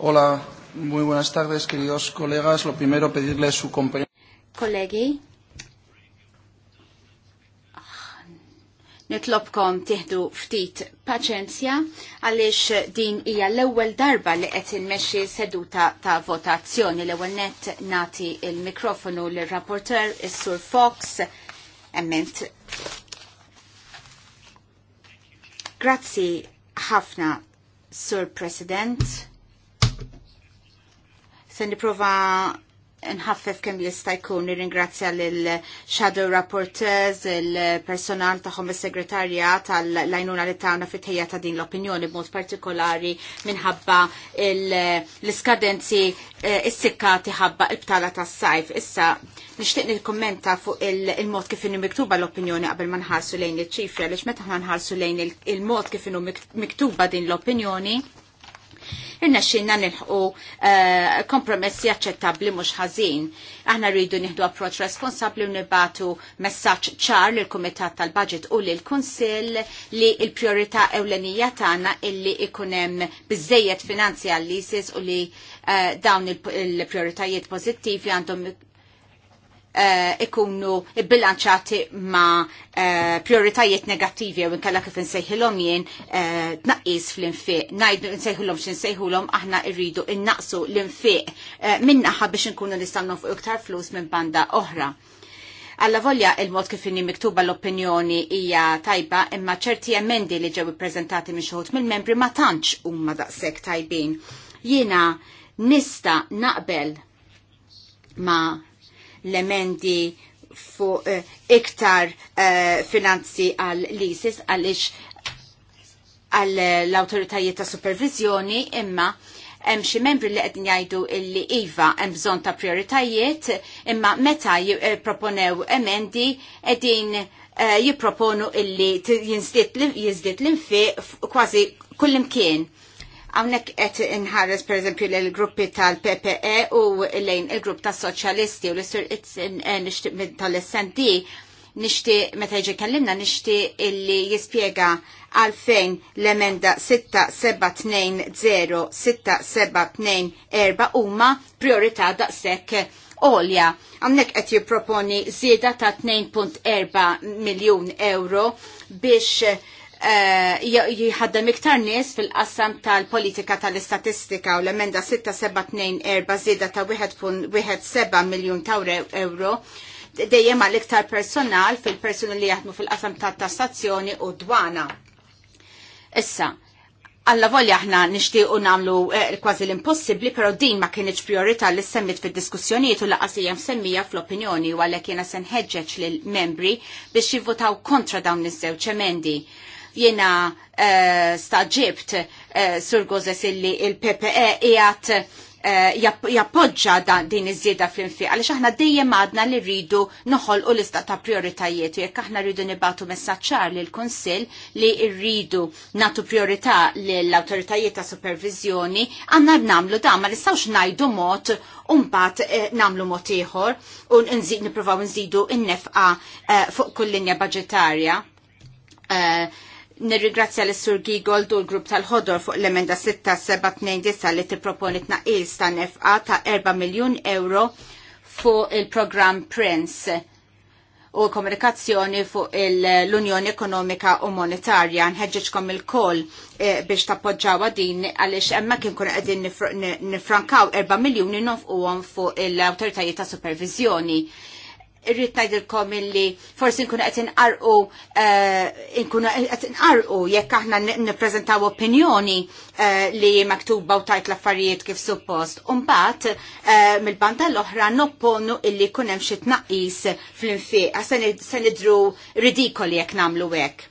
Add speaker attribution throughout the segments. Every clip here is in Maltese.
Speaker 1: Hola, muy buenas tardes, queridos colegas. Lo primero, pedirle su compañía.
Speaker 2: Kollegi, nitlobkom tieħdu ftit paċenzja għaliex din hija l-ewwel darba li qed inmexxi seduta ta' votazzjoni l-ewwel net nati il-mikrofonu lir-rapporter is-Sur Fox emment. Grazzi ħafna, Sur President. Se niprofa nħaffef kemm jista' jkun nirringrazzja lil shadow rapporteurs, il-personal tagħhom is-segretarja tal-lajnuna li tagħna fit-tejja ta' din l-opinjoni b'mod partikolari minħabba l-iskadenzi eh, is sikka tiħabba l-btala tas-sajf. Issa nixtieq nikkummenta fuq il-mod kif inhu miktuba l-opinjoni qabel ma nħarsu lejn iċ-ċifri għaliex meta ħna nħarsu lejn il-mod kif inhu miktuba din l-opinjoni irna xinna nilħu eh, kompromessi aċċettabli mhux ħażin. Aħna rridu nieħdu approċċ responsabbli u nibatu messaġġ ċar lil kumitat tal-Baġit u lil kunsill li l-priorità ewlenija tagħna illi ikun hemm biżejjed finanzi għall-ISIS u li eh, dawn il-prioritajiet pozittivi għandhom Eh, ikunu bilanċati ma eh, prioritajiet negattivi u nkalla kif nsejħilhom jien eh, tnaqqis fl-infiq. Ngħidu nsejħulhom x'insejħulhom aħna rridu innaqsu l-infiq minnaħa biex nkunu nistgħu fuq iktar flus minn banda oħra. Alla volja il-mod kif inni miktuba l-opinjoni hija tajba imma ċerti emendi li ġew ippreżentati minn xogħol mill-membri ma tantx huma daqshekk tajbin. Jiena nista naqbel ma l-emendi fuq uh, iktar uh, finanzi għal-lisis għalix għall-autoritajiet ta' supervizjoni imma hemm xi membri li qegħdin jgħidu illi iva hemm bżonn ta' prioritajiet imma meta jipproponew eh, emendi qegħdin jipproponu illi jinżdied l-infiq kważi kullimkien Għawnek qed inħares per eżempju l-gruppi tal-PPE u lejn il-grupp tas-soċjalisti u l-istur tal-SND nishti, meta jġi kellimna nishti illi jispiega għalfejn l-emenda 6720-6724 huma priorità daqsek olja. Għamnek qed jipproponi zieda ta' 2.4 miljun euro biex Eh, jħaddem iktar nies fil-qassam tal-politika tal-istatistika u l-emenda 6724 zida ta' 1.7 miljon ta' euro dejjem għal iktar personal fil-persuni li jaħdmu fil-qasam tal-tassazzjoni u dwana. Issa, għalla volja aħna u namlu eh, kważi l-impossibli, pero din ma kienieċ priorita li semmit fil-diskussjonijiet u laqas jem semmija fl-opinjoni u għalhekk kiena se nħeġġeġ lill-membri biex jivvotaw kontra dawn iż-żewġ emendi Jena eh, staġibt eh, sur gozes illi il-PPE jgħat eh, jappoġġa din iż-żieda fl-infiq għaliex aħna dejjem għadna li rridu noħolqu l-istat ta' prioritajiet u jekk aħna rridu nibatu messaċċar lil kunsill li rridu natu priorità lill-awtoritajiet ta' supervizjoni għandna nagħmlu da ma nistgħux ngħidu mod u mbagħad nagħmlu mod ieħor u nipruvaw nippruvaw nżidu n-nefqa fuq kull linja budġetarja. Nirrigrazzja l sur Gold u l-grupp tal-ħodor fuq l-emenda 6729 li tipproponi tnaqis ta' nefqa ta' 4 miljun euro fuq il-programm Prince u komunikazzjoni fuq l-Unjoni Ekonomika u Monetarja. Nħedġiġkom il-kol eh, biex tappoġġawa din għalix emma kien kun għedin nifrankaw 4 miljoni nofquhom fuq l-autoritajiet ta' supervizjoni irrit najdilkom illi forsi nkunu qed inqarqu eh, nkunu qed inqarqu jekk aħna nippreżentaw opinjoni eh, li maktuba u tajt l-affarijiet kif suppost. Umbagħad eh, mill-banda l-oħra nopponu illi jkun hemm xi tnaqqis fl-infiq se nidru ridikoli jekk nagħmlu hekk.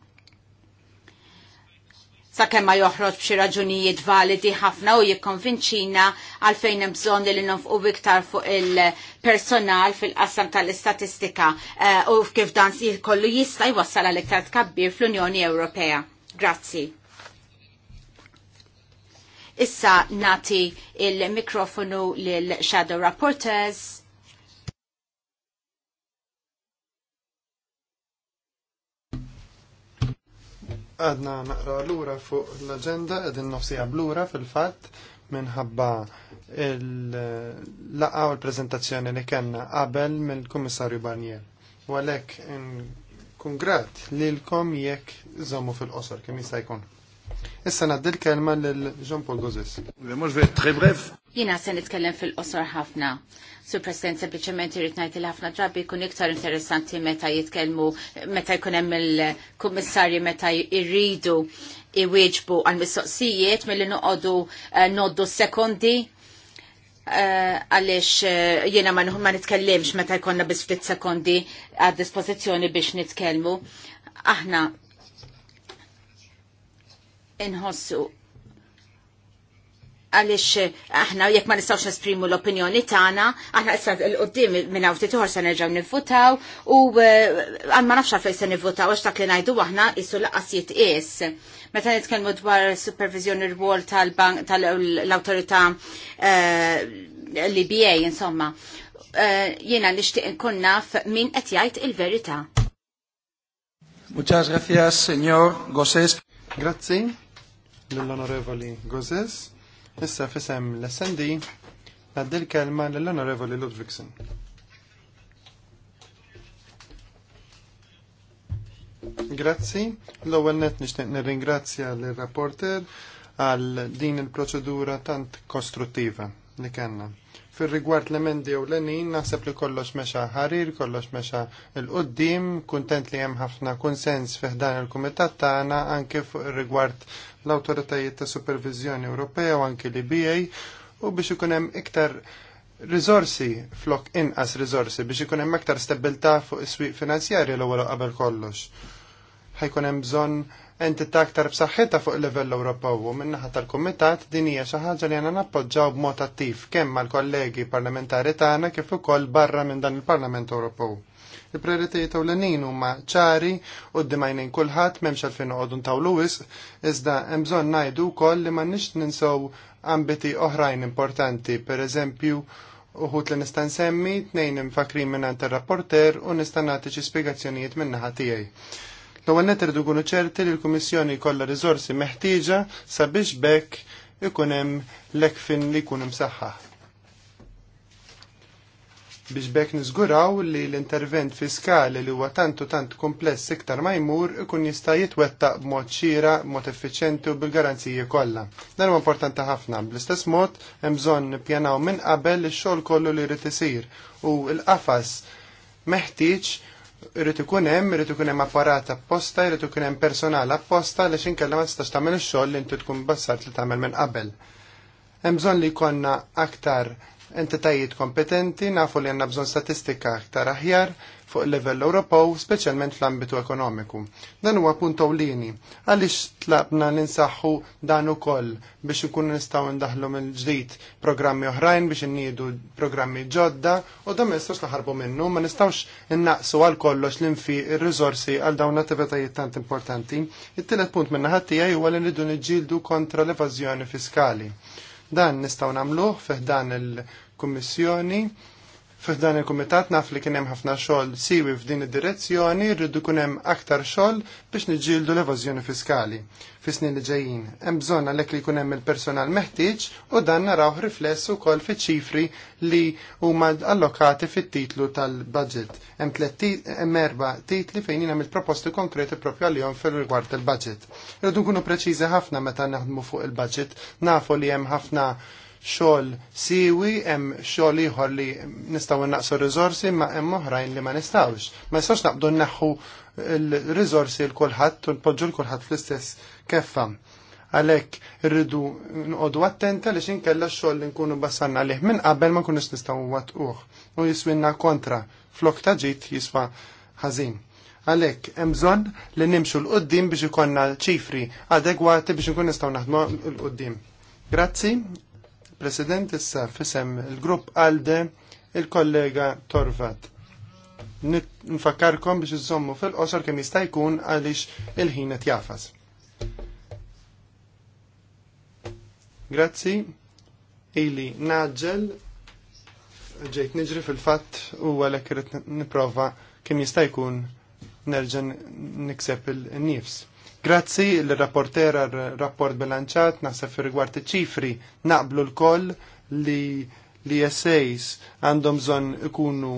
Speaker 2: kemm ma joħroġ b'xi raġunijiet validi ħafna u jikkonvinċina għalfejn hemm bżonn li nofqu iktar fuq il-personal fil-qasam tal-istatistika eh, u kif dan kollu jista' jwassal għal iktar tkabbir fl-Unjoni Ewropea. Grazzi. Issa nati il-mikrofonu lil Shadow rapporters.
Speaker 3: għadna naqra l-ura fuq l-agenda, għedin nofsija blura fil-fat minħabba l-laqa u l-prezentazzjoni li kena qabel mill-Kummissarju Barnier. U għalek kungrat li l-kom jekk zomu fil-qosor, kemm jista' jkun. Issa naddi l-kelma l-Jean Paul Gozes.
Speaker 2: Jina se nitkellem fil-qosor ħafna. Sur President, sempliciment irrit ngħid il ħafna drabi jkun iktar interessanti meta jitkellmu meta jkun hemm il-kummissarji meta jridu iwieġbu għal mistoqsijiet milli noqogħdu eh, noddu sekondi eh, għaliex eh, jiena ma nitkellimx meta jkollna biss ftit sekondi għad dispożizzjoni biex nitkellmu. Aħna inħossu għalix eh, aħna jekk ma nistawx nesprimu l-opinjoni tagħna, aħna issa l-qoddim minn hawn titħor se nerġgħu nivvutaw u eh, għal ma nafx fejn se nivvutaw għax dak li ngħidu aħna l laqas jitqies. Meta nitkellmu dwar r rwol tal-bank tal-awtorità eh, l-IBA insomma, jiena nixtieq nkun naf min qed jgħid il-verità.
Speaker 1: Muchas gracias, señor Gosses. Grazie
Speaker 3: l-Onorevoli Gozes. Issa fisem l-SND naddi l-kelma l-Onorevoli Ludvigsen. Grazzi. L-ewwel net nixtieq nirringrazzja l-rapporter għal din il-proċedura tant kostruttiva li kellna. Fir-rigward l-emendi u l-enin, naħseb li kollox mexa ħarir, kollox mexa l-qoddim, kuntent li hemm ħafna konsens fiħdan il-kumitat tagħna anke fuq rigward l-Awtoritajiet ta' Supervizjoni Ewropea u anki l-IBA u biex ikun hemm iktar riżorsi flok inqas riżorsi biex ikun hemm iktar stabilità fuq is-swieq finanzjarji l-ewwel qabel kollox. Ħajkun hemm bżonn entità aktar b'saħħitha fuq il-livell Ewropew u min-naħa tal-Kumitat din hija xi ħaġa li għandna nappoġġaw b'mod attiv kemm mal-kollegi parlamentari tagħna kif ukoll barra minn dan il-Parlament Ewropew. Il-prioritajiet ewlenin huma ċari u d-dimajnin kulħadd m'hemmx għalfejn għodun ta' wisq, iżda hemm bżonn ngħidu wkoll li ma nix ninsew ambiti oħrajn importanti, pereżempju uħut li nista' nsemmi tnejn infakrin minn rapporter u nista' nagħti xi spjegazzjonijiet min-naħa tiegħi. L-ewwel net irdu ċerti li l-Kummissjoni kollha riżorsi meħtieġa sabiex bekk ikun hemm l-ekfin li jkun imsaħħaħ biex bekk niżguraw li l-intervent fiskali li huwa tantu tant kompless iktar ma jmur ikun jista' jitwettaq b'mod xira, b'mod effiċenti u bil-garanziji kollha. Dan huwa importanti ħafna. Bl-istess mod hemm bżonn nippjanaw minn qabel ix-xogħol kollu li jrid isir u l-qafas meħtieġ irrid ikun hemm, irrid ikun hemm apparat apposta, irrid ikun hemm personal apposta li xinkella ma tistax tagħmel ix-xogħol li inti tkun bassart li tagħmel minn qabel. Hemm bżonn li jkollna aktar entitajiet kompetenti nafu li għanna bżon statistika aktar aħjar fuq il-level Ewropew, speċjalment fl-ambitu ekonomiku. Dan huwa punt ewlieni għaliex tlabna ninsaħħu dan ukoll biex ikun nistgħu ndaħlu mill-ġdid programmi oħrajn biex inniedu programmi ġodda u dan ma naħarbu minnu, ma nistgħux innaqsu għal kollox l-infi ir-riżorsi għal dawn l-attivitajiet tant importanti. It-tielet punt minn naħat tiegħi huwa li nridu niġġieldu kontra l-evażjoni fiskali Dan nistgħu nagħmluh fih dan il-Kummissjoni F'dan il-kumitat naf li kien hemm ħafna xogħol siwi f'din id-direzzjoni, rridu kun hemm aktar xogħol biex niġġieldu l-evażjoni fiskali fis-snin li ġejjin. Hemm bżonn għalhekk li jkun hemm il-personal meħtieġ u dan naraw rifless ukoll fiċ-ċifri li huma allokati fit-titlu tal-budget. Hemm hemm erba' titli fejn jien hemm proposti konkreti proprju għalihom fil-rigward il-budget. Irridu nkunu preċiżi ħafna meta naħdmu fuq il-budget, nafu li hemm ħafna xogħol siwi, hemm xogħol ieħor li nistgħu naqsu rizorsi, ma hemm oħrajn li ma nistgħux. Ma nistax naqdu nneħħu l-riżorsi l kulħadd u npoġġu l kulħadd fl-istess keffa. Għalhekk rridu nqogħdu attenta li xin kella xogħol li nkunu bassan għalih minn qabel ma kunux nistgħu uħ. u jiswinna kontra flok ta' jiswa ħażin. Għalek, emżon li nimxu l-qoddim biex ikonna ċifri adegwati biex nkun nistaw naħdmu l-qoddim. Grazzi, President issa fisem il-grupp għalde il-kollega Torvat. nfakkarkom biex iżommu fil-qosor kemm jista' jkun għaliex il-ħin qed jafas. Grazzi, ili naġġel ġejt niġri fil-fatt u għalhekk irid nipprova kemm jista' jkun nerġa' nikseb il-nifs. Grazzi l-rapportera rapport bilanċat naħseb rigward iċ-ċifri naqblu l-koll li li essays għandhom zon ikunu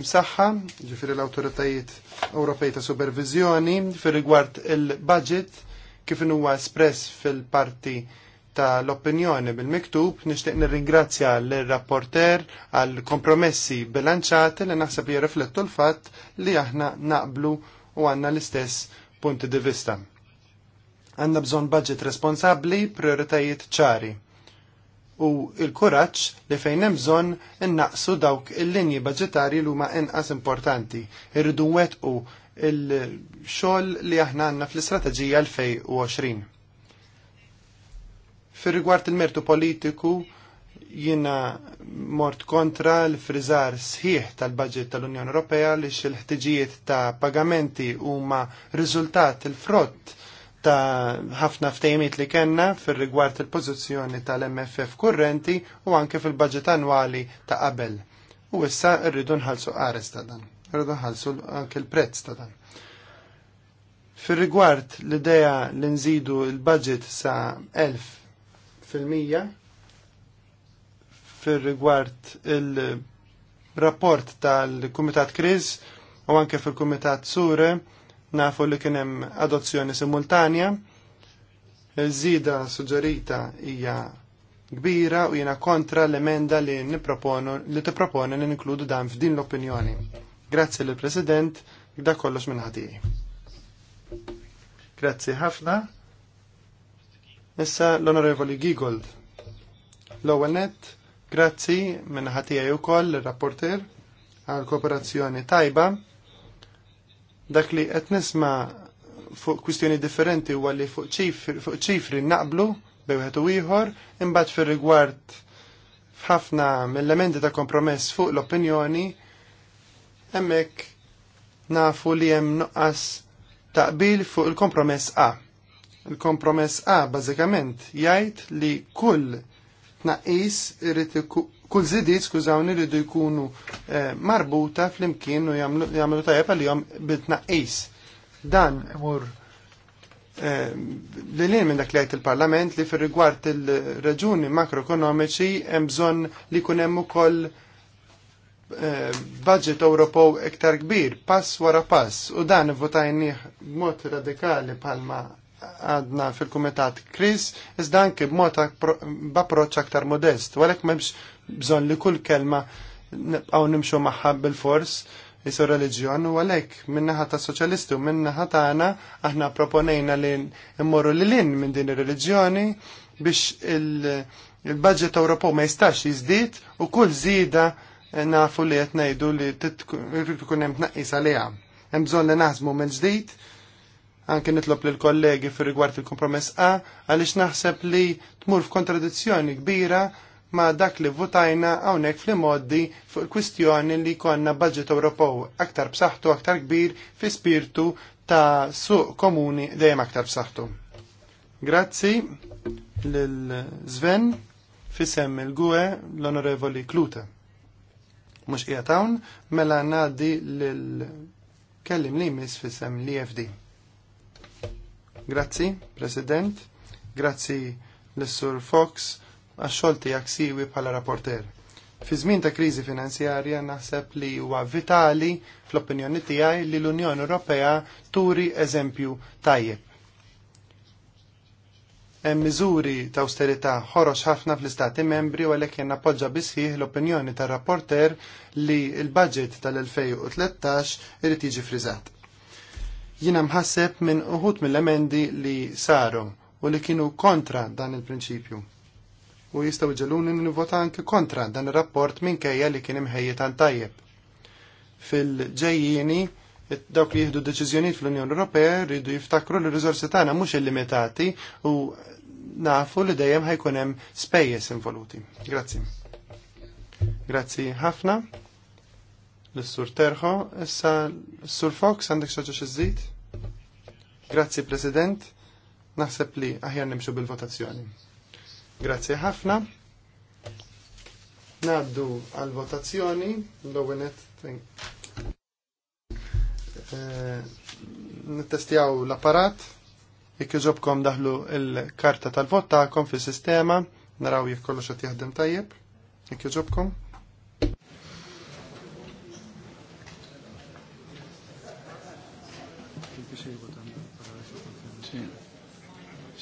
Speaker 3: msaħħa, ġifiri l-autoritajiet Ewropej ta' Supervizjoni, fir rigward il-budget kif huwa espress fil-parti ta' l-opinjoni bil-miktub, nixtieq nirringrazzja l-rapporter għal kompromessi bilanċati li naħseb jirriflettu l-fatt li aħna naqblu u għanna l-istess punti di vista. Għanna bżon budget responsabli, prioritajiet ċari u il-kuraċ li fejn hemm bżonn innaqsu dawk il-linji budgetari li huma inqas importanti. Irridu wetqu il-xogħol li aħna għandna fl-istrateġija 2020. Fir-rigward il-mertu politiku jiena mort kontra l-friżar sħiħ tal-budget tal-Unjoni Ewropea li xil ħtiġijiet ta' pagamenti huma riżultat il-frott ta' ħafna ftejmiet li kena fir rigward il-pożizzjoni tal-MFF kurrenti u anke fil-budget annwali ta' qabel. U issa rridu nħallsu qares ta' dan, rridu nħallsu anke l-prezz ta' dan. Fir rigward l-idea li nżidu l-budget sa' 1000% fir rigward il-rapport tal-Kumitat Kriz u anke fil-Kumitat Sure nafu li kien hemm adozzjoni simultanja. Żida suġġerita hija kbira u jiena kontra l-emenda li nipproponu li tipproponi li ninkludu dan f'din l-opinjoni. Grazzi lill president da kollox minn ħatijaj. Grazzi ħafna. Issa l-Onorevoli Gigold. L-ewwel nett, grazzi minn ħati ukoll ir rapporter għal kooperazzjoni tajba Dak li qed nisma' fuq kwistjoni differenti huwa li fuq ċifri naqblu bewħet u ieħor, imbagħad fir-rigward f'ħafna mill-elementi ta' kompromess fuq l-opinjoni hemmhekk nafu li hemm nuqqas ta' qbil fuq il-kompromess A. Il-kompromess A bażikament jgħid li kull tnaqqis irid Kull żidiet skużawni du jkunu eh, marbuta fl-imkien u jagħmlu tajjeb għalihom bit ejs. Dan mur eh, li lin minn dak li għajt il-Parlament li fir rigward il reġuni makroekonomiċi hemm bżonn li jkun hemm ukoll eh, budget Ewropew iktar kbir, pass wara pass, u dan votajni b'mod radikali palma għadna fil-Kumitat Kris, iżda anke b'mod b'approċċ aktar modest, għalhekk m'hemmx bżonn li kull kelma għaw nimxu magħha bil-fors jisu religjon u għalhekk min-naħa ta' soċjalisti u min-naħa tagħna aħna proponejna li mmorru l in minn din ir-reliġjoni biex il-budget Ewropew ma jistax jiżdied u kull zida nafu li qed ngħidu li tkun hemm tnaqqis għaliha. Hemm bżonn li naħsmu minn ġdid anke nitlob lil kollegi fir rigward il-kompromess A għaliex naħseb li tmur f'kontradizzjoni kbira ma' dak li votajna hawnhekk fl-imoddi fuq kwistjoni li konna budget Ewropew aktar b'saħħtu aktar kbir fi spirtu ta' suq komuni dejjem aktar b'saħħtu. Grazzi lil Sven fisem il-gwe l-Onorevoli Klute. Mhux qiegħed hawn mela ngħaddi lil kellim li mis fisem l-EFD. Grazzi, President. Grazzi l-Sur Fox għax-xogħol jak siwi bħala rapporter. Fi żmien ta' kriżi finanzjarja naħseb li huwa vitali fl-opinjoni tiegħi li l-Unjoni Ewropea turi eżempju tajjeb. Hemm miżuri ta' austerità ħorox ħafna fl-Istati membri u għalhekk jien appoġġa bisħieħ l-opinjoni tar-rapporter li l-budget tal-2013 irid jiġi friżat. Jiena mħasseb minn uħud mill-emendi li saru u li kienu kontra dan il-prinċipju u jistaw ġeluni nivota anki kontra dan il-rapport minkejja li kien imħejjetan tajjeb. Fil-ġejjini, dawk li jihdu deċiżjonijiet fl-Unjoni Ewropea rridu jiftakru li rizorsi tagħna mhux illimitati u nafu li dejjem ħajkun hemm spejjeż involuti. Grazzi. Grazzi ħafna. L-Sur Terħo, issa l-Sur Fox għandek xaġa xiżżid? Grazzi President, naħseb li aħjar nimxu bil-votazzjoni. Grazie ħafna. Naddu għal votazzjoni l-għonet eh, nittestjaw l-apparat jekk iġobkom daħlu il-karta tal-vot tagħkom fis-sistema naraw jekk kollox qed jaħdem tajjeb jekk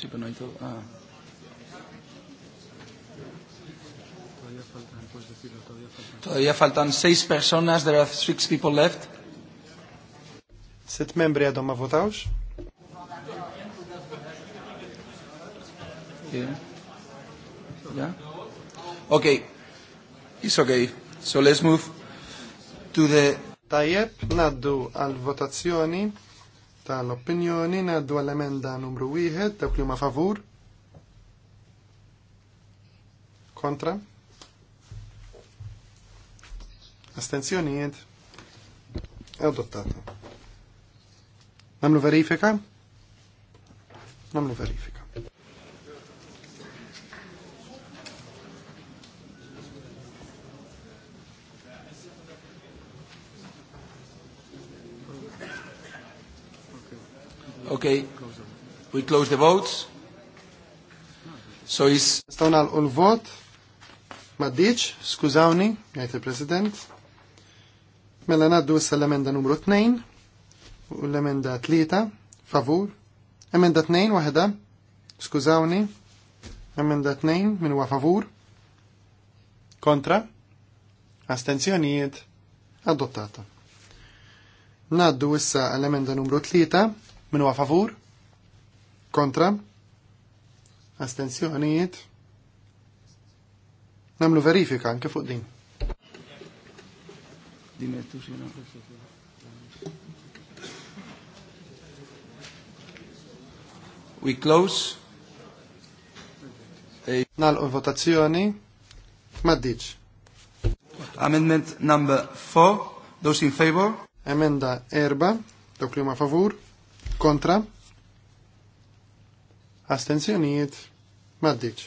Speaker 1: Sì, per noi ah. Todavía faltan seis personas, there are six people left. Sitt membri għadhom ma votawx? Yeah. Yeah. Okay. It's okay. So let's move to the... Tajjeb, naddu għal-votazzjoni
Speaker 3: tal-opinjoni, naddu għal-emenda numru 1, dawk li ma favur. Kontra? Astenzjonijiet? Adottata. Namlu verifika? Namlu verifika. Okay,
Speaker 1: we close the votes.
Speaker 3: So is... Stonal ul vot ma dic, skużawni, għajt il-President. Mela naddu issa l-emenda numru 2 u l-emenda 3 favur. Emenda 2 waħda, skużawni. Emenda 2 minn huwa favur. Kontra. Astenzjonijiet adottata. Naddu issa l-emenda numru 3 minn huwa favur. Kontra. Astenzjonijiet. Namlu verifika anke fuq din.
Speaker 1: Dime tú si no. We close.
Speaker 3: u votazzjoni. Maddiċ. Amendment number 4. Those in favor? Emenda erba. Dok a ma favur. Kontra. Astenzjonijiet. Maddiċ.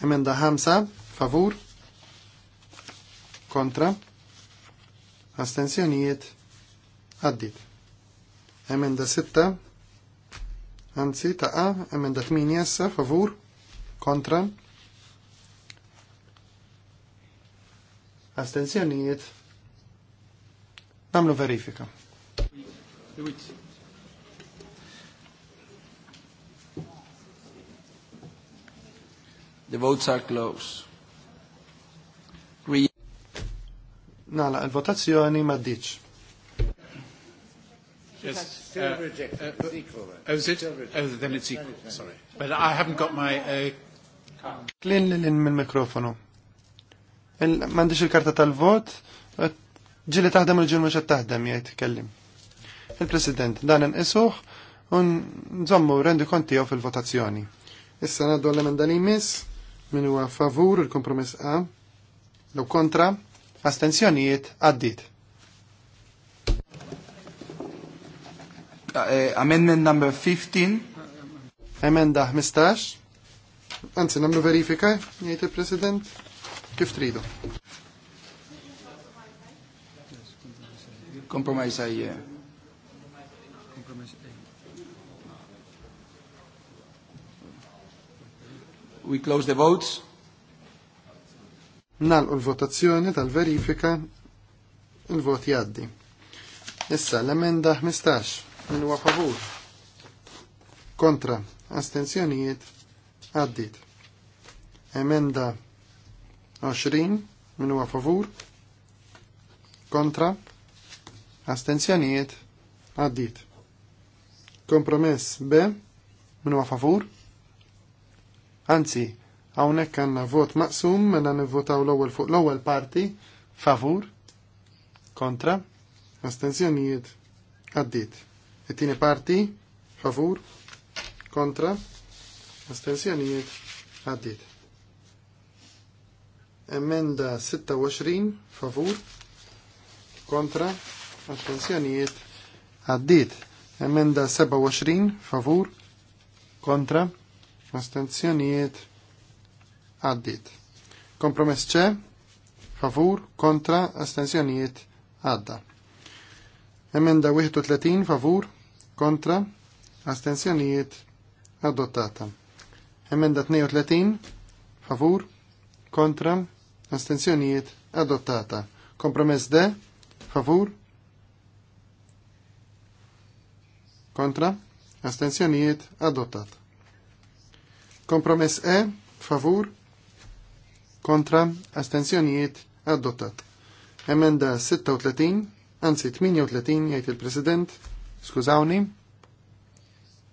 Speaker 3: Emenda 5. Favur kontra, astensjonijiet, għaddit. Emenda 6, anzi ta' A, emenda 8 jessa, favur, kontra, astensjonijiet, namlu
Speaker 1: verifika. The votes are closed.
Speaker 3: Nala, il-votazzjoni ma ddiċ.
Speaker 1: Yes. Uh, uh, uh, is it? Oh, then it's equal. Sorry. But I haven't got my... Uh,
Speaker 3: Klin li lin minn mikrofonu. Mandiċ il-karta tal-vot, ġili taħdem il-ġil mux taħdem jgħid kellim. Il-President, dan n-isuħ, un nżommu rendi konti fil-votazzjoni. Issa naddu l-emenda mis jmiss, minn huwa favur il-kompromess A, l kontra, astenzjonijiet għaddit. Uh, amendment number 15. Emenda 15. Anzi, namlu verifika, jgħid il-President,
Speaker 1: kif tridu. Compromise I. We close the votes.
Speaker 3: Nalqu l-votazzjoni tal-verifika il-vot jaddi. Issa l-emenda 15 min huwa favur. Kontra astenzjonijiet għaddit. Emenda 20 min huwa favur. Kontra astenzjonijiet għaddit. Kompromess B minn huwa favur. Anzi, Hawnhekk għandna vot maqsum menna nivvotaw l ewel fuq l ewel parti favur kontra astenzjonijiet għaddit. it parti favur kontra astenzjonijiet għaddit. Emenda 26 favur kontra astenzjonijiet għaddit. Emenda 27 favur kontra astenzjonijiet għaddit. Kompromess ċe, favur, kontra, astensjonijiet, għadda. Emenda 31, favur, kontra, astensjonijiet, adottata. Emenda 32, favur, kontra, astensjonijiet, adottata. Kompromess D, favur, kontra, astensjonijiet, adottat. Kompromess E, favur, kontra astensjonijiet adottat. Emenda 36, anzi 38 jgħid il-President, skużawni.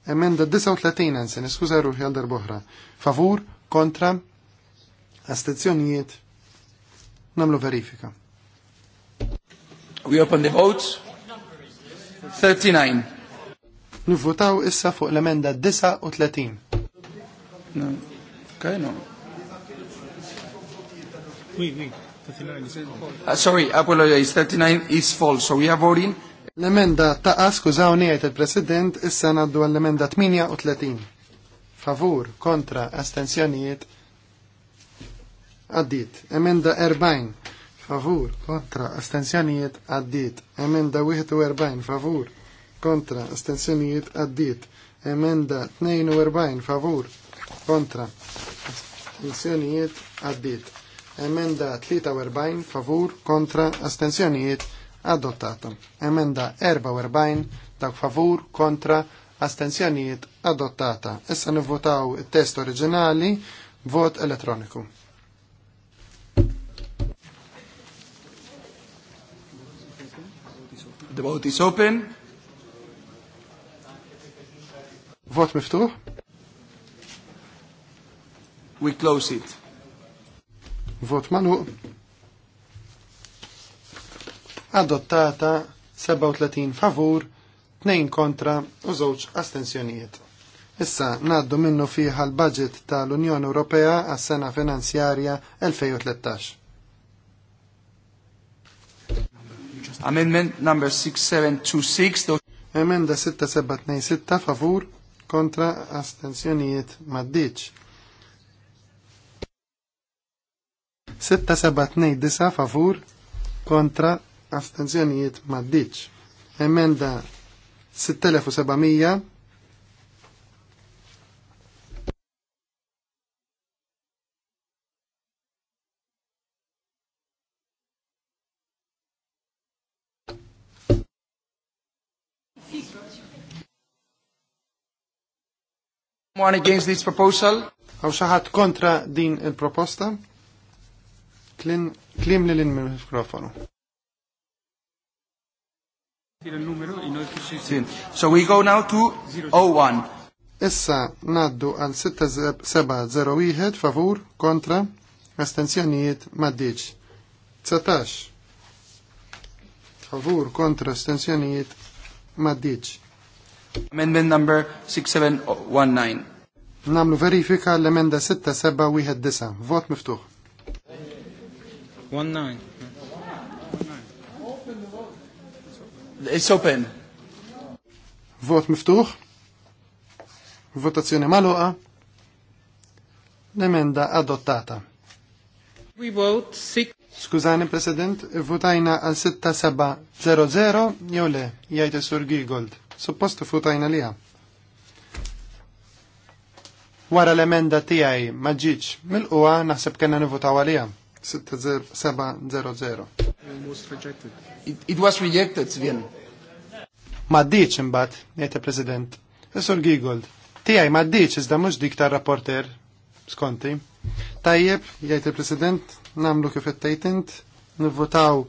Speaker 3: Emenda 39 anzi, niskuża ruħi għal darboħra. Favur, kontra, astenzjonijiet, namlu verifika.
Speaker 1: We open the votes. 39.
Speaker 3: Nivvotaw issa fuq l-emenda 39.
Speaker 1: No. Okay, no. Uh, sorry, apologize, ah, 39 is false, so we are voting.
Speaker 3: L-emenda ta' skużawni għajt il-President, issa naddu għall-emenda 38. Favur, kontra, astensjonijiet, Addit. Emenda 40, favur, kontra, astensjonijiet, Addit. Emenda 41, favur, kontra, astensjonijiet, Addit. Emenda 42, favur, kontra, astensjonijiet, Addit. Emenda 43 favur kontra astensjonijiet adottata. Emenda 44 dak favur kontra astensjonijiet adottata. Issa nivvotaw il-test oriġinali vot elettroniku.
Speaker 1: The vote is open. Vot miftuħ. We close it.
Speaker 3: Vot manu Adottata 37 favur, 2 kontra u żewġ astensjonijiet. Issa naddu minnu fiħa l-budget tal-Unjoni Ewropea għas-sena finanzjarja 2013.
Speaker 1: Amendment number
Speaker 3: 6726. Emenda 6726 favur kontra astensjonijiet maddiċ. 6-7-2-9 favur kontra astenzjonijiet maddiċ. Emenda 6700 One against this proposal? Għaw xaħat kontra din il-proposta? Klim li l-mikrofonu. So we go now to 01. Issa naddu għal 6701 favur kontra astenzjonijiet maddiċ. 19 favur kontra astenzjonijiet maddiċ. Amendment number 6719. Namlu verifika l-emenda 6719. Vot miftuħ.
Speaker 1: One nine. It's open. Vot miftuħ. Votazzjoni
Speaker 3: maluqa. L-emenda adottata. We vote six. Skużani, President, votajna għal 6700 jew le, jgħid sur Gigold. Suppost votajna liha. Wara l-emenda tiegħi ma ġiġ mill naħseb kellna nivvotaw għalija. 6700. It was rejected, Sven. Ma ddiċ imbat, njete President. Esor Gigold, tijaj ma ddiċ izda mux dik rapporter, skonti. Tajjeb, jajte president namlu kif it nivvotaw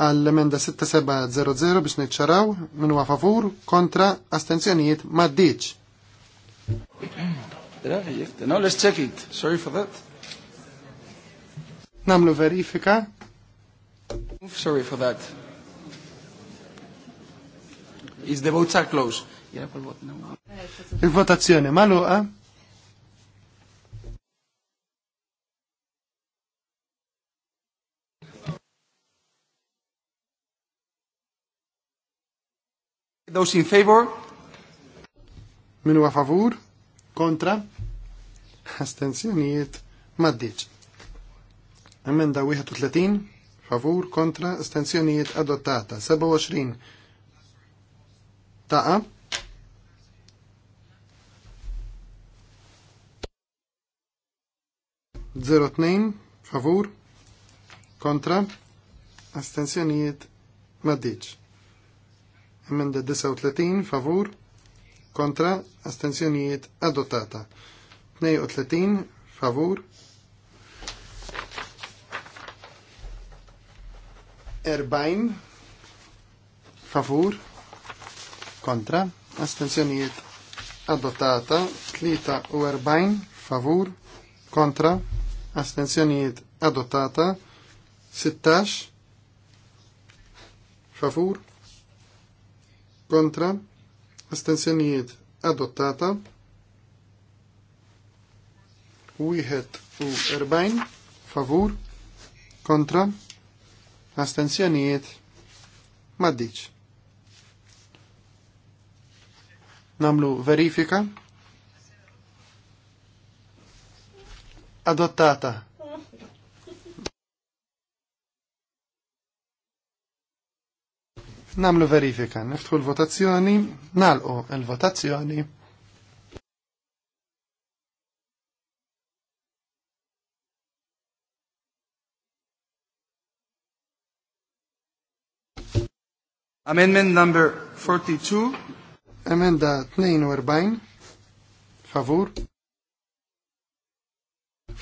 Speaker 3: għall-emenda 6700 biex nitċaraw minn huwa favur kontra astenzjonijiet ma ddiċ.
Speaker 1: No, let's check it. Sorry for that. Namlu verifika. Sorry for that. Is the votes are closed.
Speaker 3: Il-votazzjoni ma luqa?
Speaker 1: Those in favor? Minu a favur?
Speaker 3: Kontra? Astenzjoniet? Maddiċ. Emenda 31, favur, kontra, estensjonijiet adottata. 27, taqa. Zero tnejn, favur, kontra, astensjonijiet maddiċ. Emenda 39, favur, kontra, astensjonijiet adottata. 32, favur, erbajn favur kontra astenzjonijiet adottata 43 favur kontra astenzjonijiet adottata 16 favur kontra astenzjonijiet adottata 41 favur kontra astenzjonijiet maddiċ. Namlu verifika. Adottata. Namlu verifika. Niftħu l-votazzjoni, nalqu l-votazzjoni. Amendment number 42. Emenda 42. Favur.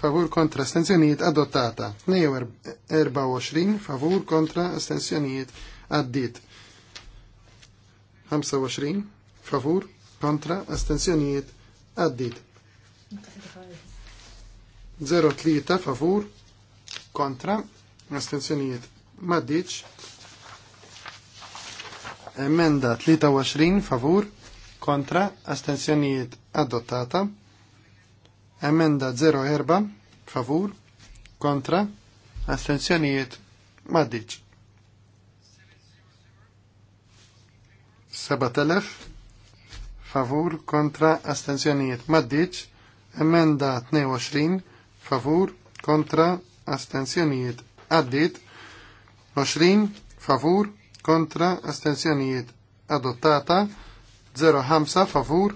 Speaker 3: Favur kontra astensjonijiet adottata. 24 favur kontra astensjonijiet addit. 25 favur kontra astensjonijiet addit. 03 favur kontra astensjonijiet maddiċ. Emenda 23 favur kontra astensjonijiet adottata. Emenda 04 favur kontra astensjonijiet maddiċ. 7000 favur kontra astensjonijiet maddiċ. Emenda 22 favur kontra astensjonijiet addit 20 favur kontra astenzjonijiet adottata 05 favur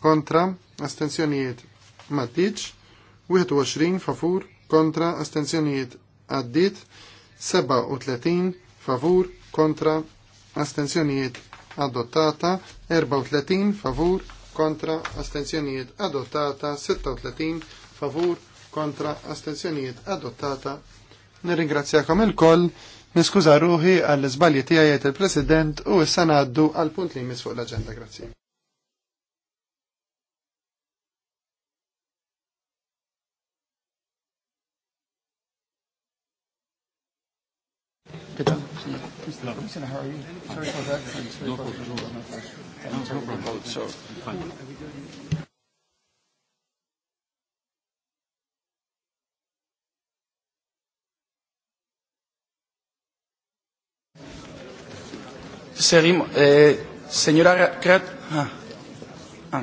Speaker 3: kontra astenzjonijiet maddiċ 21 favur kontra astenzjonijiet addit, 37 favur kontra astenzjonijiet adottata 34 favur kontra astenzjonijiet adottata 36 favur kontra astenzjonijiet adottata Nirringrazzjakom il-koll Niskuża ruħi għall izbalji tiegħi il-President u issa ngħaddu għall punt li jmiss fuq l-aġenda grazzi.
Speaker 1: seguimos. Eh, señora Krat. Ah. Ah.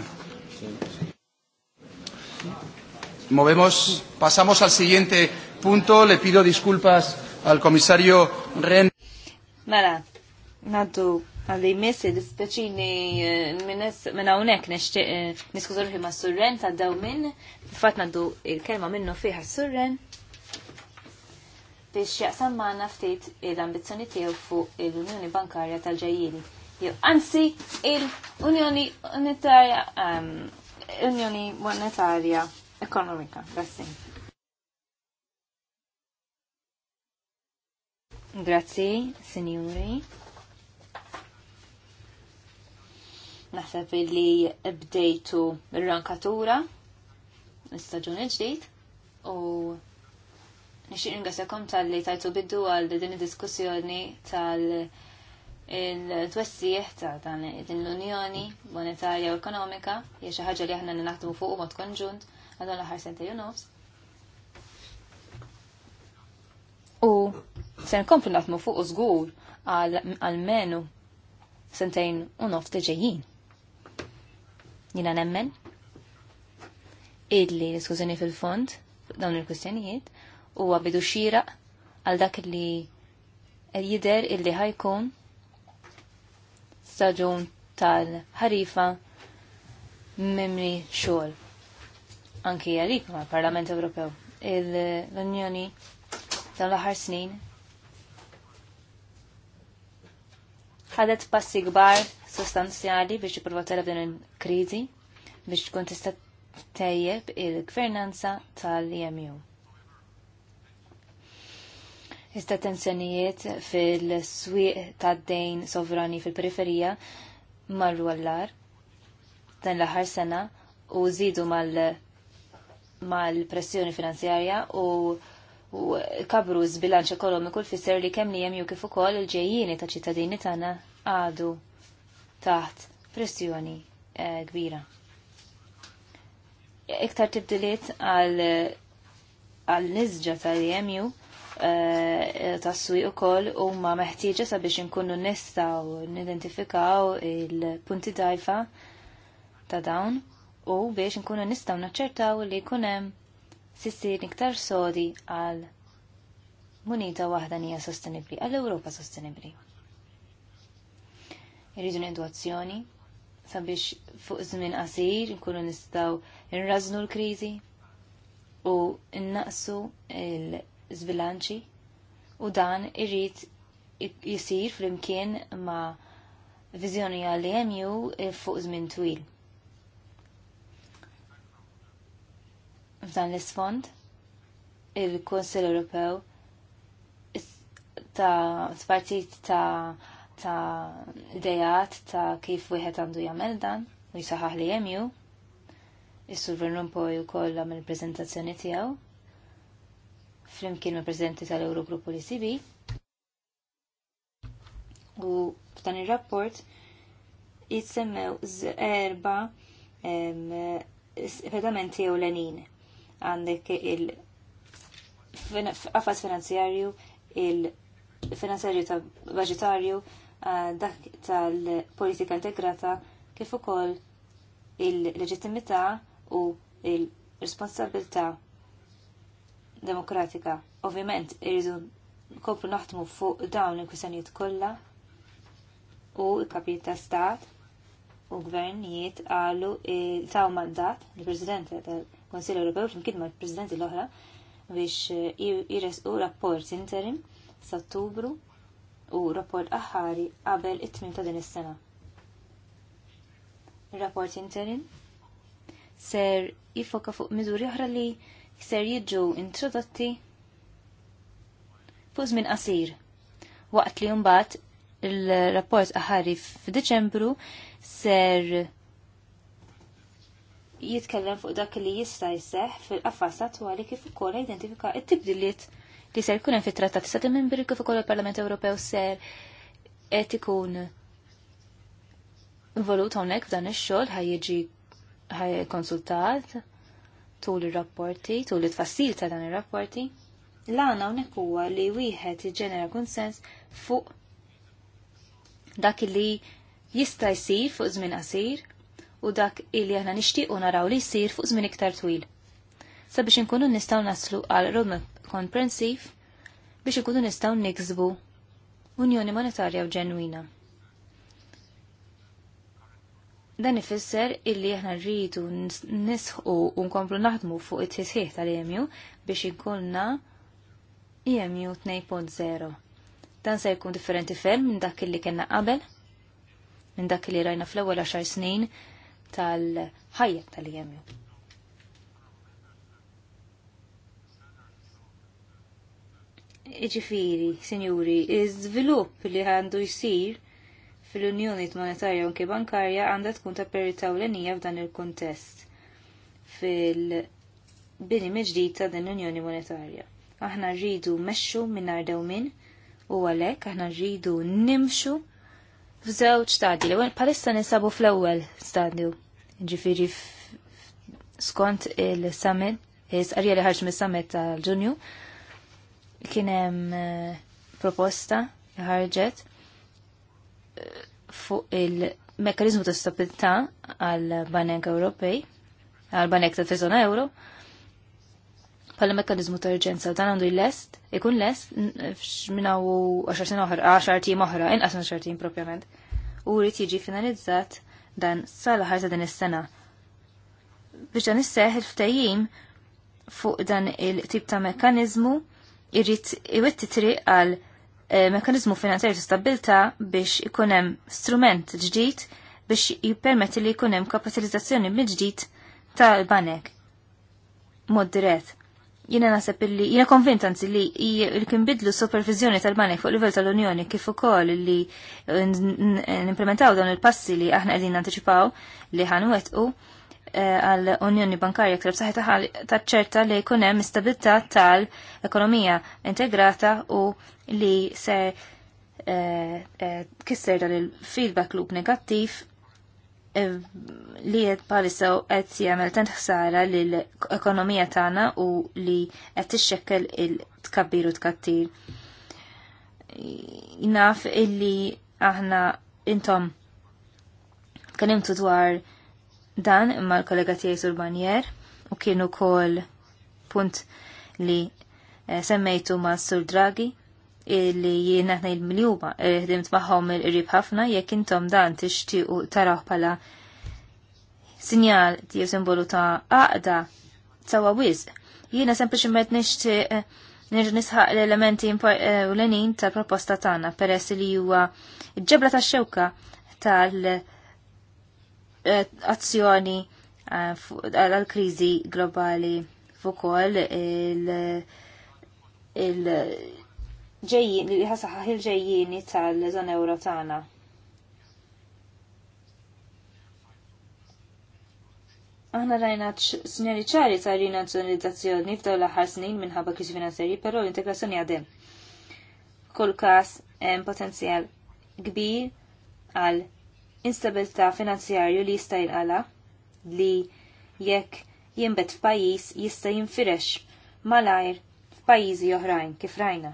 Speaker 1: Movemos, pasamos al siguiente punto. Le pido disculpas al comisario Ren.
Speaker 4: Mela, natu, għalli messi dispeċini eh, minn unek, nixtieq eh, ma' surren ta' daw minn, fatna du il-kelma minnu fiħa surren biex jaqsam maħna ftit l-ambizzjoni tiegħu fuq l-Unjoni Bankarja tal-ġajjini. Jew anzi l-Unjoni Monetarja ehm, Unjoni Monetarja Ekonomika. Grazzi. Grazzi, sinjuri. Naħseb li bdejtu r-rankatura, l-istaġun il-ġdid, u Nixtieq ringrazzjakom tal-li tajtu biddu għal din id-diskussjoni tal- il-twessieħ ta' dan din l-Unjoni Monetarja u Ekonomika hija xi ħaġa li aħna naħdmu fuq mod konġunt għadhom l-aħħar sentejn nofs. U se nkomplu naħdmu fuq żgur għal menu sentejn u nofs ġejjin. Jina nemmen li diskussjoni fil-fond dawn il-kwistjonijiet huwa bidu xira għal dak li jider illi ħajkun staġun tal-ħarifa mimri xogħol. Anki għalik ma' parlament Ewropew. L-Unjoni tal ħar aħħar snin ħadet passi kbar sostanzjali biex jipprova telef din il-kriżi biex tkun tista' tejjeb il-gvernanza tal-EMU. Iżda tensjonijiet fil-swieq tad-dejn sovrani fil-periferija marru għallar dan l-aħħar sena u żidu mal-pressjoni mal finanzjarja u u kabru z-bilanċ ekonomiku l-fisser li kemm li jemju kif ukoll il-ġejjini ta' ċittadini tagħna għadu taħt pressjoni eh, kbira. Iktar tibdiliet għal nizġa tal-EMU Eh, tassu u koll u ma meħtieġa sabiex nkunu nistaw nidentifikaw il-punti dajfa ta' dawn u biex nkunnu nistaw naċċertaw li kunem sissir iktar sodi għal munita waħda nija sostenibli, għal Ewropa sostenibli. Irridu n-edukazzjoni sabiex fuq żmien qasir nkunu nistaw nrażnu l-kriżi u nnaqsu il- zbilanċi u dan irrit jisir flimkien ma' viżjoni għal-EMU fuq żmien twil. F'dan l-isfond, il-Kunsill Ewropew ta' partit ta' ta' idejat ta' kif wieħed għandu jagħmel dan u jisaħaħ li jemju. Is-Sur poi Rompuy ukoll għamel preżentazzjoni tiegħu flimkien ma' prezidenti tal eurogruppu li l U f'dan ir-rapport jitsemmew erba pedamenti lenin għandek il qafas finanzjarju, il-finanzjarju ta' budgetarju, eh, dak tal-politika integrata kif ukoll il-leġittimità u il-responsabilità demokratika. Ovvjament irridu kopru naħdmu fuq dawn il-kwistjonijiet kollha u l-kapijiet ta' stat u gvernijiet għalu taw mandat il president tal-Konsil Ewropew flimkien mal presidenti l-oħra biex jiresqu rapport interim s'Ottubru u rapport aħħari qabel it-tmim ta' din is-sena. Il-rapport interim ser jifoka fuq miżuri oħra li ser jiġu introdotti fuq żmien qasir. Waqt li mbagħad il-rapport aħari f'Diċembru ser jitkellem fuq dak li jista' jseħħ fil-qafas attwali kif ukoll identifika t-tibdiliet li ser jkun hemm fit-trattat sa' membri kif ukoll il-Parlament Ewropew ser qed ikun involut hawnhekk f'dan ix-xogħol ħaj jiġi ħaj konsultat tul ir-rapporti, tul it-tfassil ta' dan ir-rapporti, l-għana unikuwa huwa li wieħed iġenera konsens fuq dak li jista' jsir fuq żmien qasir u dak li aħna nixtiequ naraw li jsir fuq żmien iktar twil. Sabiex inkunu nistgħu naslu għal rodma komprensiv biex ikunu nistgħu niksbu Unjoni Monetarja u ġenwina. Dan ifisser illi aħna rridu nisħu u nkomplu naħdmu fuq it-tisħiħ tal-EMU biex inkunna EMU 2.0. Dan se jkun differenti ferm minn dak li kena qabel, minn dak li rajna fl-ewwel 10 snin tal-ħajja tal-EMU. Iġifiri, sinjuri, iż-żvilupp li għandu jisir fil-Unjoni Monetarja unki Bankarja għandha tkun ta' priorità ewlenija f'dan il-kuntest fil-bini miġdid ta' din l-Unjoni Monetarja. Aħna rridu mexxu mingħajr dewmin u għalhekk aħna rridu nimxu f'żewġ stadji. L-ewwel palissa nisabu fl-ewwel stadju. Ġifieri skont il-summit, is-qarja li ħarġ mis-summit tal-Ġunju, kien hemm eh, proposta ħarġet fuq il-mekanizmu ta' stabilità għal Banek Ewropej, għal Banek ta' Fezona Euro, bħala mekanizmu ta' urġenza dan għandu l-lest, ikun lest minna u 10 oħra, tim oħra, inqas minn 10 tim propjament. U rrid jiġi finalizzat dan sal ta' din is-sena. Biex dan is-seħ il-ftajim fuq dan il-tip ta' mekanizmu irrit iwitti triq għal Eh, mekanizmu finanzjarju ta' stabilta biex ikunem strument ġdid biex jippermetti li ikunem kapitalizzazzjoni mill-ġdid tal-banek. Mod dirett. Jiena naħseb illi jiena konvint anzi li kien bidlu supervizjoni tal-banek fuq livell tal-Unjoni kif ukoll li eh, nimplementaw dawn il-passi li aħna qegħdin anticipaw li ħanwettqu. Eh, għall-Unjoni Bankarja ktar b'saħħitha taċċerta li jkun hemm istabilità tal-ekonomija integrata u li ser eh, eh, kisser dal il-feedback loop negattiv li qed bħalissa qed jagħmel tant ħsara lill-ekonomija tagħna u li qed tixxekkel il-tkabbir u tkattir. Naf illi aħna intom tkellimtu dwar dan imma l-kollega tiegħi Sur u kienu kol punt li eh, semmejtu ma' Sur Draghi li jiena il-miljuba eh, ħdimt magħhom il-qrib ħafna jekk intom dan tixtiequ taraw bħala sinjal jew simbolu ta' għaqda sawa wisq. Jiena sempliċement nixtieq eh, nirġu nisħaq l-elementi u l-enin tal-proposta tagħna peress li huwa ġebla tax-xewka tal- Eh, azzjoni eh, għal-krizi globali fuq il- il- ġejjin li ħasaħ il-ġejjini tal zon euro Aħna rajna sinjali ċari ta' rinazzjonalizzazzjoni fdaw l-aħħar snin minħabba kriżi finanzjarji, però l-integrazzjoni għadem. Kull każ hemm potenzjal kbir għal instabilità finanzjarju li jista' jinqala li jekk jinbet f'pajjiż jista' jinfirex malajr f'pajjiżi oħrajn kif rajna.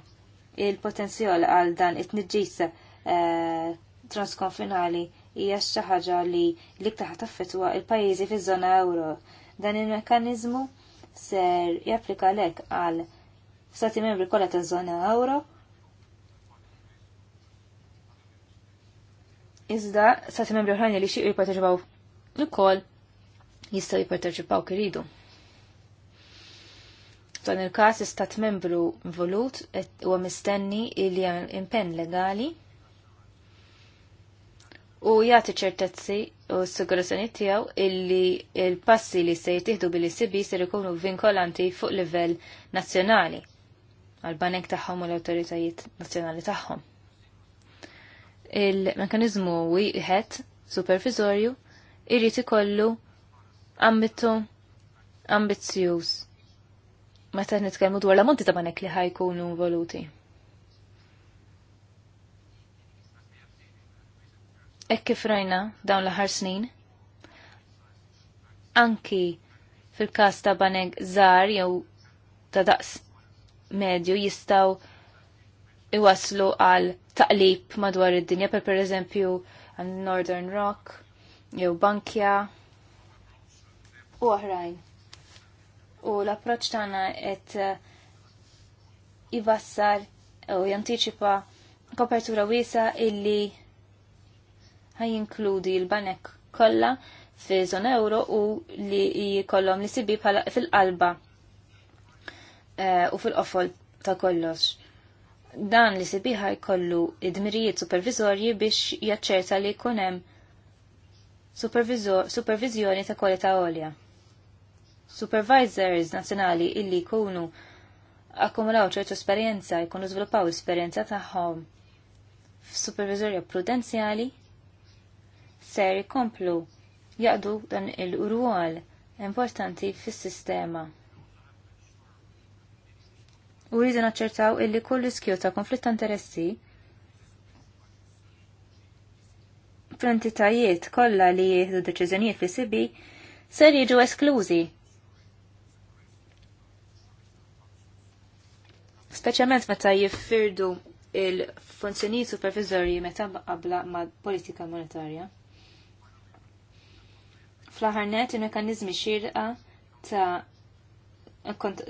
Speaker 4: Il-potenzjol għal dan it-tniġġis eh, transkonfinali hija xi ħaġa li l-iktar taffetwa l pajjiżi fiż-żona euro. Dan il-mekkaniżmu ser japplika lek għal stati membri kollha taż-żona euro iżda stati membri oħrajn li xieq jipparteċipaw ukoll jistgħu jipparteċipaw kiridu. F'dan il-każ istat membru involut huwa mistenni li jagħmel impenn legali u jagħti ċertezzi u s-sigurazzjoni tiegħu illi il-passi li se jittieħdu bil-ICB se ikunu vinkolanti fuq livell nazzjonali għal banek tagħhom u l-awtoritajiet nazzjonali tagħhom il-mekanizmu wieħed supervizorju irrid ikollu ambitu ambizzjuż meta nitkellmu dwar l-ammonti ta' banek li ħajkunu involuti. Ek kif rajna dawn l-aħħar snin, anki fil-każ ta' banek żgħar jew ta' daqs medju jistaw iwaslu għal taqlib madwar id-dinja, per pereżempju għal Northern Rock, jew Bankja, u oħrajn. U l-approċ tagħna qed jivassar eh, u jantiċipa kopertura wiesa illi inkludi l-banek kollha fi zona euro u li jkollhom li sibi bħala fil-qalba eh, u fil-qofol ta' kollox dan li sibiħa jkollu id-dmirijiet supervizorji biex jaċċerta li jkun hemm supervizjoni ta' kwalità għolja. Supervisors nazzjonali illi jkunu akkumulaw ċertu esperjenza jkunu żviluppaw esperjenza tagħhom f'supervizorja prudenzjali ser jkomplu jaqdu dan il rwol importanti fis-sistema u rridu naċċertaw illi kull riskju ta' konflitt ta' interessi fl-entitajiet kollha li jieħdu deċiżjonijiet li sibi ser jiġu esklużi. Speċjalment meta jiffirdu il-funzjoni supervizorji meta qabla ma' politika monetarja. Fl-aħħar il-mekanizmi xirqa ta'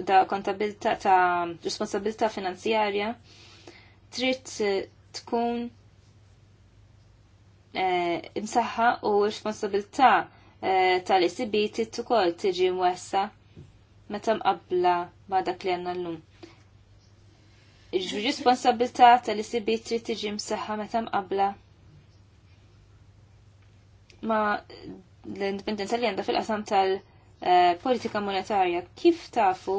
Speaker 4: da kontabilta ta' responsabilta finanzjarja trid eh, tkun eh, imsaħħa u responsabilta eh, tal-ECB trid ukoll tiġi mwessa meta mqabbla ma' dak li għandna llum. Ir-responsabilità tal-ECB trid tiġi msaħħa meta mqabbla ma' l-indipendenza li għandha fil-qasam tal- Eh, politika monetarja kif tafu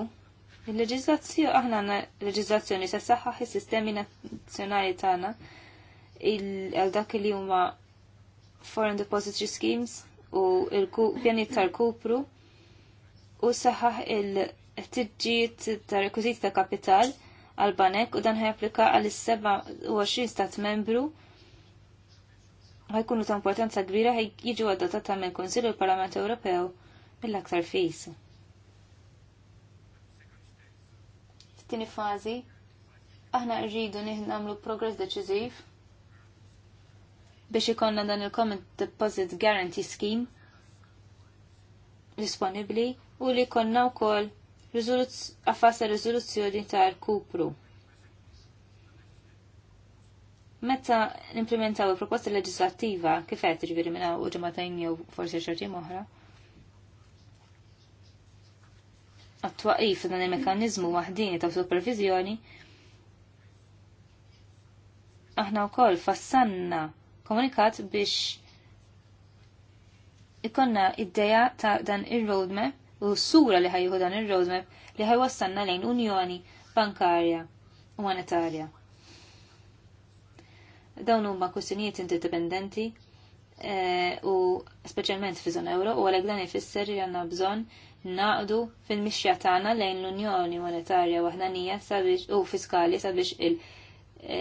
Speaker 4: il-leġizlazzjoni aħna għandna leġizlazzjoni se saħħaħ is-sistemi nazzjonali tagħna għal dak li huma foreign depository schemes u l pjanit tal-kupru u saħħaħ il-tiġġiet ta' rekwiżiti ta' kapital għal banek u dan ħajapplika għal 27 stat membru ħajkunu ta' importanza kbira ħaj jiġu ta' minn Konsil u l-Parlament Ewropew mill-aktar fis. F'tini fażi, aħna rridu nagħmlu progress deċiżiv biex ikonna dan il-Common Deposit Guarantee Scheme disponibli u li konna wkoll affasa riżoluzzjoni tal-kupru. Meta implementaw il-proposta leġislattiva, kif qed jiġifieri minn u ġematajn jew forsi xorti oħra, għat-twaqif dan il-mekanizmu waħdini ta' supervizjoni, aħna wkoll fassanna komunikat biex ikonna id-deja ta' dan ir-roadmap u s-sura li ħajju dan ir-roadmap li ħajwassanna lejn unjoni bankarja u monetarja. Dawn huma kwistjonijiet interdependenti eh, u speċjalment fi żona euro u għalhekk dan ifisser li għandna bżonn naqdu fil-mixja tagħna lejn l-Unjoni Monetarja Waħdanija sabiex u fiskali sabiex il- e,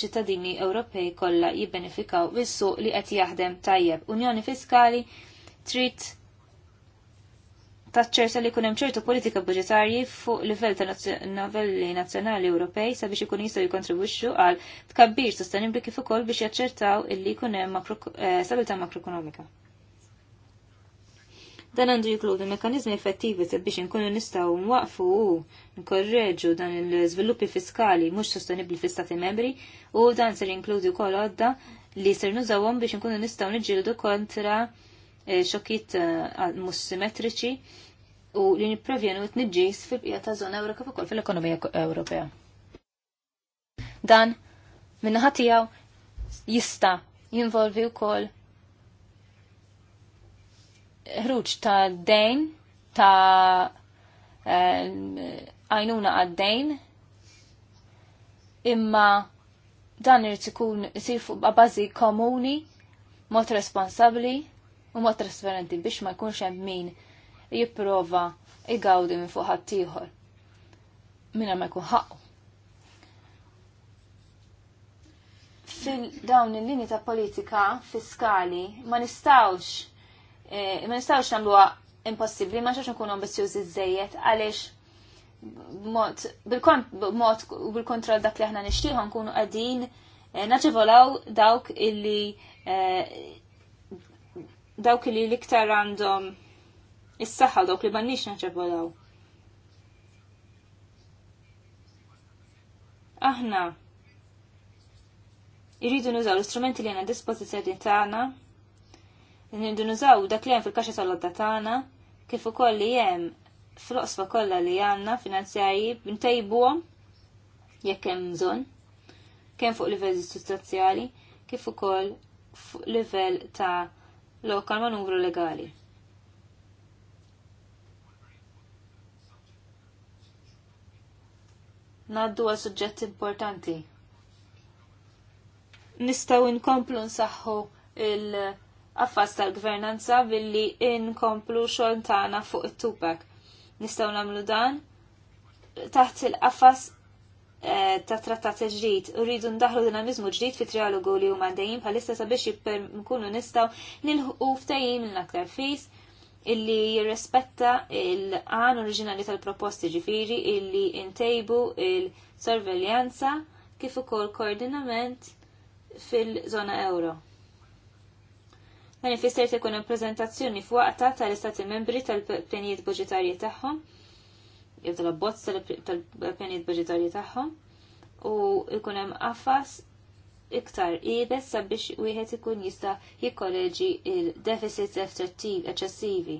Speaker 4: ċittadini Ewropej kollha jibbenefikaw bis-suq li qed jaħdem tajjeb. Unjoni Fiskali trid taċċerta li jkun hemm ċertu politika budġetarji fuq livell ta' novelli nazzjonali Ewropej sabiex ikun jistgħu jikontribwixxu għal tkabbir sostenibbli kif ukoll biex jaċċertaw illi jkun hemm e, stabilità makroekonomika. Dan għandu jikludu mekanizmi effettivi biex nkunu nistgħu nwaqfu u nkorreġu dan il-żviluppi fiskali mhux sostenibbli fl-Istati membri u dan ser jinkludi wkoll għodda li ser nużawhom biex nkunu nistgħu niġġieldu kontra eh, xokkijiet eh, mhux simmetriċi u li nipprovjenu t-nġis fil-bqija ta' zona Ewropa kif fil-ekonomija Ewropea. Dan minnaħa tiegħu jista' jinvolvi wkoll ħruġ ta' dejn ta' eh, għajnuna għad-dejn imma dan irid ikun isir fuq bażi komuni mod responsabbli u mod trasparenti biex ma jkunx hemm min jipprova igawdi minn fuq ħadd ieħor minn ma jkun ħaqqu. Fil dawn il-linji ta' politika fiskali ma nistawx Eh, ma nistawx nagħmluha impossibbli, ma nistawx nkunu ambizzjużi żejjed għaliex bil-mod bil-kontroll dak li aħna nixtieħu nkunu qegħdin eh, naġevolaw dawk illi eh, dawk illi l-iktar għandhom is-saħħa dawk li m'għandniex naġevolaw. Aħna irridu nużaw l-istrumenti li għandna dispożizzjoni tagħna nindunużaw dak li hemm fil-kaxxa tal-odda tagħna kif ukoll li hemm fl osfa kollha li għandna finanzjarji ntejbuhom jekk hemm bżonn kemm fuq livell sostanzjali kif ukoll fuq livell ta' lokal manuvru legali. Naddu għal suġġett importanti. Nistaw inkomplu nsaħħu il- affas tal-gvernanza billi inkomplu xogħol tagħna fuq it-tupek. Nistgħu nagħmlu dan taħt il-qafas eh, ta' trattat ġdid u rridu ndaħlu dinamizmu ġdid fi trialogu li huma dejjem bħalissa sabiex nkunu nistgħu nilħu ftehim l-aktar fis illi jirrespetta il-għan oriġinali tal-proposti ġifiri illi intejbu il-sorveljanza kif ukoll koordinament fil-żona euro dan ifisser se jkun prezentazzjoni f'waqta tal-istati membri tal penijiet budgetarji tagħhom jew tal-abbozz tal penijiet budgetarji tagħhom u jkun hemm affas iktar ibes sabiex wieħed ikun jista' jikkoleġi il-deficits effettiv eċessivi.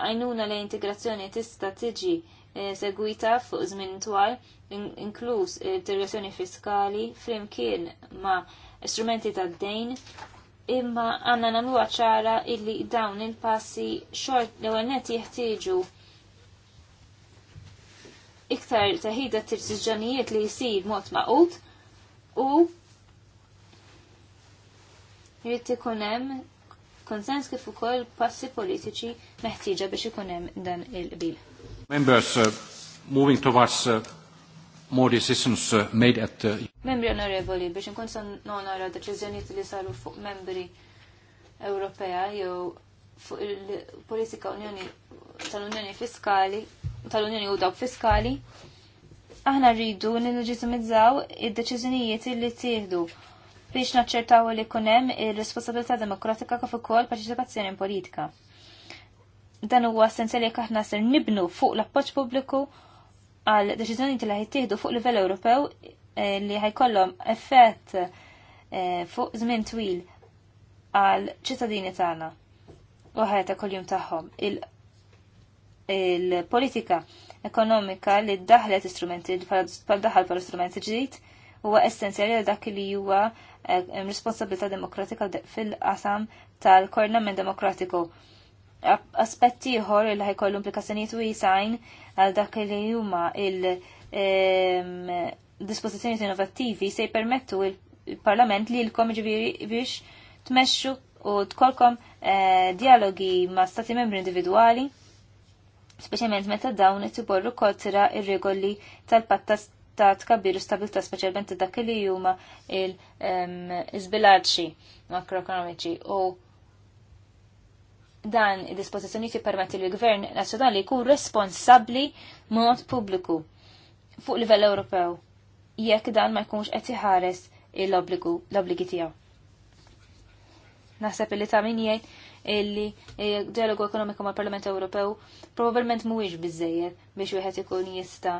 Speaker 4: Għajnuna l integrazzjoni tista' tiġi eh, segwita fuq żmien twal, inkluż integrazzjoni fiskali flimkien ma' strumenti tad-dejn imma għanna namlu ċara illi dawn il-passi xort li għannet jeħtieġu iktar taħida t-tirsiġġanijiet li jisir mod maqut u jrid ikun hemm konsens kif ukoll passi politiċi meħtieġa biex ikun hemm dan il-qbil.
Speaker 3: Members, uh, moving towards uh,
Speaker 1: more decisions uh, made at the... Uh,
Speaker 4: membri onorevoli, biex nkun san nonara deċiżjonijiet li saru fuq membri Ewropea jew fuq il-politika unjoni tal-Unjoni Fiskali, tal-Unjoni u dawk Fiskali, aħna rridu nil id-deċiżjonijiet li tieħdu biex naċċertaw li kunem il-responsabilità demokratika kif ukoll parċipazzjoni politika. Dan huwa essenzjali jekk aħna ser nibnu fuq l-appoġġ pubbliku għal deċiżjoni li ħittieħdu fuq livell Ewropew eh, li ħajkollhom effett eh, fuq żmien twil għal ċittadini tagħna u ħajta kuljum tagħhom. Il-politika ekonomika li ddaħlet istrumenti bħal daħal bħal istrumenti ġdid huwa essenzjali għal dak li huwa eh, responsabilità demokratika fil-qasam tal-kornament demokratiku aspetti ieħor li ħajkollu u wisajn għal dak li huma il ehm, dispożizzjonijiet innovattivi se jpermettu il-Parlament li l-kom biex tmexxu u tkolkom eh, dialogi ma' stati membri individwali speċjalment meta dawn qed iborru kotra ir-regoli tal-patta ta' tkabbir u stabilta' speċjalment dak li huma il-żbilanċi ehm, makroekonomiċi u dan id-dispożizzjoni permetti li l-Gvern Nazzjonali jkun responsabbli mod pubbliku fuq livell Ewropew jekk dan ma jkunx qed iħares l-obbligu l-obbligi tiegħu. Naħseb li ta' min jgħid illi dialogu ekonomiku mal-Parlament Ewropew probabbilment mhuwiex biżejjed biex wieħed ikun jista'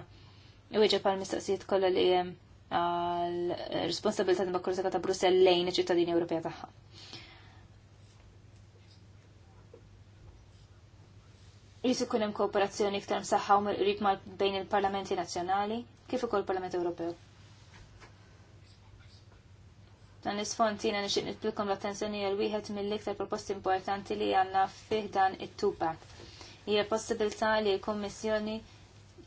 Speaker 4: iwieġeb għal mistoqsijiet kollha li hemm għal responsabilità demokratika ta' Brussell lejn iċ-ċittadini Ewropea tagħha. Jisu kunem kooperazzjoni iktar msaħħa u rib mal bejn il-parlamenti nazzjonali, kif ukoll il-Parlament Ewropew. Dan isfond tina nixtieq nitbilkom l-attenzjoni għal wieħed mill-iktar proposti importanti li għandna fih dan it-tupak. Hija possibilità li l-Kummissjoni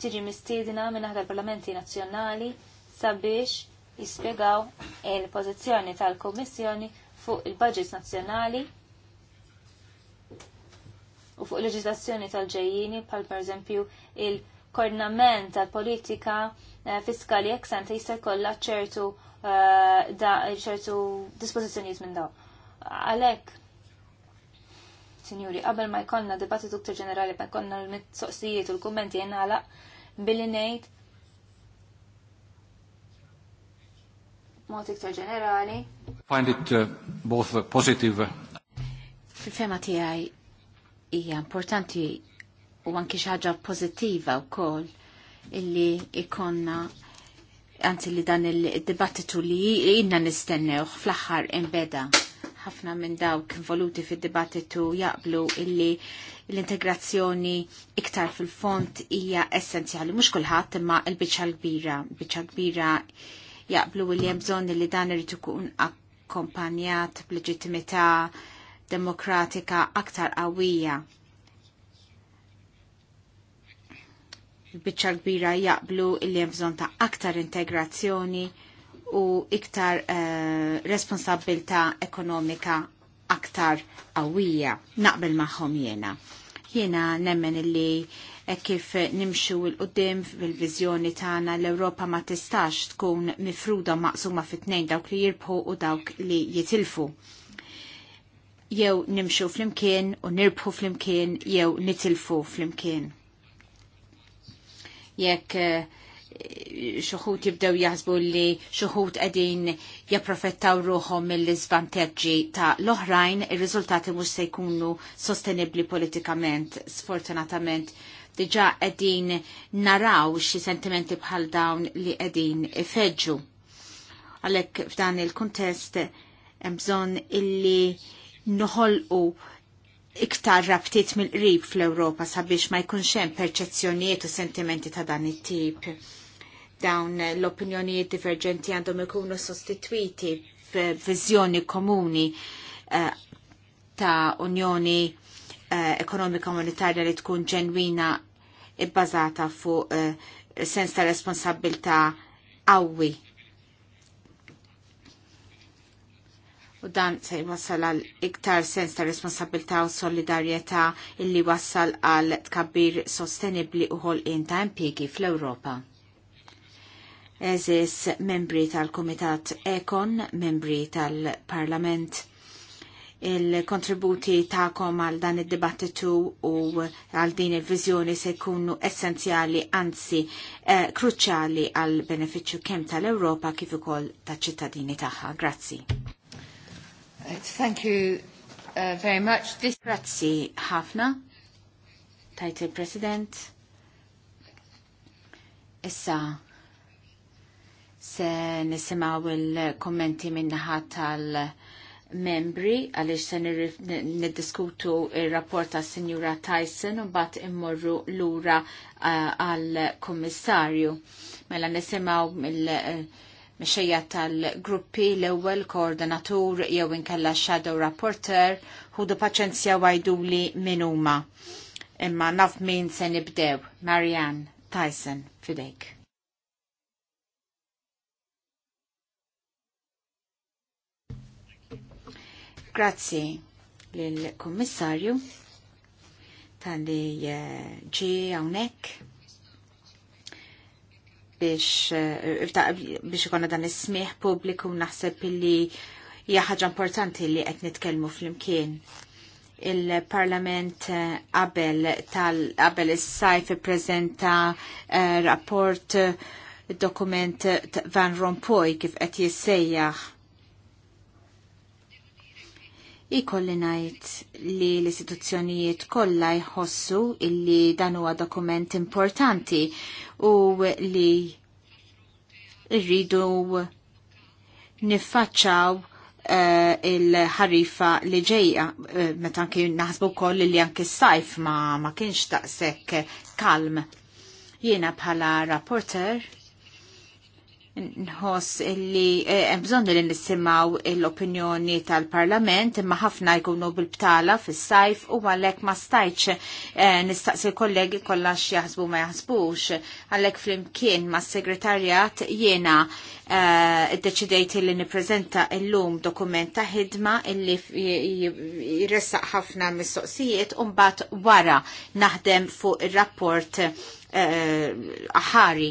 Speaker 4: tiġi mistiedna minn aħdar parlamenti nazzjonali sabiex jispjegaw il-pożizzjoni tal-Kummissjoni fuq il budgets nazzjonali u fuq leġislazzjoni tal-ġejjini pal per eżempju il-koordinament tal-politika eh, fiskali eksante jista' jkollha ċertu eh, da ċertu dispożizzjonijiet minn daw. Għalhekk, Sinjuri, qabel ma jkollna dibattitu ktar ġenerali ma jkollna l-mitsoqsijiet u l-kummenti jingħalaq billi ngħid mod iktar ġenerali.
Speaker 1: Find it uh, both positive.
Speaker 2: Fil-fema tiegħi hija importanti u anki xaġa pozittiva u wkoll illi ikonna anzi li dan il-dibattitu li inna nistennew fl-axħar imbeda ħafna minn dawk involuti fil-dibattitu jaqblu illi l-integrazzjoni iktar fil-font hija essenzjali. Mux kullħat imma il-bicċa kbira. Bicċa kbira jaqblu illi jemżon li dan irritu kun akkompanjat b'leġittimità demokratika aktar qawwija. Il-biċċa kbira jaqblu il hemm bżonn ta' aktar integrazzjoni u iktar uh, responsabilta ekonomika aktar qawwija naqbel magħhom jiena. Jiena nemmen illi eh, kif nimxu l-qoddim fil-vizjoni tagħna l-Ewropa ma tistax tkun mifruda maqsuma fit-tnejn dawk li jirbħu u dawk li jitilfu jew nimxu flimkien u nirbħu flimkien jew nitilfu flimkien. Jekk eh, xuħut jibdew jazbu li xuħut għedin japprofettaw ruħom mill izvantagġi ta' l-oħrajn, il-rizultati mux se jkunu sostenibli politikament, sfortunatament. Diġa għedin naraw xi sentimenti bħal dawn li għedin ifeġġu. Għalek f'dan il-kontest, bżon illi noħolqu iktar rabtiet mill-qrib fl-Ewropa sabiex ma jkunx hemm perċezzjonijiet u sentimenti ta' dan it-tip. Dawn l-opinjonijiet diverġenti għandhom ikunu sostitwiti f'viżjoni komuni eh, ta' Unjoni eh, Ekonomika Monetarja li tkun ġenwina ibbażata fuq eh, sens ta' responsabilta' qawwi u dan se jwassal għal iktar sens ta' responsabilità u solidarjetà illi wassal għal tkabbir sostenibli u ħolqien ta' impjiegi fl-Ewropa. Eżis membri tal-Kumitat Ekon, membri tal-Parlament, il-kontributi ta'kom għal dan id-dibattitu u għal din il-vizjoni se jkunu essenzjali, anzi eh, kruċali għal beneficju kemm tal europa kif ukoll taċ-ċittadini tagħha. Grazzi. Thank you uh, very much. This... Grazzi ħafna, title president Issa, se nisimaw il-kommenti minnaħat tal- membri għalix se niddiskutu il-rapport ta' Signora Tyson u bat immorru l-ura uh, għal-kommissarju. Mela nisimaw mill- uh, Mixejja tal-gruppi l-ewwel koordinatur jew inkella shadow rapporter ħudu paċenzja wajduli li minuma. Imma naf min se nibdew, Marianne Tyson, fidejk. Grazzi lill kummissarju tal-li eh, ġi hawnhekk biex eh, biex ikonna dan is-smieħ pubbliku naħseb illi hija ħaġa importanti li qed nitkellmu flimkien il-Parlament eh, qabel tal-qabel is-sajf ippreżenta eh, rapport dokument Van Rompuy kif qed jissejjaħ Ikolli ngħid li l-istituzzjonijiet kollha jħossu illi dan huwa dokument importanti u li rridu niffaċċaw uh, il-ħarifa li ġejja uh, meta anke naħsbu wkoll li anke s-sajf ma, ma kienx taqsek kalm. Jiena bħala rapporter nħoss li eh, hemm bżonn li nisimaw l-opinjoni tal-Parlament imma ħafna jkunu bil-btala fis-sajf u għalhekk ma stajtx eh, nistaqsi kollegi kollha jaħsbu ma jaħsbux għalhekk flimkien mas-segretarjat jiena eh, id-deċidejt li nippreżenta llum dokument ta' ħidma illi jressaq ħafna mistoqsijiet u mbagħad wara naħdem fuq ir-rapport aħari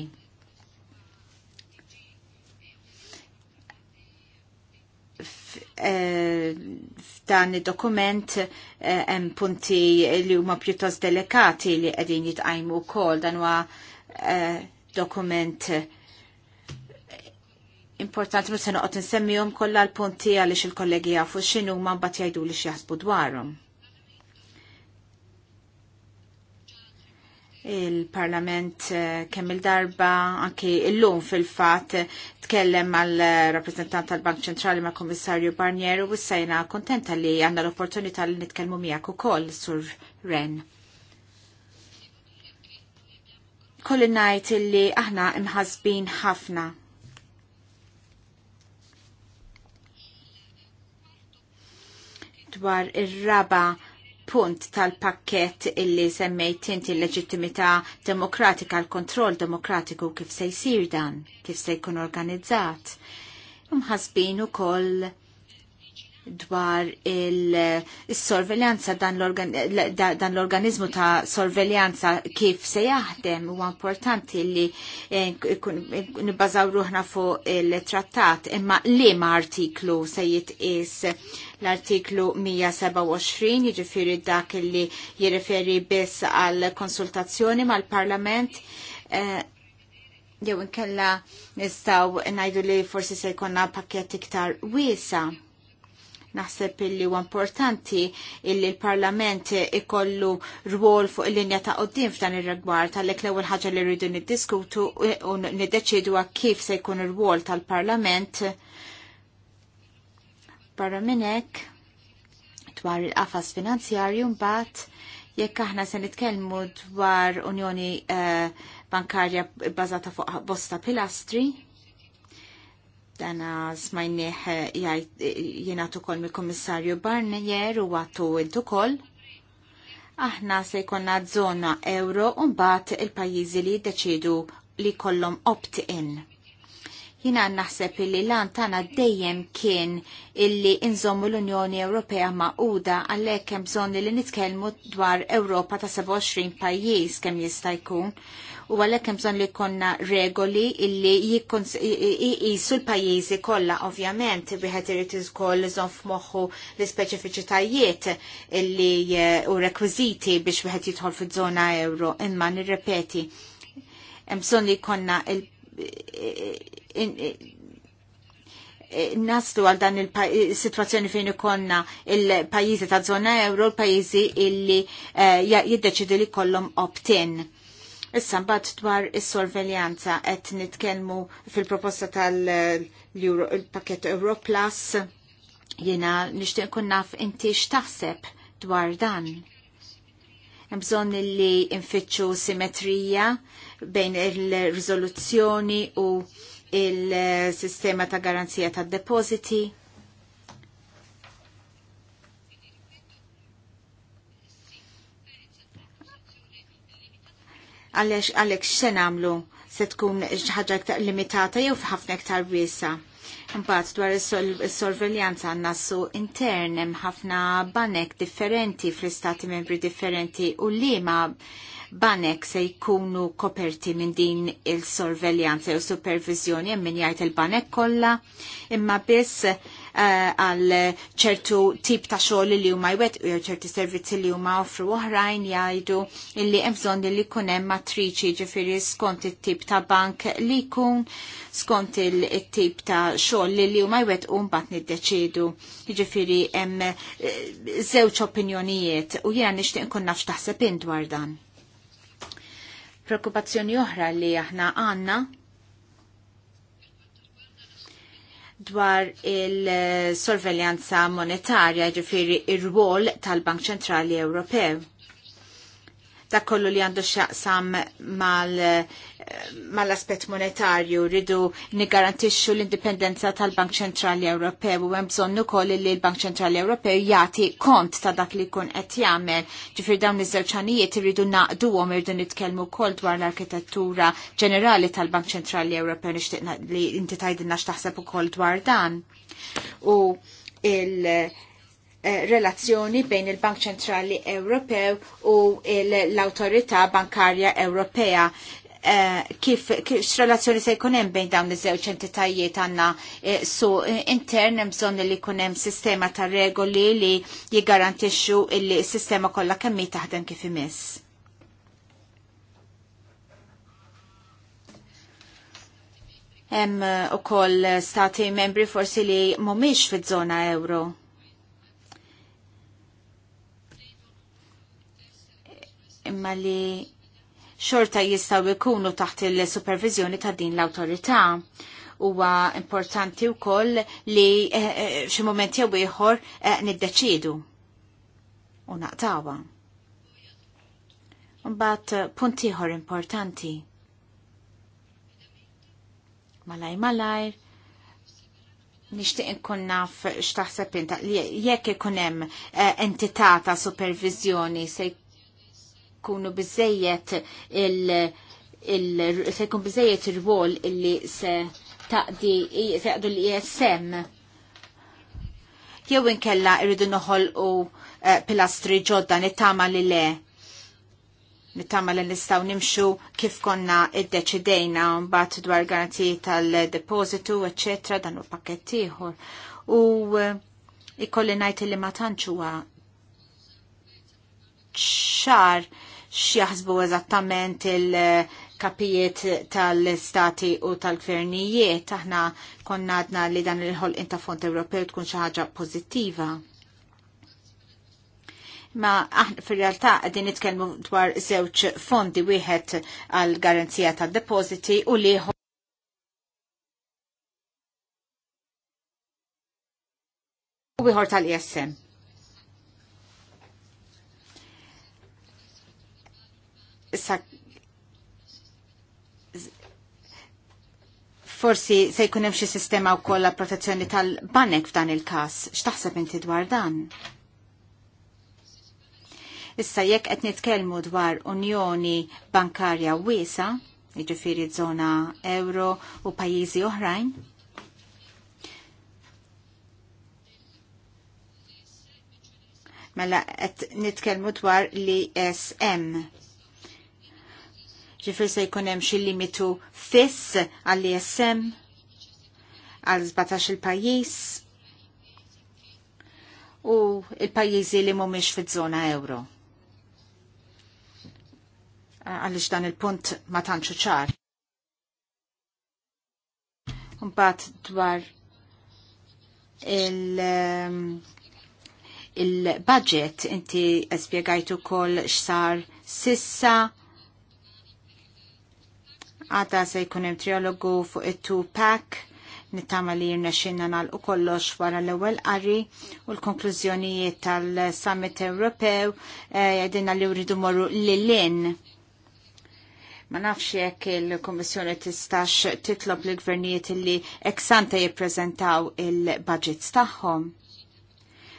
Speaker 2: f'dan id-dokument eh, hemm punti li huma pjuttost delikati li qegħdin jitqajmu wkoll dan huwa eh, dokument importanti mhux se noqgħod insemmihom kollha l-punti għaliex il-kollegi jafu x'inhu ma mbagħad jgħidu li x'jaħsbu dwarhom. il-Parlament eh, kemm il-darba anki illum fil-fat tkellem mal rappresentant tal-Bank Ċentrali ma' Kommissarju Barnier u sajna kontenta li għanna l-opportunità li nitkellmu miegħek ukoll sur Ren. Kolli ngħid illi aħna imħasbin ħafna dwar ir-raba' punt tal-pakket illi semmejt inti l-leġittimità demokratika, l-kontroll demokratiku kif se jsir dan, kif se jkun organizzat. Mħasbin ukoll koll dwar il-sorveljanza dan l-organizmu ta' sorveljanza kif se jaħdem u importanti li eh, nibbażaw ruħna fuq il-trattat imma li ma' artiklu se jitqis l-artiklu 127 jiġifieri dak li jirriferi biss għal konsultazzjoni mal-Parlament eh, jew inkella nistaw najdu li forsi se jkollna pakket iktar wiesa' Naħseb illi huwa importanti illi l-Parlament ikollu rwol fuq il-linja ta' qoddim f'dan ir-rigward għalhekk l-ewwel ħaġa li rridu niddiskutu u niddeċidu kif se jkun ir-rwol tal-Parlament barra minn hekk dwar il-qafas finanzjarju mbagħad jekk aħna se nitkellmu dwar Unjoni uh, Bankarja bbażata fuq bosta pilastri Dana smajnieħ eh, eh, jena tukol mi komissarju Barnier u għattu intu kol. Aħna se jkonna zona euro un-bat il-pajizi li deċidu li kollom opt-in jina naħseb li lan tana dejjem kien illi inżommu l-Unjoni Ewropea maquda għalhekk hemm bżonn li nitkellmu dwar Ewropa ta' 27 pajjiż kemm jista' jkun u għalhekk hemm bżonn li jkollna regoli illi jqisu l-pajjiżi kollha ovvjament wieħed irid iżkoll iżomm f'moħħu l-ispeċifiċitajiet illi eh, u rekwiżiti biex wieħed jidħol fi-zona euro imma nirrepeti hemm bżonn li jkollna il naslu għal dan il-situazzjoni fejn ikonna il-pajizi ta' zona euro, il-pajizi illi eh, jiddeċidu li kollom opt-in. Issa mbagħad dwar is-sorveljanza qed nitkellmu fil-proposta tal-pakket Europlus jiena nixtieq inkun naf inti x'taħseb dwar dan. Hemm bżonn li nfittxu simetrija bejn il-riżoluzzjoni u il-sistema ta' garanzija tad depositi għaliex għalek xe nagħmlu se tkun ħaġa iktar limitata jew f'ħafna iktar wiesa. Imbagħad, dwar is-sorveljanza għandna su intern hemm ħafna banek differenti fl-istati membri differenti u liema banek se jkunu koperti minn din il-sorveljanza u supervizjoni hemm min jgħid il-banek kollha, imma biss Eh, għal ċertu tip ta' xogħol li huma jwettqu jew ċerti servizzi li huma offru oħrajn jgħidu illi hemm bżonn li jkun hemm matriċi ġifieri skont it-tip ta' bank li jkun skont il-tip ta' xogħol li huma jwettqu mbagħad niddeċiedu. Jiġifieri hemm eh, żewġ opinjonijiet u jiena nixtieq nkun nafx taħseb dwar dan. Prekupazzjoni oħra li aħna għandna dwar il-sorveljanza monetarja ġifiri ir-rwol tal-Bank Ċentrali Ewropew da kollu li għandu xaqsam mal-aspet monetarju, rridu nigarantixxu l-indipendenza tal-Bank Ċentrali Ewropew u hemm bżonn ukoll li l-Bank Ċentrali Ewropew jagħti kont ta' dak li jkun qed jagħmel. Ġifier dawn iż-żewġ irridu naqduhom irridu nitkellmu wkoll dwar l-arkitettura ġenerali tal-Bank Ċentrali Ewropew nixtieq li inti tgħidilna x'taħseb ukoll dwar dan. U il- Eh, relazzjoni bejn il-Bank Ċentrali Ewropew u l-Autorità Bankarja Ewropea. Uh, kif, kif x-relazzjoni se jkun hemm bejn dawn iż-żewġ entitajiet għandna uh, eh, su intern hemm bżonn li jkun hemm sistema ta' regoli li jiggarantixxu li s-sistema kollha kemm taħdem kif imiss. Hemm ukoll stati membri forsi li mhumiex fiż-żona euro imma li xorta jistaw ikunu taħt il-supervizjoni ta' din l-autorità huwa importanti wkoll li eh, eh xi moment jew ieħor eh, niddeċiedu. niddeċidu u naqtawa. Mbagħad eh, punt ieħor importanti. Malaj malajr nixtieq inkun naf x'taħseb inta jekk ikun hemm entità ta' supervizjoni se Kunu bizzejiet il- se jkun bizzejiet ir-rwol illi se taqdi għadu l-ISM jew inkella irridu noħol u eh, pilastri ġodda nittama li le nittama li nistaw nimxu kif konna id-deċidejna mbagħad dwar garanti tal-depositu, eċċetra, dan u pakket ieħor. U eh, ikolli ngħid li ma tantx huwa ċar x'jaħsbu eżattament il-kapijiet tal-istati u tal-gvernijiet. Aħna konna għadna li dan il-ħol ta' fond Ewropew tkun xi ħaġa pożittiva ma aħna fil-realtà qegħdin nitkellmu dwar żewġ fondi wieħed għal garanzija tad depositi u liħu u ieħor tal-ISM. Issa forsi se jkun hemm xi sistema wkoll għal protezzjoni tal-banek f'dan il-każ. X'taħseb inti dwar dan? Issa jekk qed nitkellmu dwar Unjoni Bankarja wiesa, jiġifieri żona euro u pajjiżi oħrajn, mela qed nitkellmu dwar l ism ġifir se jkun hemm xi limitu fiss għall-ISM għal 17 e il-pajjiż u il-pajjiżi li mhumiex fiż-żona euro. Għaliex dan il-punt ma tantxu ċar. Mbagħad dwar il- ehm, il-budget inti spjegajtu kol x'sar sissa Għada se jkun hemm triologu fuq it-two-pack nittama li jirna xinna nalqu kollox wara l-ewel qari u l-konklużjonijiet tal-Summit Ewropew eh, jgħidina li uridu morru l-lin. Ma nafx jekk il komissjoni tistax titlob l-gvernijiet li eksanta jippreżentaw il-budgets tagħhom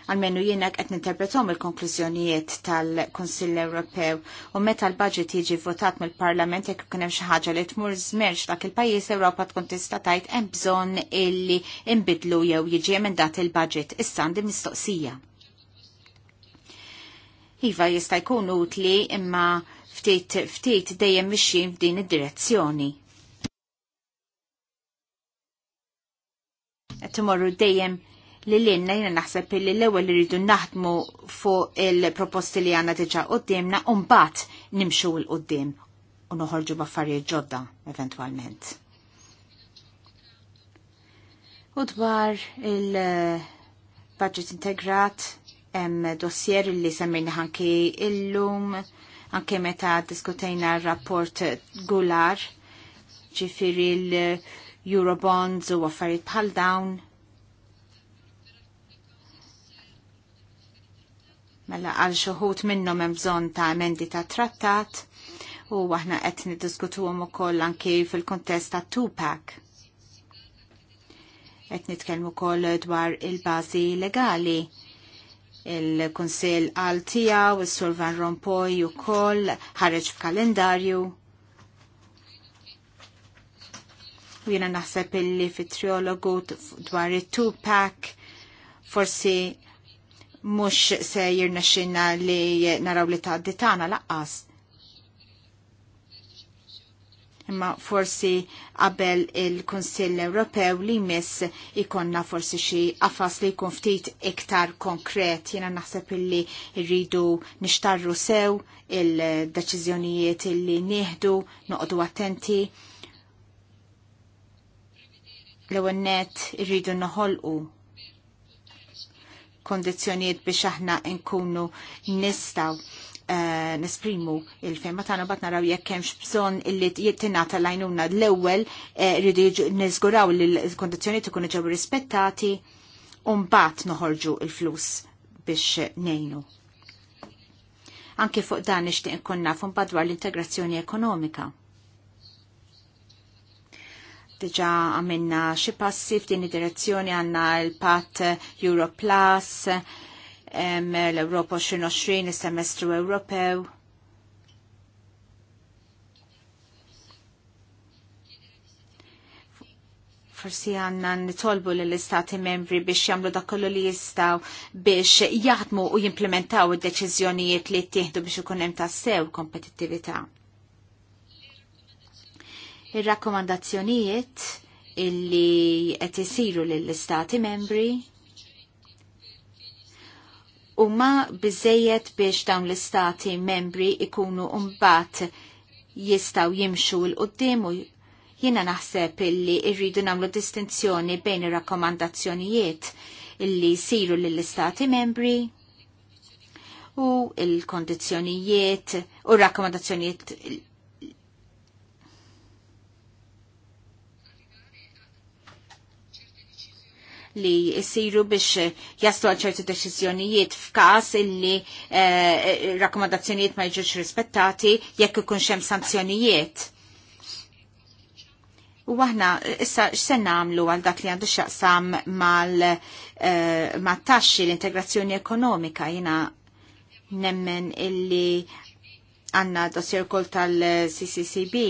Speaker 2: għalmenu jiena qed ninterpretom il-konklużjonijiet tal-Kunsill Ewropew u meta l-budget jiġi votat mill-Parlament jekk kien hemm xi ħaġa li tmur żmerġ dak il-pajjiż Ewropa tkun tista' tgħid hemm bżonn illi inbidlu jew jiġi emendat il-budget. Issa għandi mistoqsija. Iva jista' jkun utli imma ftit ftit dejjem mixjin f'din id-direzzjoni. qed imorru dejjem li l-inna jina naħseb li l-ewel rridu naħdmu fuq il-proposti li għanna diġa qoddimna un-bat nimxu l-qoddim u nuħorġu baffarijiet ġodda eventualment. U dwar il-budget integrat, hemm dossier li semmejna ħanki illum, anke meta diskutejna r-rapport Gular, ġifiri l-Eurobonds u affarijiet bħal dawn, mela għal xuħut minnu hemm bżonn ta' emendi ta' trattat u aħna qed niddiskutuhom ukoll anki fil-kuntest ta' Tupac. Qed nitkellmu wkoll dwar il-bażi legali il-Kunsill għal tiegħu is-Sur Van Rompuy ukoll ħareġ f'kalendarju. U jiena naħseb illi fit-triologu dwar it-Tupac forsi mux se xinna li naraw li ta' ditana laqqas. Imma forsi qabel il-Konsill Ewropew li mis ikonna forsi xi qafas li jkun ftit iktar konkret. Jiena naħseb illi rridu nixtarru sew il-deċiżjonijiet illi nieħdu, noqdu attenti. L-ewwel net irridu noħolqu kondizjoniet biex aħna nkunu nistaw uh, nesprimu il ma tagħna bat naraw jekk hemmx bżonn illi jittinata lajnuna l-ewwel eh, rridu nizguraw niżguraw li l-kondizzjonijiet ikunu ġew rispettati u mbagħad noħorġu l-flus biex nejnu. Anki fuq dan nixtieq nkun naf badwar l-integrazzjoni ekonomika Diġa għamilna xi passi f'din id-direzzjoni għandna l-Pat Euro Plus, l-Europa 2020, is-Semestru Ewropew. forsi għanna nitolbu l-istati membri biex jamlu da kollu li jistaw biex jaħdmu u jimplementaw id-deċizjonijiet li jittieħdu biex ikun hemm tassew kompetittivita ir-rakkomandazzjonijiet illi qed isiru lill-istati membri huma biżejjed biex dawn l-istati membri ikunu mbagħad jistaw jimxu l-qoddim u jiena naħseb illi irridu nagħmlu distinzjoni bejn ir-rakkomandazzjonijiet illi jsiru lill-istati membri u l-kondizzjonijiet u r rakkomandazzjonijiet li jisiru biex jaslu għal ċertu deċiżjonijiet f'każ illi eh, rakkomandazzjonijiet ma jġux rispettati jekk ikun xem sanzjonijiet. U aħna issa x'sen nagħmlu għal dak li għandu x'aqsam mal eh, ma taxxi l-integrazzjoni ekonomika jina nemmen illi għanna dossier kol tal-CCCB.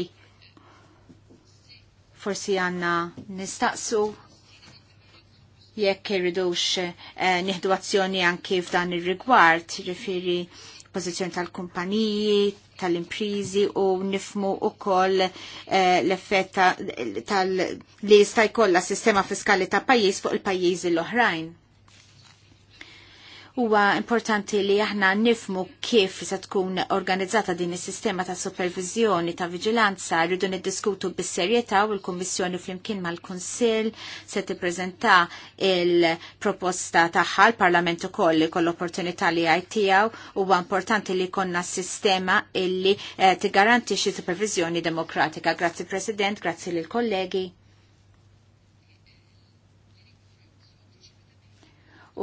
Speaker 2: Forsi għanna nistaqsu jekk irridux eh, nieħdu azzjoni anki f'dan ir-rigward, jiġifieri pożizzjoni tal-kumpaniji, tal-imprizi u nifmu u koll eh, l-effett tal-li jista' jkollha sistema fiskali ta' pajjiż fuq il-pajjiżi l-oħrajn. Huwa importanti li aħna nifmu kif se tkun organizzata din is-sistema ta' supervizjoni ta' viġilanza rridu niddiskutu bis-serjetà u l-Kummissjoni flimkien mal-Kunsill se tippreżenta il-proposta tagħha l-Parlament ukoll li l opportunità li għajtijaw huwa importanti li konna sistema illi eh, tigarantixxi supervizjoni demokratika. Grazzi President, grazzi lill kollegi.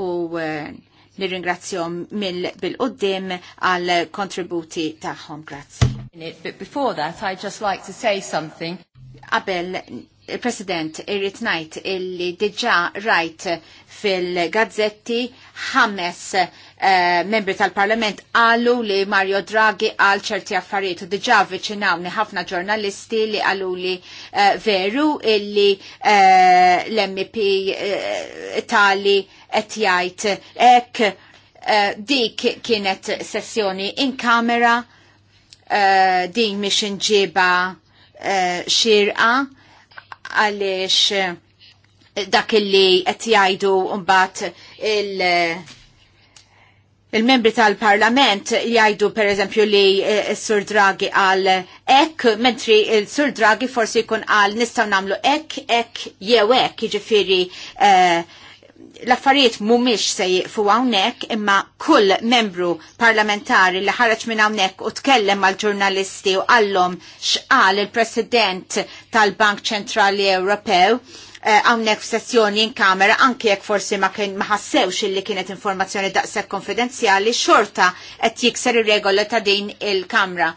Speaker 2: U eh, nirringrazzjom mill bil-qoddim għal kontributi tagħhom. Grazzi. But before that, I'd just like to say something. Qabel President, irrit najt illi diġa rajt fil-gazzetti ħames uh, membri tal-parlament għallu li Mario Draghi għal ċerti affarijiet u diġa viċinawni ħafna ġurnalisti li għallu li uh, veru illi uh, eh, l-MP uh, tali et jajt ek uh, dik kienet sessjoni in kamera uh, din miex nġiba uh, xirqa għaliex dak illi qed jgħidu mbagħad il- il-membri tal-parlament jajdu per eżempju li s-sur eh, Draghi għal ek, mentri s-sur Draghi forsi jkun għal nistaw namlu ek, ek, jew ek, ġifiri uh, eh, l-affarijiet mumiex se jiqfu hawnhekk imma kull membru parlamentari li ħareġ minn hawnhekk u tkellem mal-ġurnalisti u għallom x'qal il-President tal-Bank Ċentrali Ewropew eh, hawnhekk f'sessjoni in kamera anke jekk forsi ma kien maħassewx illi kienet informazzjoni daqshekk konfidenzjali xorta qed jikser ir-regola ta' din il-Kamra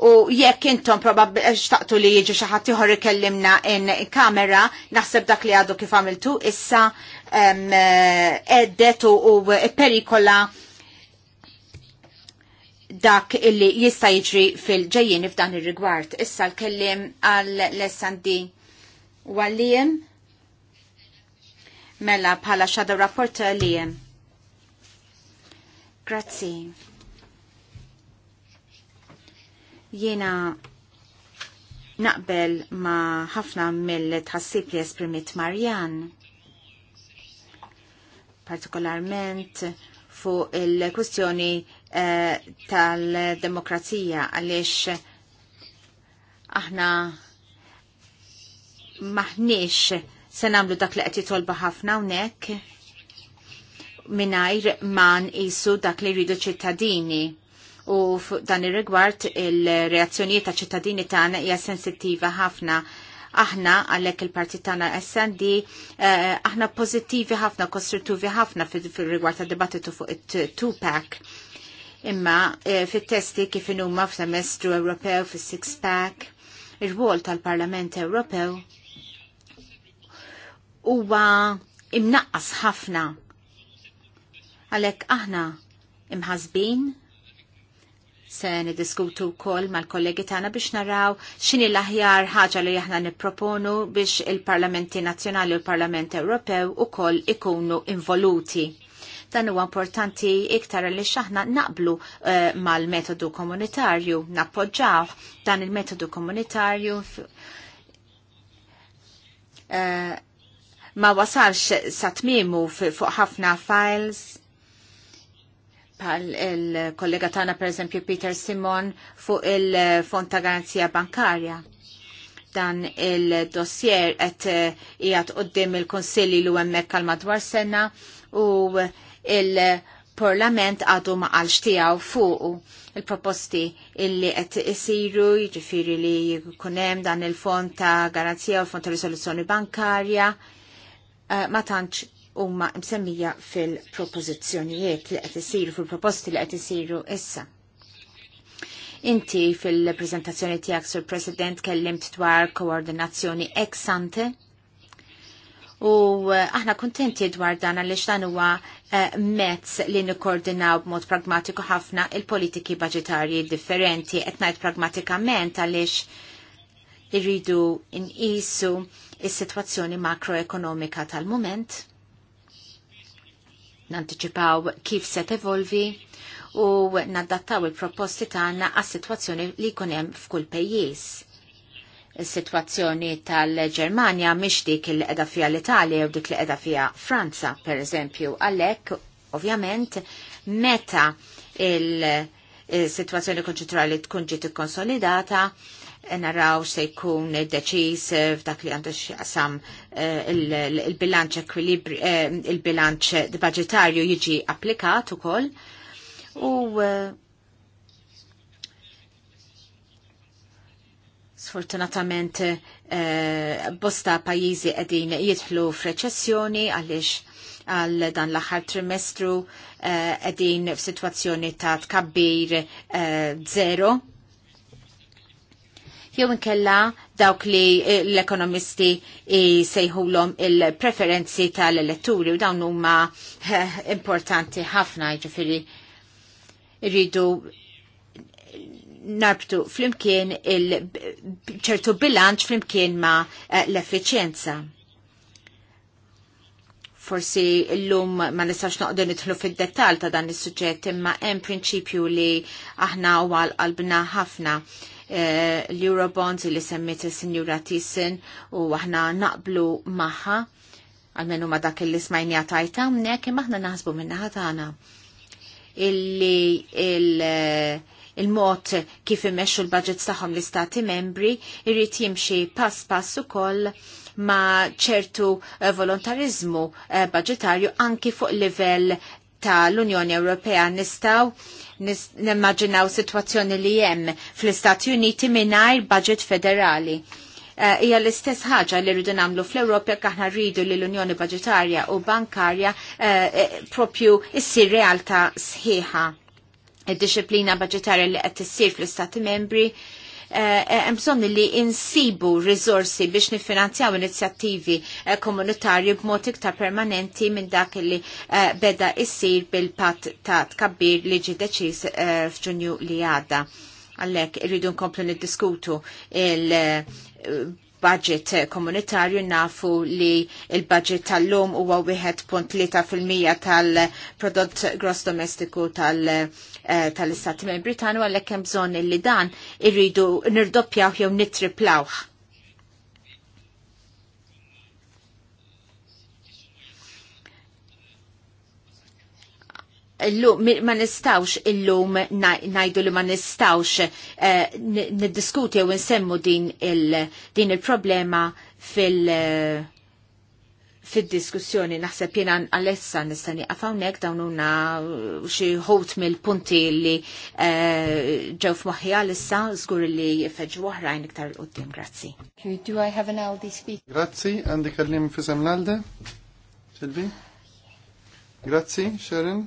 Speaker 2: u jekk intom probabbi eh, xtaqtu li jiġi xi ħadd ieħor ikellimna in kamera naħseb dak li għadu kif għamiltu issa eh, eddet u perikola dak illi jista' jiġri fil-ġejjin f'dan ir-rigward. Issa l-kellim għal lessandi għallijem mela bħala shadow rapporter lijem. Grazzi. Jena naqbel ma ħafna mill-tħassib li esprimit Marjan, partikolarment fuq il-kwestjoni eh, tal-demokrazija għaliex aħna maħniex se namlu dak li qed jitolba ħafna hawnhekk mingħajr ma nqisu dak li jridu ċittadini u dan ir-rigward il-reazzjonijiet ta' ċittadini tagħna hija sensittiva ħafna aħna għalhekk il-partit tagħna SND eh, aħna pożittivi ħafna, kostruttivi ħafna fil-rigward ta' dibattitu fuq it-two-pack. Imma eh, fit-testi kif inhuma f'semestru Ewropew fis-six-pack, ir wol tal-Parlament Ewropew huwa imnaqqas ħafna. Għalhekk aħna imħasbin se niddiskutu wkoll mal-kollegi tagħna biex naraw x'inhi l-aħjar ħaġa li aħna nipproponu biex il-Parlamenti Nazzjonali u l-Parlament Ewropew ukoll ikunu involuti. Dan huwa importanti iktar li xaħna naqblu eh, mal-metodu komunitarju, nappoġġaw dan il-metodu komunitarju eh, ma wasalx sa tmimu fuq ħafna files pal il-kollega tana per esempio Peter Simon fuq il-Fond ta' Garanzija Bankarja. Dan il-dossier qed eh, jgħat qoddim il-Konsilli l hemmhekk għal madwar sena u il-Parlament għadu ma qalx tiegħu fuq il-proposti illi qed isiru jiġifieri li jkun hemm dan il-Fond ta' Garanzija u il fond ta' Risoluzzjoni Bankarja eh, ma tantx umma msemmija fil-propożizzjonijiet li qed isiru fil-proposti li qed isiru issa. Inti fil-prezentazzjoni tiegħek sur President kellimt dwar koordinazzjoni ex ante u eh, aħna kontenti dwar dan għaliex dan huwa eh, mezz li nikkoordinaw b'mod pragmatiku ħafna il-politiki budgetarji differenti qed ngħid pragmatikament għaliex irridu nqisu is-sitwazzjoni makroekonomika tal-mument nanticipaw kif se tevolvi u naddattaw il-proposti tagħna għas-sitwazzjoni li jkun hemm f'kull pejjiż. Is-sitwazzjoni tal-Ġermanja mhix dik li qiegħda fiha l-Italja u dik li qiegħda fiha Franza, pereżempju, għalhekk ovvjament meta il-sitwazzjoni konċentrali tkun ġiet ikkonsolidata, naraw se jkun deċis f'dak li għandu xaqsam eh, il-bilanċ ekwilibri, eh, il-bilanċ budgetarju jiġi applikat ukoll. U eh, sfortunatament bosta pajjiżi qegħdin jidħlu f'reċessjoni għaliex għal dan l-axar trimestru għedin f-situazzjoni ta' tkabbir zero jew inkella dawk li eh, l-ekonomisti eh, sejħulhom il-preferenzi tal-elettori u dawn huma eh, importanti ħafna jiġifieri rridu narbtu flimkien il-ċertu bilanċ flimkien ma l-effiċjenza forsi l-lum ma nistax naqdu nidħlu fid-dettal ta' dan is-suġġett imma hemm prinċipju li aħna għal qalbna ħafna Eh, l-Eurobonds li semmit il-Sinjura Tissin u għahna naqblu maħħa għalmenu ma dak il smajnija tajta mnek kem maħna naħsbu minna ħatana illi eh, il-mod kif imexxu l-budget tagħhom l-istati membri irrid jimxi pass pass ukoll ma ċertu eh, volontarizmu budgetarju anki fuq livell ta' l-Unjoni Ewropea nistaw Nimmaġinaw situazzjoni li hemm fl-Istati Uniti mingħajr budget federali. Eh, hija uh, l-istess ħaġa li rridu nagħmlu fl-Ewropa jekk aħna rridu li l-Unjoni Budgetarja u Bankarja uh, propju issir realtà sħiħa. Id-disciplina budgetarja li qed issir fl-Istati Membri uh, Eh, eh, hemm bżonn li insibu rizorsi biex nifinanzjaw inizjattivi eh, komunitarji b'mod iktar permanenti minn dak li beda issir bil-patt ta' tkabbir li ġi deċiż f'Ġunju li għadda. Għallek irridu nkomplu niddiskutu il- budget komunitarju nafu li il-budget tal-lum huwa 1.3% tal-prodott gross domestiku tal- Eh, tal-Istati Membri tagħna għalhekk hemm bżonn li dan irridu nirdoppjaw jew nitriplawh. Illum ma nistawx illum najdu li ma nistawx eh, niddiskuti jew nsemmu din il-problema il problema fil- fid-diskussjoni naħseb jena għal-essa nistani għafawnek dawnuna xie ħot mill-punti li eh, ġew f'moħħi għalissa zgur li feġu oħrajn iktar l-qoddim. Grazzi. Do I have
Speaker 3: an Aldi speak? Grazzi, għandi kallim fisem l-Alde. Silvi? Grazzi, Sharon.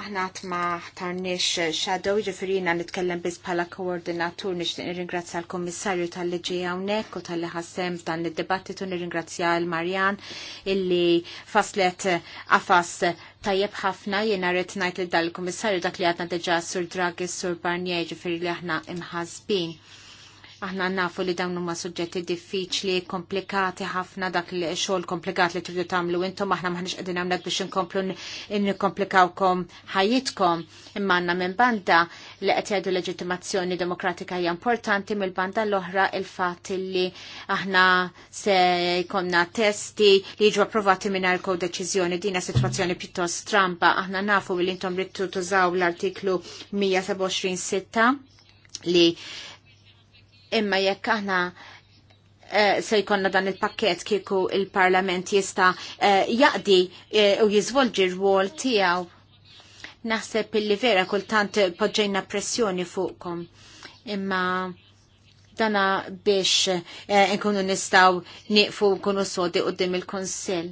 Speaker 2: Aħna għat ma ħtarniex xadow ġifirina nitkellem biz bħala koordinatur nix nirringrazzja l-Komissarju tal-liġi għawnek u tal-li ħassem dan il-dibattitu nirringrazzja l-Marjan illi faslet għafas tajjeb ħafna jena rrit najt li dal-Komissarju dak li għadna deġa sur Draghi sur Barnier ġifiri li aħna imħazbin Aħna nafu li dawn huma suġġetti diffiċli, komplikati ħafna dak li xogħol komplikat li tridu tagħmlu intom aħna maħniex qegħdin hawnhekk biex inkomplu nikkomplikawkom ħajjitkom. Imma għandna minn banda li qed jgħidu leġittimazzjoni demokratika hija importanti mill-banda l-oħra il-fatt li aħna se jkollna testi li jiġu approvati mingħajr kodeċiżjoni dina sitwazzjoni pjuttost stramba. Aħna nafu li intom rittu tużaw l-artiklu 127 li imma jekk aħna eh, se jkonna dan il-pakket kieku il-parlament jista eh, jaqdi eh, u jizvolġi r-wol tijaw. Naħseb illi vera kultant podġejna pressjoni fuqkom. Imma dana biex nkunu nistaw niqfu nkunu sodi dim il-konsil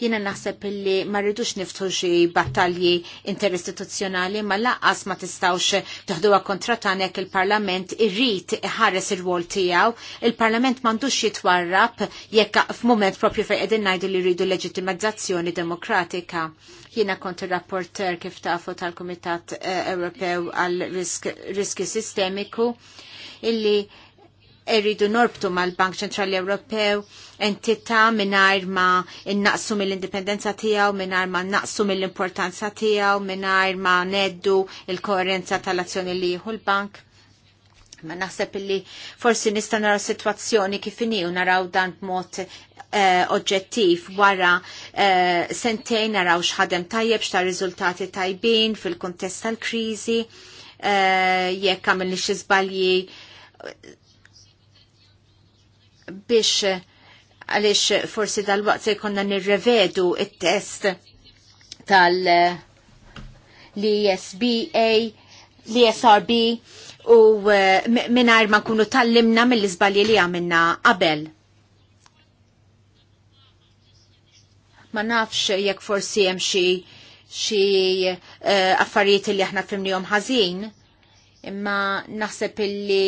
Speaker 2: Jiena naħseb illi ma rridux niftu xi battalji interistituzzjonali ma laqqas ma tistawx taħduha kontra jekk il-Parlament irrid iħares ir wol tiegħu. Il-Parlament m'għandux jitwarrab jekk f'mument propju fejn qegħdin ngħidu li rridu leġittimizzazzjoni demokratika. Jiena kont ir-rapporter kif tafu tal-Kumitat eh, Ewropew għal riski sistemiku illi irridu norbtu mal-Bank Ċentrali Ewropew entità mingħajr ma innaqsu mill-indipendenza tiegħu, mingħajr ma naqsu mill-importanza tiegħu, mingħajr ma neddu il-koerenza tal-azzjoni li jieħu l-bank. Ma naħseb illi forsi nista naraw situazzjoni kif inhi u naraw dan b'mod eh, oġġettiv wara eh, sentejn naraw x'ħadem tajjeb x'ta' riżultati tajbin fil-kuntest tal-kriżi eh, jekk għamilni xi żbalji biex għalix forsi dal-waqt se jkonna nirrevedu il-test tal-ESBA, l-ESRB u eh, minnajr ma kunu tal-limna mill-izbalji li għamilna qabel. Ma nafx jekk forsi hemm xi eh, affarijiet li aħna jom ħażin, imma naħseb illi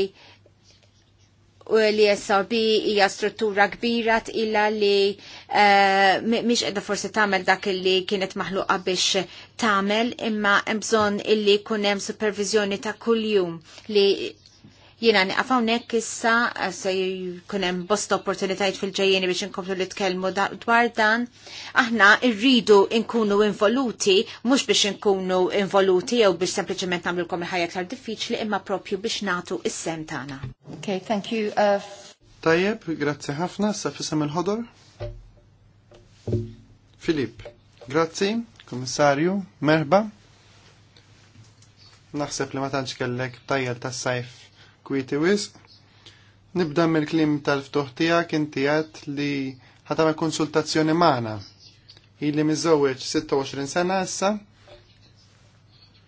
Speaker 2: u li SRB hija struttura kbira illa li uh, eh, miex edha forsi tamel dak li kienet maħluqa biex tamel imma bżon illi kunem supervizjoni ta' kuljum li Jena niqaf hawnhekk issa eh, se jkun hemm bosta opportunitajiet fil ġajjeni biex inkomplu li tkellmu dwar dan. Aħna rridu nkunu involuti mhux biex nkunu involuti jew biex sempliċement nagħmlulkom il-ħajja aktar diffiċli imma propju biex nagħtu is-sem tagħna.
Speaker 1: Okay,
Speaker 3: thank you. Uh... Tajjeb, grazzi ħafna, sa fissam il-ħodor. Filip, grazzi, komissarju, merba. Naħseb li ma tantx kellek tajjeb tas-sajf kwieti wis. Nibda mill-klim tal-ftuħ tiegħek inti għedt li ħatama konsultazzjoni magħna. Ili miżewweġ 26 sena issa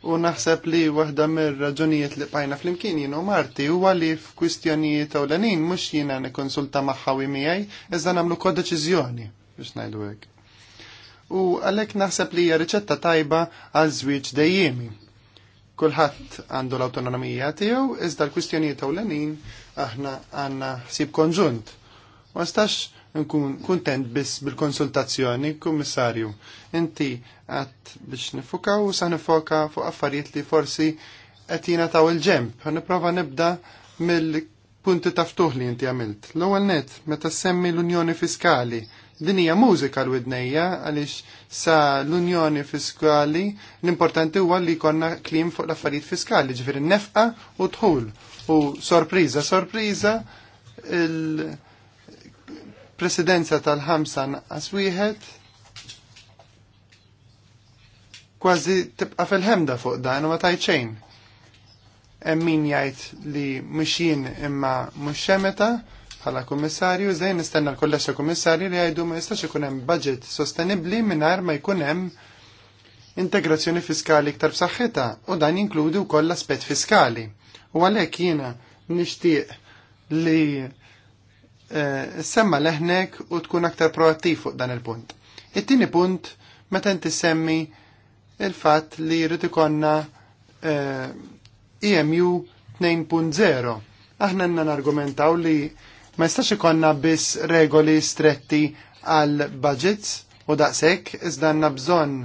Speaker 3: u naħseb li waħda mir-raġunijiet li bajna fl-imkien jienu Marti huwa li f'kwistjonijiet ewlenin mhux jiena nikkonsulta magħha u miegħi iżda nagħmlu deċiżjoni biex ngħidu hekk. U għalhekk naħseb li hija riċetta tajba għal żwieġ dejjemi Kulħadd għandu l-autonomija tiegħu, iżda l-kwistjonijiet ewlenin aħna għandna ħsieb konġunt. Ma stax nkun kuntent biss bil-konsultazzjoni, kummissarju. Inti għat biex nifukaw sa nifoka fuq affarijiet li forsi qed jingħataw il-ġemp. Nipprova nibda mill-punti taftuħ li inti għamilt. L-ewwel net meta semmi l-Unjoni Fiskali Din hija mużika l-widnejja għaliex sa l-Unjoni Fiskali l-importanti huwa li jkollna klim fuq l-affarijiet fiskali, ġifieri nefqa u tħul. U sorpriża, sorpriża il-presidenza tal-ħamsa naqas wieħed kważi tibqa' fil-ħemda fuq dan u ma tajt xejn. Hemm min jgħid li mixjin imma mhux xemeta, bħala kummissarju, iżdej nistenna l kollesja kummissarju li għajdu ma jistax ikunem hemm budget sostenibbli mingħajr ma jkun hemm integrazzjoni fiskali iktar b'saħħitha u dan jinkludi wkoll l-aspett fiskali. U għalhekk jiena nixtieq li eh, semma leħnek u tkun aktar proattiv fuq dan il-punt. It-tieni punt meta inti semmi il-fatt li jrid ikonna EMU eh, e 2.0. Aħna għandna nargumentaw li Ma jistax ikonna biss regoli stretti għal budgets u daqshekk iżda għandna bżonn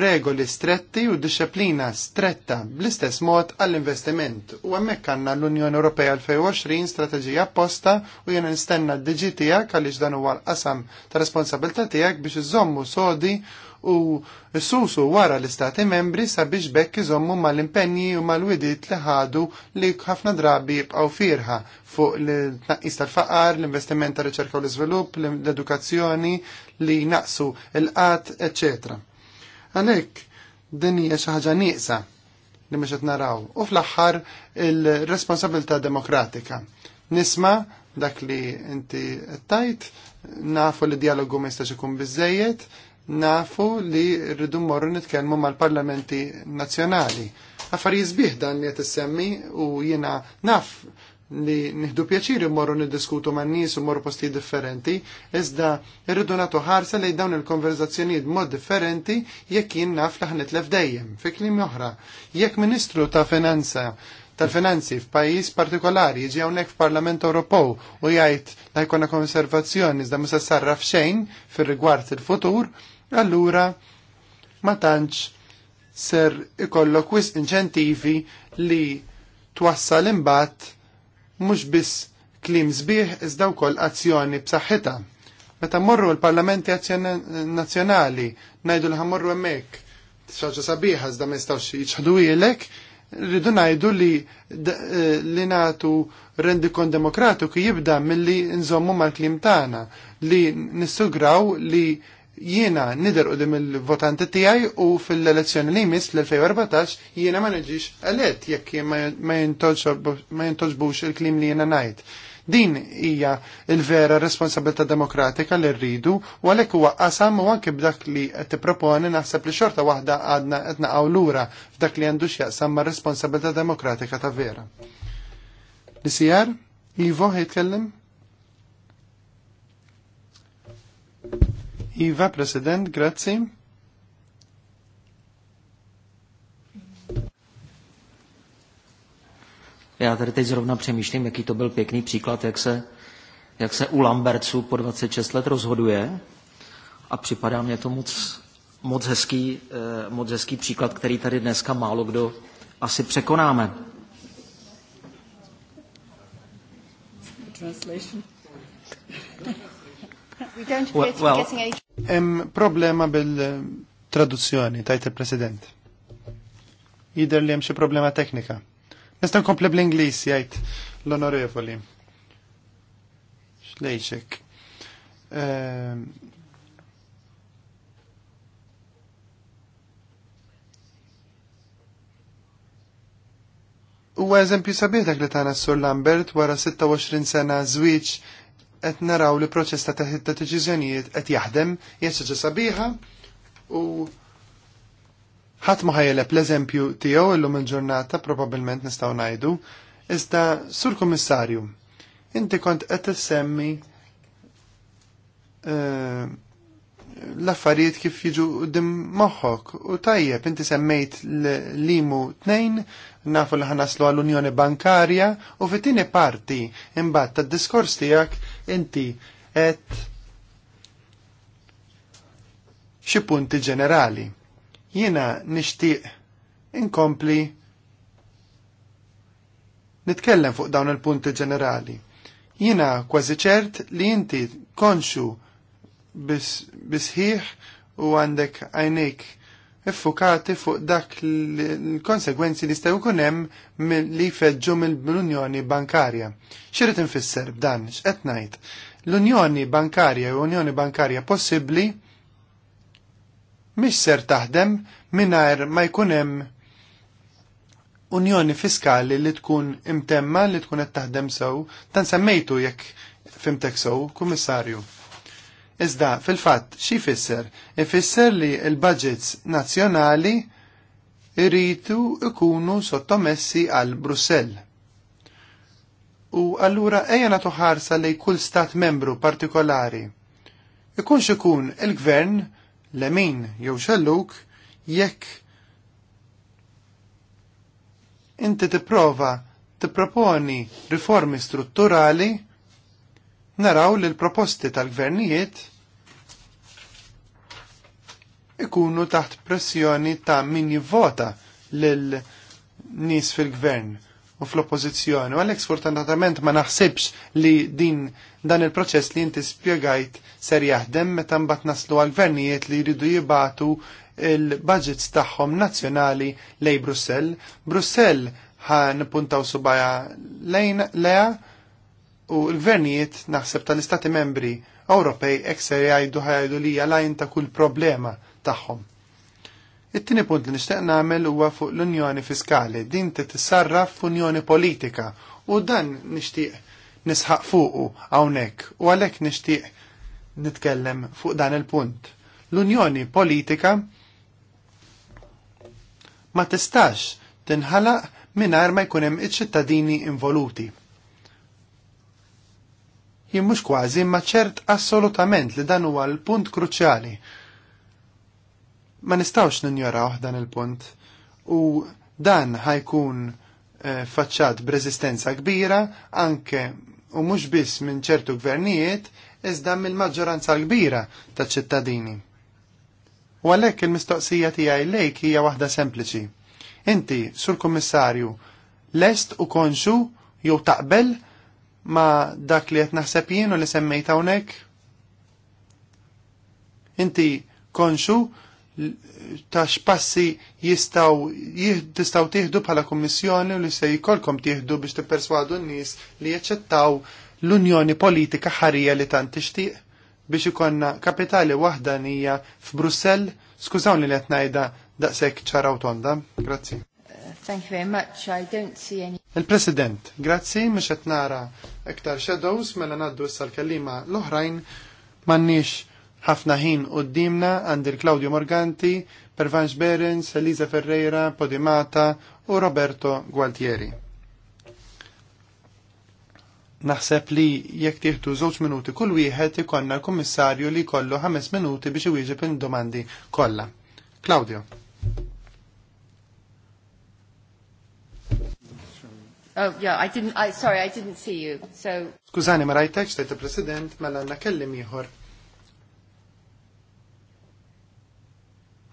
Speaker 3: regoli stretti u disċiplina stretta bl-istess mod għall-investiment. U hemmhekk għandna l-Unjoni Ewropea 2020 strateġija apposta u jiena nistenna d-diġi tiegħek għaliex dan huwa l-qasam ta' responsabilità tiegħek biex iżommu sodi u s-susu wara l-istati membri sabiex bekk iżommu mal-impenji u mal-widiet li ħadu li ħafna drabi jibqaw firħa fuq l-tnaqqis tal-faqar, l-investiment tal riċerka u l-iżvilupp, l-edukazzjoni li naqsu l-qat, etc. Għalhekk din hija xi ħaġa nieqsa li mhux qed naraw. U fl-aħħar il-responsabilità demokratika. Nisma' dak li inti tajt, nafu li dialogu ma jistax ikun biżejjed, nafu li rridu morru nitkellmu mal-parlamenti nazzjonali. Affarijiet sbieħ dan li qed u jiena naf li nihdu pjaċiri morru niddiskutu man nies u morru posti differenti, iżda rridu nagħtu ħarsa li dawn il-konverzazzjonijiet mod differenti jekk jien naf laħnet ħnitlef dejjem. Fi kliem oħra, jekk Ministru ta' Finanza tal-finanzi f'pajjiż partikolari jiġi hawnhekk f'Parlament Ewropew u jgħid la jkollna konservazzjoni iżda ma se sarraf xejn fir-rigward il-futur, il futur allura ma tantx ser ikollok wis inċentivi li twassal imbagħad mhux biss klim sbieħ iżda wkoll azzjoni b'saħħitha. Meta mmorru l-Parlamenti Nazzjonali ngħidu li ħammorru hemmhekk xaġa sabiħa iżda ma jistgħux jiċħdu ilek, rridu ngħidu li eh, li nagħtu rendikon demokratiku jibda milli nżommu mal-klim tagħna li nissugraw li jiena nider u il-votanti tijaj u fil-elezzjoni li jmiss l-2014 jiena ma nġiġ għalet jekk ma jintoġbux il-klim li jiena najt. Din hija il-vera responsabilità demokratika li rridu u għalhekk huwa qasam u anke b'dak li qed tipproponi naħseb li xorta waħda għadna qed naqgħu lura f'dak li għandux jaqsam ma' responsabilta demokratika ta' vera. Li sijar? Ivo jitkellem? Iva, President, grazie.
Speaker 1: Já tady teď zrovna přemýšlím, jaký to byl pěkný příklad, jak se, jak se u Lambertsu po 26 let rozhoduje a připadá mě to
Speaker 2: moc, moc, hezký, eh, moc hezký příklad, který tady dneska málo kdo asi
Speaker 3: překonáme.
Speaker 1: Translation. We don't to well,
Speaker 3: problema bil-traduzzjoni, tajt il-President. Jider li hemm xi problema teknika. Nista' nkompli bl-Ingliż jgħid l-onorevoli. Xlejxek. Um, U eżempju sabiħ dak li tana s-Sur Lambert wara 26 sena żwieġ qed naraw li proċess ta' ħidda ta' deċiżjonijiet qed jaħdem jessaġa sabiħa u ħadd ma ħajjeleb l-eżempju tiegħu illum il-ġurnata probabbilment nistgħu ngħidu. Iżda sur Kummissarju, inti kont qed tissemmi eh, l-affarijiet kif jiġu dim moħħok u tajjeb inti semmejt l-limu tnejn nafu li ħanaslu għall-Unjoni Bankarja u fit-tieni parti imbagħad tad-diskors tiegħek inti et xi punti ġenerali. Jiena nixtieq inkompli nitkellem fuq dawn il-punti ġenerali. Jiena kważi ċert li inti konxu bisħiħ bis u għandek għajnejk effukati fuq dak l-konsegwenzi li stew kunem li feġġu mill-Unjoni Bankarja. Xirrit infisser b'dan, x'qed ngħid? L-Unjoni Bankarja u Unjoni Bankarja possibbli mhix ser taħdem mingħajr ma jkun hemm unjoni fiskali li tkun imtemma li tkun qed taħdem sew, tan semmejtu jekk fimtek sew, kummissarju Iżda, fil-fatt, xi fisser? Ifisser li l-budgets nazzjonali irritu ikunu sottomessi għal Brussell. U allura ejja nagħtu ħarsa lej kull stat membru partikolari. Ikunx ikun il-gvern, lemin jew xelluk, jekk inti tipprova tipproponi riformi strutturali naraw li l-proposti tal-gvernijiet ikunu taħt pressjoni ta' min jivvota l nies fil-gvern u fl-oppozizjoni. U għalhekk sfortunatament ma naħsibx li din dan il-proċess li inti spiegajt ser jaħdem meta mbagħad naslu għal gvernijiet li jridu jibatu il-budgets tagħhom nazzjonali lej Brussell. Brussell ħan puntaw subaja lejn leja u l-gvernijiet naħseb tal-istati membri Ewropej ekser jgħidu ħajdu li għalajn ta' kull problema tagħhom. It-tieni punt li nixtieq nagħmel huwa fuq l-Unjoni Fiskali, din titissarraf f'Unjoni Politika u dan nixtieq nisħaq fuqu hawnhekk u għalhekk nixtieq nitkellem fuq dan il-punt. L-Unjoni Politika ma tistax tinħalaq mingħajr ma jkun hemm iċ-ċittadini involuti jien mhux kważi ma ċert assolutament li dan huwa l-punt kruċjali. Ma nistgħux ninjoraw dan il-punt u dan ħajkun eh, faċċat b'reżistenza kbira anke u mhux biss minn ċertu gvernijiet iżda mill-maġġoranza kbira ta' ċittadini. U għalhekk il-mistoqsija tiegħi lejk hija waħda sempliċi. Inti, sur kummissarju, lest u konxu jew taqbel ma' dak li qed naħseb jien u li semmejt hawnhekk? Inti konxu ta' xpassi jistaw jistaw tieħdu bħala kummissjoni u li se jkollkom tieħdu biex tipperswadu n-nies li jaċċettaw l-unjoni politika ħarija li tant tixtieq biex ikonna kapitali wahdanija f'Brussell. Skużawni li qed ngħidha daqshekk ċaraw tonda. Grazzi. Uh,
Speaker 4: thank you very much. I don't see any.
Speaker 3: Il-President, grazzi mhux qed nara iktar shadows mela naddu issa l-kellima l-oħrajn m'għandniex ħafna ħin d-dimna għandir Claudio Morganti, Pervanx Berens, Elisa Ferreira, Podimata u Roberto Gualtieri. Naħseb li jekk tieħdu żewġ minuti kull wieħed ikonna l-kummissarju li jkollu ħames minuti biex iwieġeb il-domandi kollha. Claudio.
Speaker 2: Oh, yeah, I didn't, I, sorry, I didn't see you, so...
Speaker 3: Skużani, ma rajtek, stajt il-President, l mela għanna kellim jħor.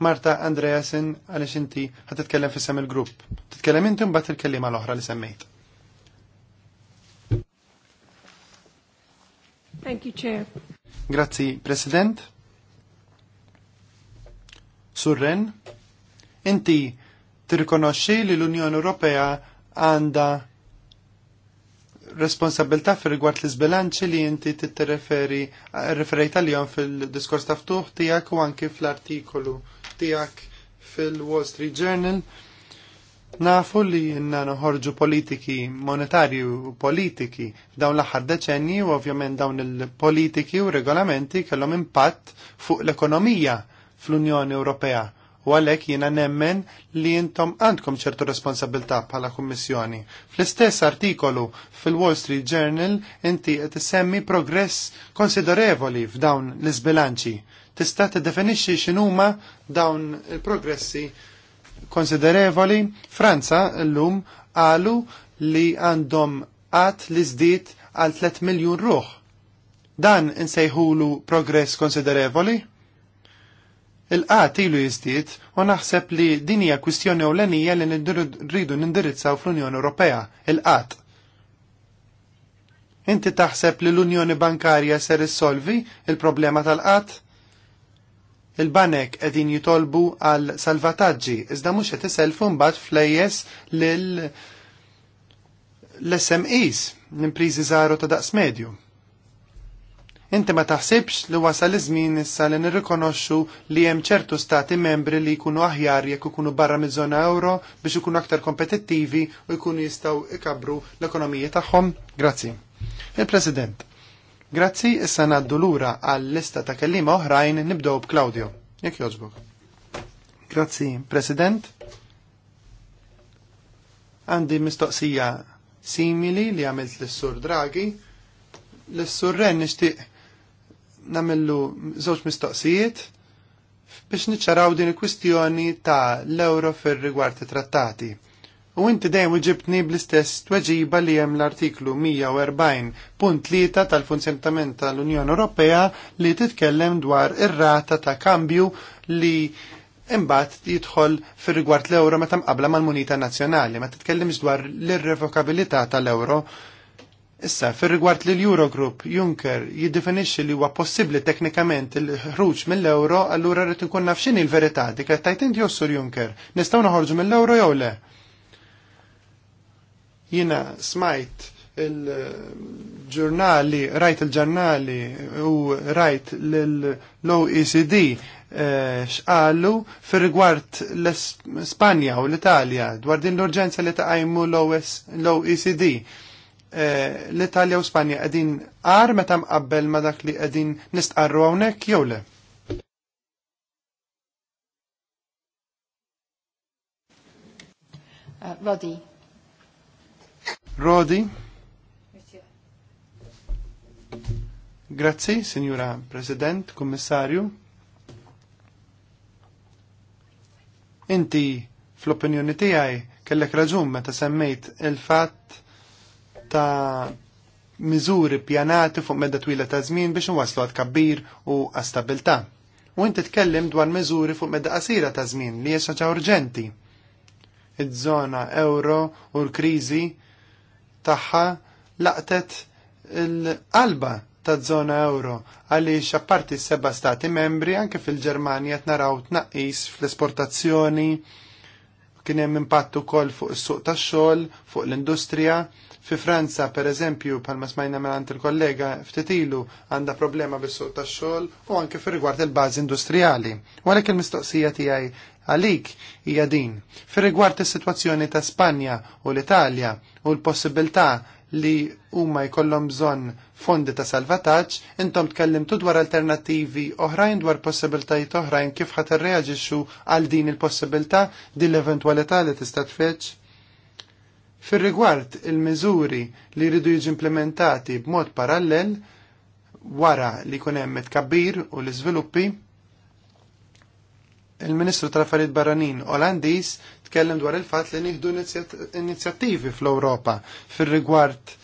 Speaker 3: Marta Andreasen, għalix inti t titkellem fissam il-grupp. T-tkellem inti mbatt il-kellima l-oħra li semmejt.
Speaker 1: Thank you, Chair.
Speaker 3: Grazzi, President. Surren, inti tirrikonoxxi li l-Unjoni Ewropea għanda responsabilta fil rigward l sbilanċi li inti tittereferi referejta li fil-diskors taftuħ tijak u anki fl-artikolu tijak fil-Wall Street Journal. Nafu li jinnna noħorġu politiki monetarju u politiki dawn l-aħħar deċenni u ovvjament dawn il-politiki u regolamenti kellhom impatt fuq l-ekonomija fl-Unjoni Ewropea u għalhekk jiena nemmen li intom għandkom ċertu responsabilità bħala kummissjoni. Fl-istess artikolu fil-Wall Street Journal inti qed semmi progress konsiderevoli f'dawn l izbilanċi Tista' tiddefinixxi x'inhuma dawn il-progressi konsiderevoli. Franza llum qalu li għandhom għat li żdied għal 3 miljun ruħ. Dan insejħulu progress konsiderevoli? il-qat ilu jistiet u naħseb li din hija kwistjoni ewlenija li rridu nindirizzaw fl-Unjoni Ewropea, il-qat. Inti taħseb li l-Unjoni Bankarja ser issolvi il-problema tal-qat? Il-banek qegħdin jitolbu għal salvataġġi iżda mhux qed iselfu mbagħad flejjes l-SMEs, l-impriżi żaru ta' daqs medju. Inti ma taħsibx li wasal iż-żmien issa li nirrikonoxxu li hemm ċertu stati membri li jkunu aħjar jekk ikunu barra miż-żona euro biex ikunu aktar kompetittivi u jkunu jistgħu ikabru l-ekonomiji tagħhom? Grazzi. Il-President. Grazzi issa ngħaddu lura għal lista ta' kelliema oħrajn nibdew b'Klawdio. Jekk jogħġbok. Grazzi, President. Għandi mistoqsija simili li għamilt l-Sur Draghi. L-Sur Ren nixtieq namillu żewġ mistoqsijiet biex niċċaraw din il-kwistjoni ta' l-euro fir rigward trattati. U inti dejjem uġibtni bl-istess tweġiba li hemm l-artiklu 140.3 tal-funzjonament tal-Unjoni Ewropea li titkellem dwar ir-rata ta' kambju li imbagħad jidħol fir rigward l-euro meta mqabla mal-munita nazzjonali, ma titkellemx dwar l-irrevokabilità tal-euro Issa, fir rigward li l-Eurogroup, Juncker jiddefinixxi li huwa possibbli teknikament il-ħruġ mill-euro, allura rrid inkun naf x'inhi l-verità dik qed tajtint jossur Juncker, nistgħu noħorġu mill-euro jew le. Jiena smajt il-ġurnali, rajt il-ġurnali u rajt l-OECD eh, xqalu fir rigward l-Spanja u l-Italja dwar din l-urġenza li taqajmu l-OECD Eh, l-Italja u Spanja qegħdin qar meta mqabbel ma dak li qegħdin nistqarru hawnhekk jew le? Uh, Rodi. Rodi. Grazzi, Signora President, Kommissarju. Inti, fl-opinjoni tiegħi, kellek raġun meta semmejt il-fatt ta' miżuri pjanati fuq medda twila ta' żmien biex nwaslu għad kabbir u għastabilta. U inti tkellem dwar miżuri fuq medda qasira ta' żmien li hija ħaġa urġenti. Iż-żona euro u l-kriżi tagħha laqtet l-qalba ta' żona euro għaliex apparti seba' stati membri anke fil-Ġermanja qed naraw tnaqqis fl-esportazzjoni kien hemm impatt ukoll fuq is-suq tax-xogħol, fuq l-industrija, Fi Franza, per eżempju, palma smajna melant il-kollega, ftitilu għanda problema bis-suq tax-xogħol u anke fi rigward il-bażi industrijali. Walek għalhekk il-mistoqsija tiegħi għalik hija din. Fir rigward is-sitwazzjoni ta' Spanja u l-Italja u l-possibilità li huma jkollhom bżonn fondi ta' salvataġġ, intom tkellimtu dwar alternattivi oħrajn dwar possibiltajiet oħrajn kif ħadd irreaġixxu għal din il-possibilità din l-eventwalità li tista' tfeċ? Fir-rigward il-miżuri li jridu jiġi implementati b'mod parallel wara li jkun hemm it-kabbir u l-iżviluppi, il-Ministru tal-Affarijiet Barranin Olandiż tkellem dwar il-fatt li nieħdu inizjattivi fl-Ewropa fir-rigward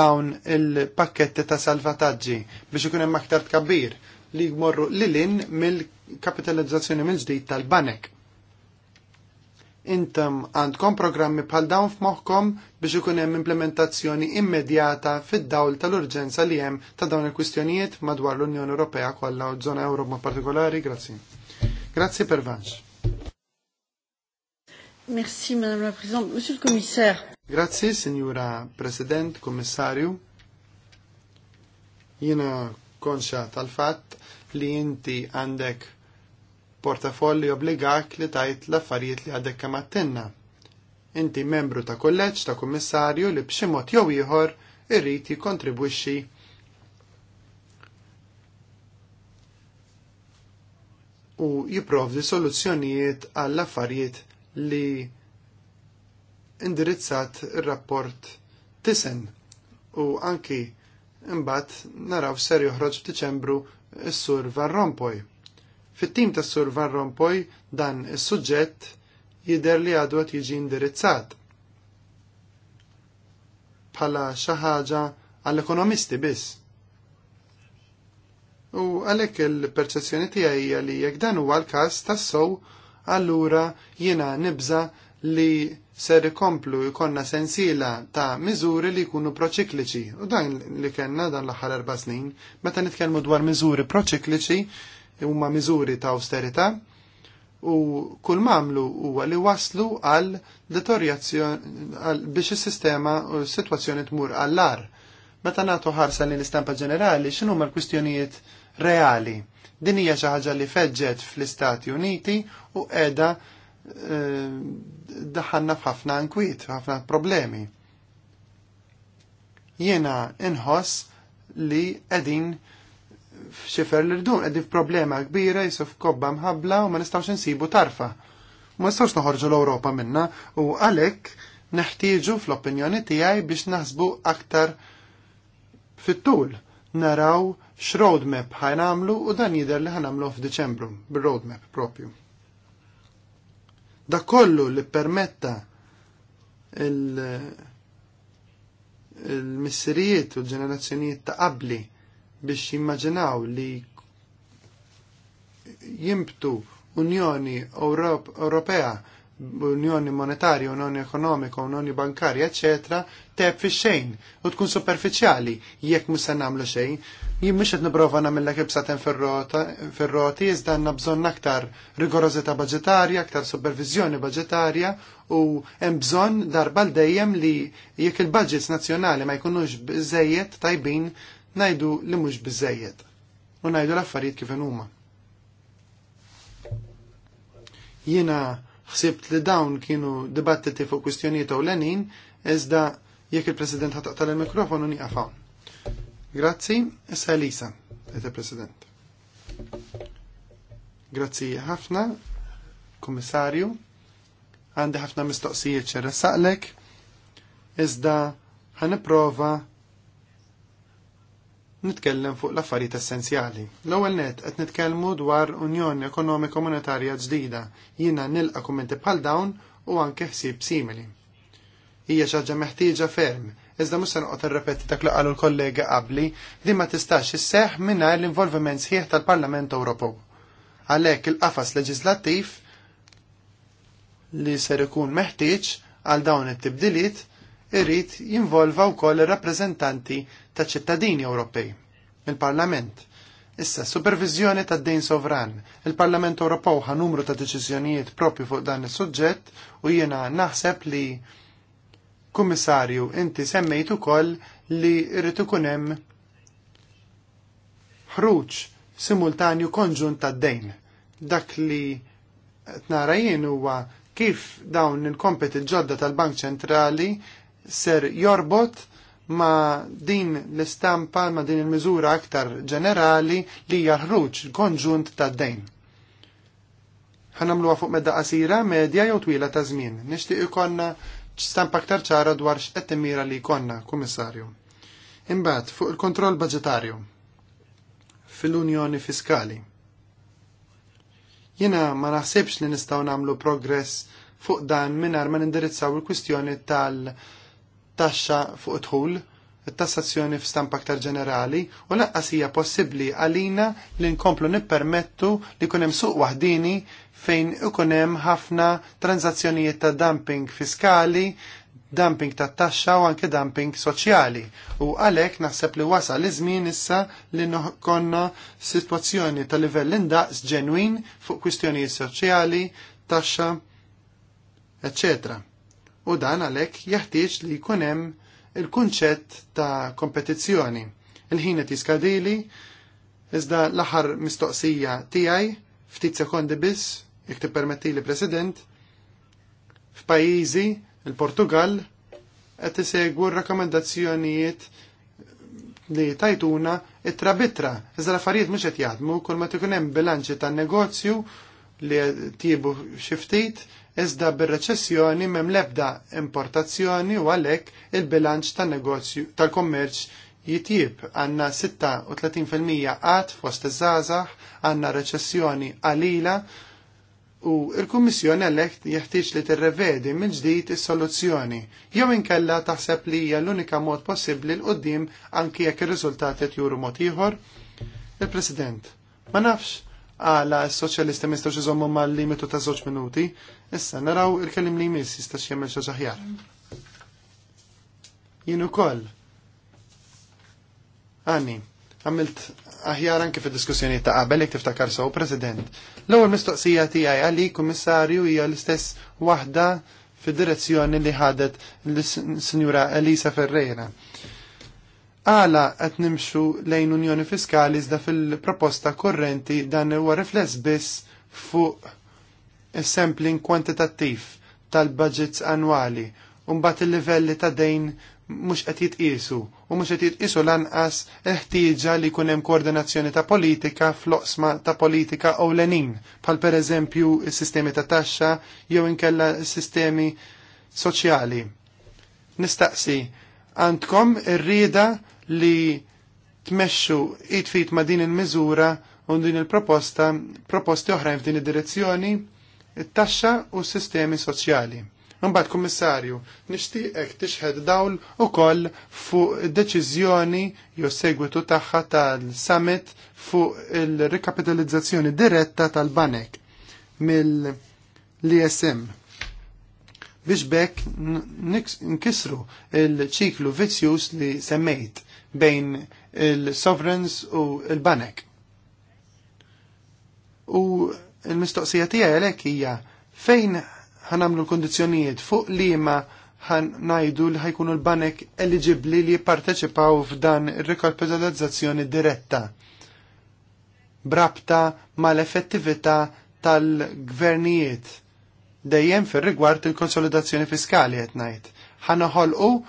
Speaker 3: dawn il-pakketti ta' salvataġġi biex ikun hemm aktar tkabbir li jmorru lilin mill-kapitalizzazzjoni mill-ġdid tal-banek intom għandkom programmi bħal dawn f'moħħkom biex ikun hemm implementazzjoni immedjata fid-dawl tal-urġenza li hemm ta' dawn il-kwistjonijiet madwar l-Unjoni Ewropea kollha u żona Ewro ma' partikolari. Grazzi. Grazzi per vanx.
Speaker 1: Merci, Madame la Présidente. Monsieur le Commissaire.
Speaker 3: Grazzi, Signora President, Kommissarju. Jiena konxa tal-fatt li inti għandek portafolli obbligak li tajt l-affarijiet li għadek kemm attenna. Inti membru ta' kolleġġ ta' kummissarju li b'xi mod jew ieħor irrid jikkontribwixxi u jipprovdi soluzzjonijiet għall affarijiet li indirizzat ir-rapport tisen u anki imbagħad naraw ser joħroġ f'Diċembru s-sur Van Rompuy Fit-tim tas Sur Van Rompuy dan is-suġġett jidher li għadu għat jiġi indirizzat bħala xi ħaġa għall-ekonomisti biss. U għalhekk il-perċezzjoni tiegħi hija li jekk dan huwa l-każ tassew allura jiena nibża li ser ikomplu jkonna sensiela ta' miżuri li jkunu proċikliċi. U dan li kellna dan l-aħħar erba' snin, meta nitkellmu dwar miżuri proċikliċi, huma miżuri ta' austerità u kull mamlu huwa li waslu għal detorjazzjoni biex is-sistema u s-sitwazzjoni tmur għall-ar. Meta nagħtu ħarsa lil istampa ġenerali x'inhu huma l-kwistjonijiet reali. Din hija xi ħaġa li feġġet fl-Istati Uniti u qiegħda eh, daħanna f'ħafna nkwiet, ħafna problemi. Jiena inħoss li qegħdin f'xifer l-irdun qegħdin f'problema kbira jisuf kobba mħabla u ma nistgħux insibu tarfa. Ma nistgħux noħorġu l-Ewropa minna u għalhekk neħtieġu fl-opinjoni tiegħi biex naħsbu aktar fit-tul naraw x-roadmap ħajnamlu u dan jidher li ħanamlu f'Diċembru bil-roadmap propju. Da kollu li permetta il- il-missirijiet u l-ġenerazzjonijiet ta' qabli biex jimmaġinaw li jimptu Unjoni Ewropea, Unjoni Monetarja, Unjoni Ekonomika, Unjoni Bankarja, eċetera, teb fi xejn u tkun superfiċjali jekk mu se nagħmlu xejn. Jien mhux qed nipprova nagħmilek ibsaten ten ferroti iżda għandna bżonn aktar rigorożità baġetarja, aktar supervizjoni baġetarja u hemm bżonn darba l dejjem li jekk il-budgets nazzjonali ma jkunux biżejjed tajbin najdu li mhux biżejjed u najdu l-affarijiet kif huma. Jiena ħsibt li dawn kienu dibattiti fuq kwistjonijiet ewlenin iżda jekk il-President ħataqtal il-mikrofonu nieqaf Grazzi, issa Elisa, qed il-President. Grazzi ħafna, Kummissarju. Għandi ħafna mistoqsijiet ċerra saqlek, iżda ħaniprofa nitkellem fuq l-affarijiet essenzjali. L-ewwel net qed nitkellmu dwar Unjoni Ekonomika Monetarja ġdida. Jiena nilqa' kummenti bħal dawn u anke ħsieb simili. Hija xi ħaġa meħtieġa ferm, iżda mhux se noqgħod irrepeti dak li qalu l-kollega qabli li ma tistax isseħħ mingħajr l-involviment sħiħ tal-Parlament Ewropew. Għalhekk il-qafas leġislattiv li ser ikun meħtieġ għal dawn it-tibdiliet irrid jinvolva wkoll ir-rappreżentanti ta' ċittadini Ewropej, il-Parlament. Issa, supervizjoni ta' dejn sovran. Il-Parlament Ewropew ħa numru ta' deċiżjonijiet propju fuq dan is-suġġett u jiena naħseb li Kummissarju, inti semmejt ukoll li rrid ikun hemm ħruġ simultanju konġunt ta' dejn. Dak li tnara jien huwa kif dawn il-kompeti ġodda tal-Bank Ċentrali ser jorbot ma din l-istampa, ma din il-miżura aktar ġenerali li jarruċ konġunt ta' dejn. Ħanamluwa fuq medda qasira, medja jew twila ta' żmien. Nixtieq ikonna stampa aktar ċara dwar x'qed timmira li jkollna, Kummissarju. Imbagħad fuq il-kontroll budgetarju fil-Unjoni Fiskali. Jiena ma naħsibx li nistgħu nagħmlu progress fuq dan mingħajr ma nindirizzaw il-kwistjoni tal- taxxa fuq it-tħul, it-tassazzjoni f'stamp aktar ġenerali u lanqas hija possibbli għalina li nkomplu nippermettu li jkun hemm suq waħdini fejn ikun hemm ħafna tranzazzjonijiet ta' dumping fiskali, dumping ta' taxxa u anke dumping soċjali. U għalhekk naħseb li wasal iż-żmien issa li konna sitwazzjoni ta' livell indaqs ġenwin fuq kwistjonijiet soċjali, taxxa, eccetera u dan għalhekk jaħtieġ li jkun hemm il-kunċett ta' kompetizzjoni. Il-ħin qed jiskadili, iżda l-aħħar mistoqsija tiegħi ftit sekondi biss, jekk tippermettili President, f'pajjiżi il-Portugal qed isegwu r-rakkomandazzjonijiet li tajtuna it-trabitra. Iżda l-affarijiet mhux qed jaħdmu kull ma tkun hemm bilanċi tan-negozju li tiebu xi ftit iżda bir-reċessjoni mem l-ebda importazzjoni u għalhekk il-bilanċ tan-negozju tal-kummerċ jitjib għandna 36% qatt fost iż-żgħażagħ, għandna reċessjoni qalila u il-Kummissjoni għalhekk jeħtieġ li tirrevedi mill-ġdid is-soluzzjoni jew inkella taħseb li hija l-unika mod possibbli l qudiem anki jekk ir-riżultati juru mod ieħor. Il-President, ma nafx għala s-soċjalisti mistax iżommu mal-limitu ta' żewġ minuti, Issa, naraw il-kellim li jmiss jistax jemmel xaħjar. Jien ukoll. Għanni, għamilt aħjar anke fid-diskussjoni ta' qabel jekk tiftakar sew President. L-ewwel mistoqsija tiegħi għalli kummissarju hija l-istess waħda fid-direzzjoni li ħadet l-Sinjura Elisa Ferreira. Għala qed nimxu lejn Unjoni Fiskali iżda fil-proposta korrenti dan huwa rifless biss fuq sampling kwantitattiv tal-budgets annwali u mbagħad il-livelli ta' dejn mhux qed jitqiesu u mhux qed jitqisu lanqas ħtieġa li jkun hemm koordinazzjoni ta' politika floqsma ta' politika ewlenin bħal pereżempju s-sistemi ta' taxxa jew inkella s-sistemi soċjali. Nistaqsi, għandkom ir-rieda li tmexxu id-fit ma' din il-miżura u din il-proposta, proposti oħrajn f'din id-direzzjoni it-taxxa u s-sistemi soċjali. Mbagħad kummissarju, nixtieqek tixħed dawl ukoll fuq deċiżjoni jew segwitu tagħha tal-summit fuq il-rikapitalizzazzjoni diretta tal-banek mill-ISM biex bekk nkisru il-ċiklu vizzjus li semmejt bejn il-sovereigns u il-banek. U il-mistoqsija tiegħi għalhekk hija fejn ħanamlu l-kondizzjonijiet fuq li ma ħan najdu li ħajkunu l-banek eligibli li jipparteċipaw f'dan ir-rikapitalizzazzjoni diretta brabta mal-effettività tal-gvernijiet dejjem fir-rigward il-konsolidazzjoni fiskali qed ngħid. u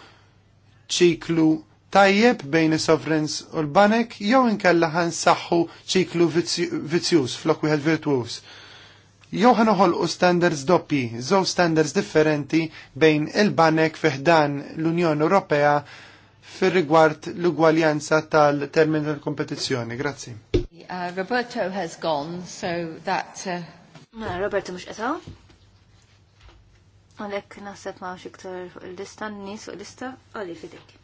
Speaker 3: ċiklu tajjeb bejn is-sovereigns u l-banek jew inkella ħan saħħu ċiklu vizzjuż flok wieħed virtuż. Jew ħan u standards doppji, żew standards differenti bejn il-banek fiħdan l-Unjoni Ewropea fir-rigward l-ugwaljanza tal-termin tal-kompetizzjoni. Grazzi.
Speaker 4: Uh, Roberto has gone, so that... Uh... Roberto mux qetaw? Għalek naħseb ma' xiktar fuq il-lista, n-nis fuq il-lista, għalli fidek.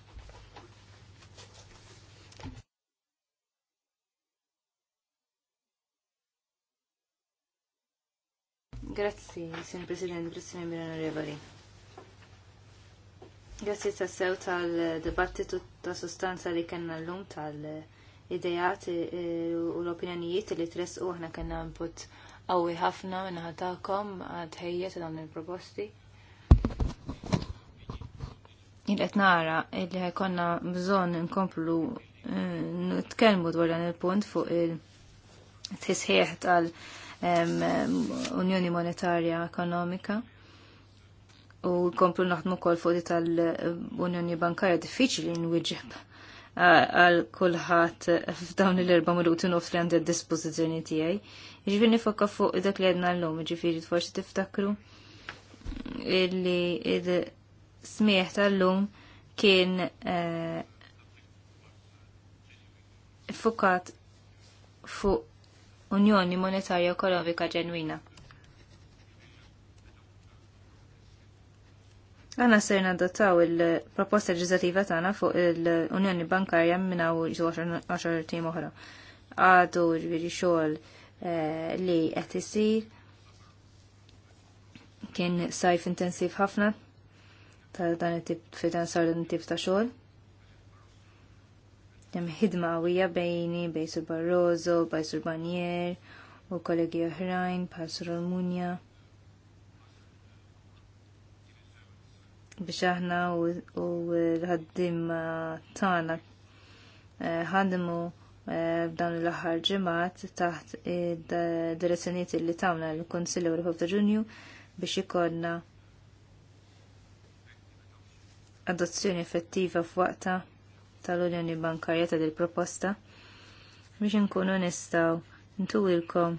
Speaker 4: Grazzi, Sin President, grazzi membri onorevoli. Grazzi ta' sew tal-dibattitu ta' sostanza li kena l-lum tal-idejat e, e, u l-opinjonijiet li tres u ħna kena input għawi ħafna minna ħatakom għadħejja ta' dawn il-proposti. Il-qed nara li ħajkonna bżonn nkomplu e, nitkellmu dwar dan il-punt fuq il-tisħiħ tal- -il Unjoni Monetarja Ekonomika u komplu naħdmu kol fuq tal-Unjoni Bankarja diffiċli nwiġib għal kulħadd f'dawn il-erba' minuti nofs li għandi d tijaj. tiegħi. Jiġifieri nifokka fuq dak li għedna llum, jiġifieri forsi tiftakru illi id-smieħ tal-lum kien e, fukat fuq Unjoni Monetarja Ekonomika Ġenwina. Għanna ser nadottaw il-proposta leġislativa tagħna fuq il-Unjoni Bankarja minn hawn 10 tim oħra. Għadu ġviri xogħol eh, li qed isir kien sajf intensiv ħafna ta' dan it-tip fitan dan sar dan it-tip ta' xogħol. Hemm ħidma għawija bejni bejn Sur Barroso, bej Sur Banier, u kollegi oħrajn bħal Sur Almunja. biex aħna u l-ħaddim eh, tagħna eh, ħadmu b'dan eh, l-aħħar ġimgħat taħt id-direzzjonijiet li tagħmla l-Kunsill Ewropew ta' Ġunju biex ikollna adozzjoni effettiva f'waqta tal-Unjoni Bankarja ta' dil proposta biex nkunu nistaw ntuwilkom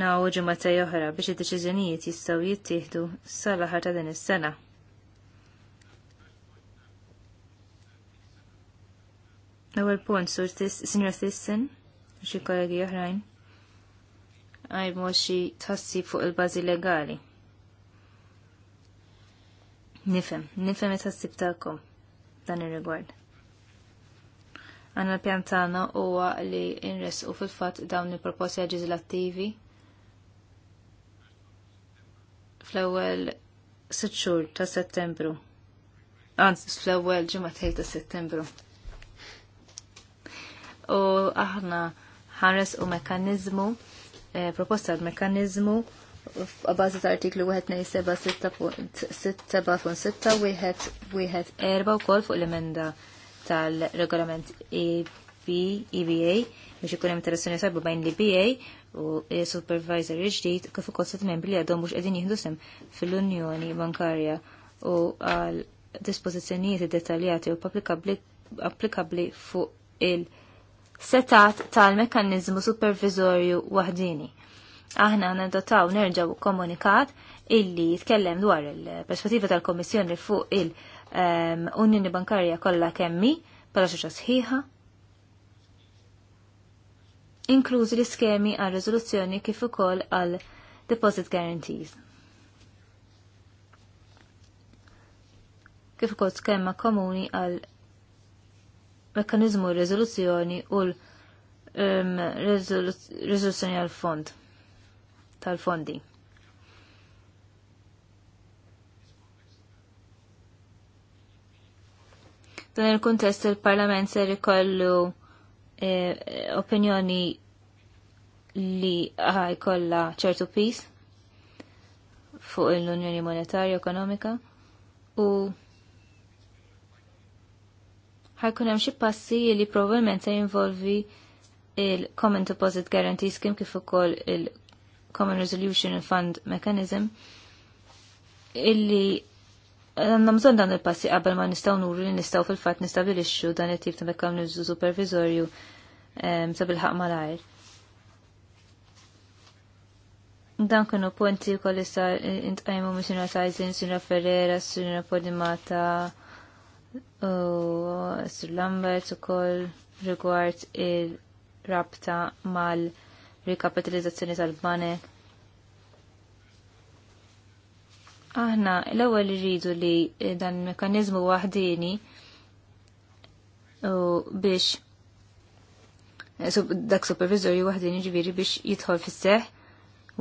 Speaker 4: naw ġimata oħra biex id-deċiżjonijiet jistaw jittieħdu sal-aħħar ta' din is-sena. Ewwel punt sur Sinjor Thissin u xi kollegi oħrajn għajmu xi tħassib fuq il-bażi legali. Nifhem, nifhem it ħassib tagħkom f'dan ir-rigward. Għanna l-pjan tagħna huwa li nresqu fil-fatt dawn il-proposti leġislattivi fl-ewwel sitt xhur ta' Settembru. Anzi, fl-ewwel ġimgħa ta' Settembru. U aħna ħares u mekanizmu, eh, proposta l-mekanizmu għabazi ta' artiklu 1276.6 wieħed wieħed erba' wkoll fuq l-emenda tal-regolament EBA e biex ikun hemm interazzjoni sajba bejn l-EBA u supervisor ġdid kif ukoll sitt membri li għadhom mhux qegħdin jieħdu sem fil-Unjoni Bankarja u għal dispożizzjonijiet dettaljati u applikabbli fuq il- setat tal mekkaniżmu supervizorju waħdini. Aħna nadotaw nerġaw komunikat illi jitkellem dwar il-perspettiva tal-Komissjoni fuq il-Unjoni ehm, Bankarja kollha kemmi bħala xi sħiħa inklużi l-iskemi għal riżoluzzjoni kif ukoll għal deposit guarantees. Kif ukoll skema komuni għal mekkanizmu ehm, riżoluzzjoni u l-riżoluzzjoni għal fond tal-fondi. Dan il-kuntest il-Parlament ser ikollu eh, opinjoni li ħajkolla ċertu pis fuq l-Unjoni Monetarja Ekonomika u ħajkun hemm xi passi li probabbilment se jinvolvi il-Common Deposit Guarantee Scheme kif ukoll il Common Resolution Fund Mechanism illi għanna mżon dan il-passi qabel ma nistaw nuru li nistaw fil-fat nistabilixxu dan it-tip ta' mekkanizmu supervizorju ehm, sabil ħaq mal-għajr. Dan kienu punti kol kolli intqajmu minn sinra Tyson, sinra Ferrera, sinra Podimata, u Sir Lambert u kol rigward il-rabta mal-għajr rikapitalizzazzjoni tal-banek. Aħna l-ewwel rridu li eh, dan il-mekkaniżmu waħdini u biex eh, dak supervizorju waħdini ġifieri biex jidħol fis-seħ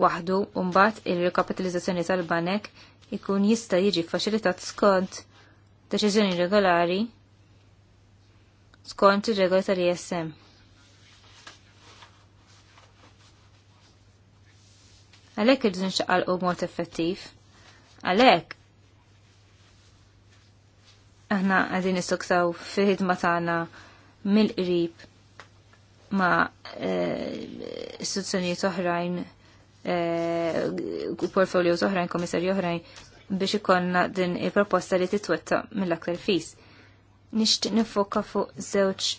Speaker 4: waħdu u mbagħad il-rikapitalizzazzjoni tal-banek ikun jista' jiġi faċilitat skont deċiżjoni regolari skont ir-regoli tal-ISM. għalhekk irridu u mot effettiv. Għalhekk aħna għadin nistoksaw fiħid ħidma tagħna mill-qrib ma' eh, istuzzjoni oħrajn u eh, portfolio oħrajn, komissarju oħrajn biex ikonna din il-proposta li titwetta mill-aktar fis. Nixtieq nifoka fuq żewġ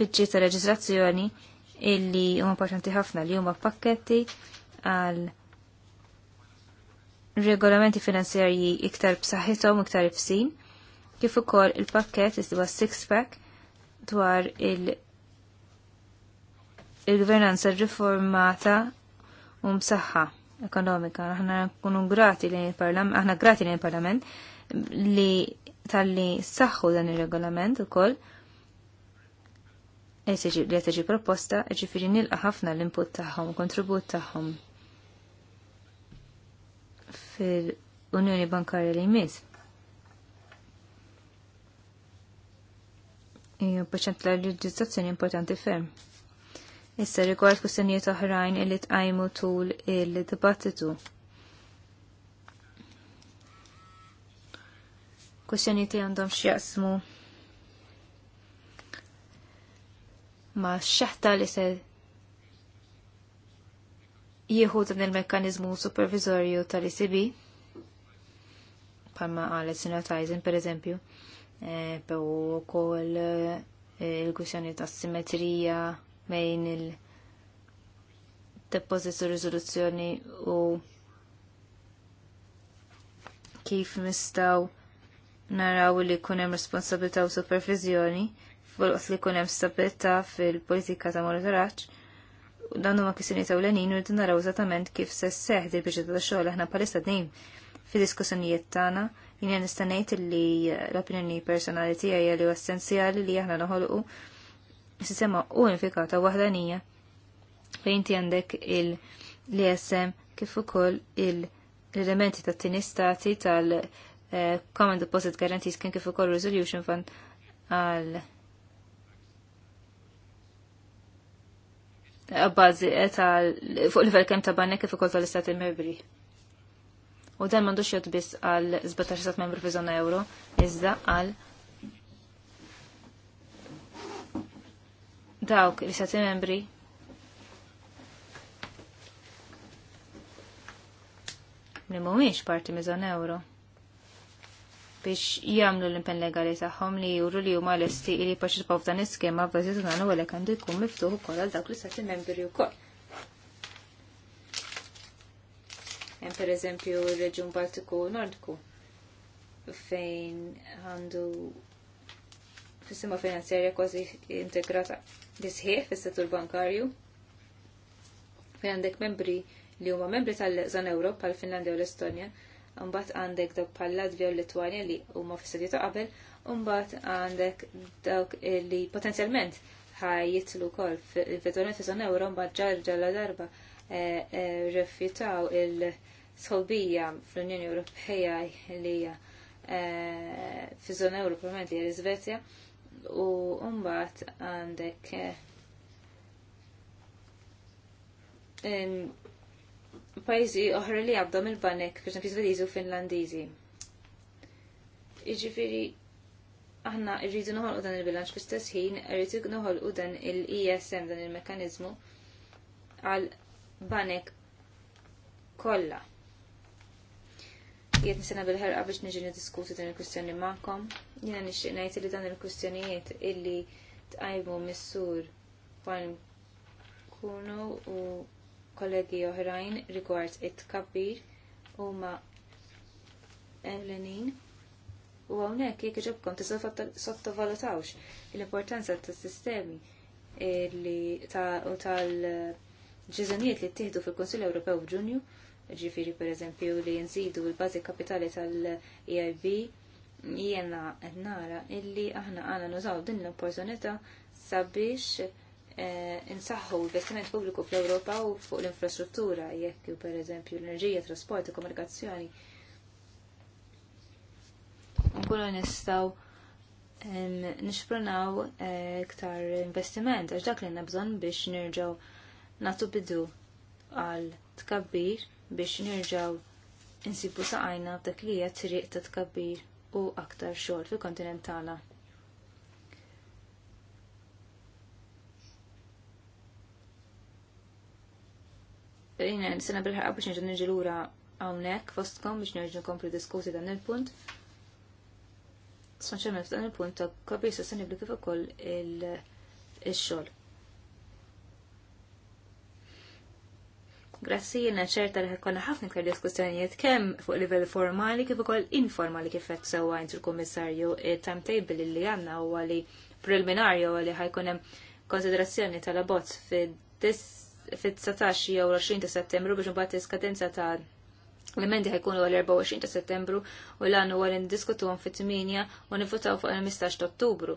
Speaker 4: biġġi ta' reġistrazzjoni illi huma importanti ħafna li huma pakketti għal regolamenti finanzjarji iktar b'saħħithom iktar bsin, kif ukoll il-pakket iżda six pack dwar il- il-gvernanza riformata u msaħħa ekonomika. Aħna nkunu grati li parlament aħna grati li parlament li tal-li saħħu dan ir-regolament ukoll li qed proposta, ġifieri nilqa' ħafna l-input tagħhom, kontribut tagħhom fil-Unjoni Bankarja li jmiss. Ijo, paċent l reġistrazzjoni importanti ferm. Issa rigward kustenijiet oħrajn illi tqajmu tul il-dibattitu. Kustenijiet għandhom xjaqsmu ma xaħta li se jieħu dan il-mekkanizmu supervizorju tal-ECB, palma għalet sinatizing per eżempju, eh, pew kol eh, il-kwissjoni ta' simetrija bejn il-depożit u riżoluzzjoni u kif nistaw naraw li kunem hemm responsabilità u supervizjoni fuq li kunem hemm fil-politika ta' monitoraċ dan huma kwistjoni ewlenin u rridu naraw eżattament kif se seħħ dil biġġet ta' xogħol aħna bħalissa dejjem fid-diskussjonijiet tagħna jien nista' ngħid li l-opinjoni personali tiegħi li essenzjali li aħna noħolqu sistema unifikata waħdanija fejn ti għandek il-LSM kif ukoll il-elementi tat tini stati tal-Common eh, Deposit Guarantees kien kif ukoll Resolution Fund għal bazi eh, tal fuq livell kem ta' banek kif ukoll tal-istati membri. U dan m'għandux jgħod għal 17 stat membri fi żona euro, iżda għal dawk l-istati membri li mhumiex parti miżon euro biex jagħmlu l-impenn legali tagħhom li juru li huma lesti li jipparċipaw f'dan iskema b'bażiż nagħmlu għalhekk għandu jkun miftuħ ukoll għal dawk l-istati membri wkoll. Hemm pereżempju ir-Reġjun Baltiku u Nordku fejn għandu fis finanzjarja kważi integrata disħieħ fis-settur bankarju fejn għandek membri li huma membri tal-Zon Ewropa għall Finlandja u l-Estonja Umbat għandek dawk bħal Latvja u Litwanja li huma fis-sedju ta' qabel, umbat għandek dawk li potenzjalment ħajjitlu wkoll fil-vettornet fi żona euro mbagħad ġarġa la darba eh, eh, rifjutaw il-sħobija fl-Unjoni Ewropea li hija eh, fi żona euro probablement li hija l-Iżvezja u mbagħad għandek pajjiżi oħra li għabdom il-banek, per esempio Svediżi u Finlandiżi. Jiġifieri aħna rridu noħolqu dan il-bilanċ fl-istess irridu rridu u dan il-ISM dan il-mekkaniżmu għal banek kollha. Jiet nisena bil ħarqa biex niġi niddiskuti dan il-kwistjoni magħkom. Jiena nixtieq ngħid li dan il-kwistjonijiet illi tqajmu missur Juan Kuno u kollegi oħrajn rigward it-tkabbir huma ewlenin u hawnhekk jekk iġobkom sottovalutawx l-importanza tas-sistemi eh, li u tal ġizaniet li ttieħdu fil-Konsil Ewropew f'Ġunju, ġifiri pereżempju li nżidu l-bażi kapitali tal-EIB, jiena nara illi aħna għana nużaw din l-opportunità sabiex Eh, insaħħu l-investiment pubbliku fl-Ewropa u fuq l-infrastruttura, jekk per eżempju l-enerġija, trasport u komunikazzjoni. Nkunu nistaw nixpronaw eh, iktar investiment, għax dak li nabżon biex nirġaw natu bidu għal tkabbir biex nirġaw insibu saqajna b'dak li jgħat triq ta' tkabbir u aktar xogħol fil-kontinent tagħna. jina nisena bil-ħarqa biex nġu nġu l għawnek fostkom biex nġu nkompli diskuti dan il-punt. Smaċċemmen f'dan il-punt ta' kopji sostenibli kif ukoll il-xogħol. Grazzi jiena ċerta li ħekonna ħafna kħar diskussjonijiet kemm fuq livell formali kif ukoll informali kif qed sewwa int il-Kummissarju timetable li għandna huwa li preliminarju li ħajkun hemm konsiderazzjoni tal-abbozz fid-dis fit-19 jew 20 ta' settembru biex mbagħad iskadenza ta' l-emendi ħajkunu għal-24 ta' settembru u l-għannu għal indiskutu għan fit-8 u nifutaw fuq il-15 ta' ottubru.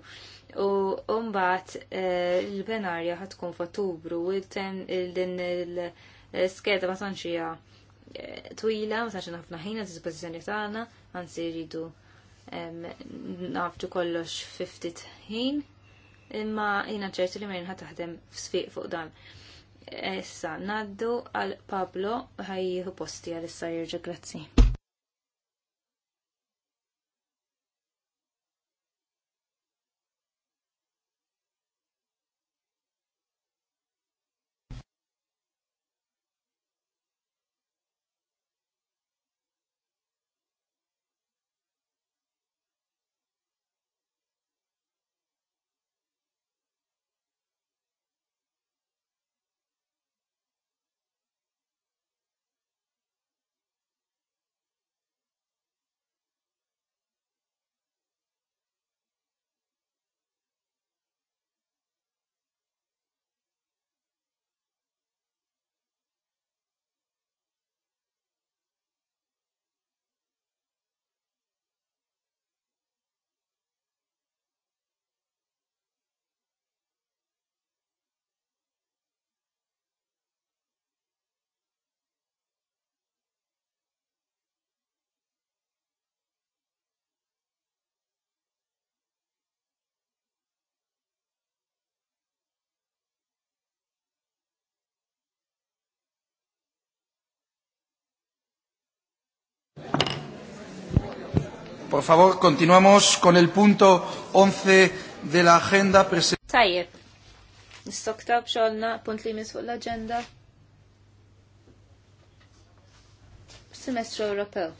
Speaker 4: U mbagħad eh, l-plenarja ħatkun f'ottubru u din il-skeda ma tantxija eh, twila, ma tantx ħafna ħin għad dispożizzjoni tagħna, anzi jridu naftu kollox 50 ħin imma jina ċerti li ma jinħat taħdem f'sfiq fuq dan. Issa, naddu għal Pablo ħajjiħu posti għal issa jirġa, grazzi.
Speaker 1: Por favor, continuamos con el punto 11 de la agenda
Speaker 4: Tajjeb. Nistoktab xolna punt li fuq l-agenda. Semestru Ewropew.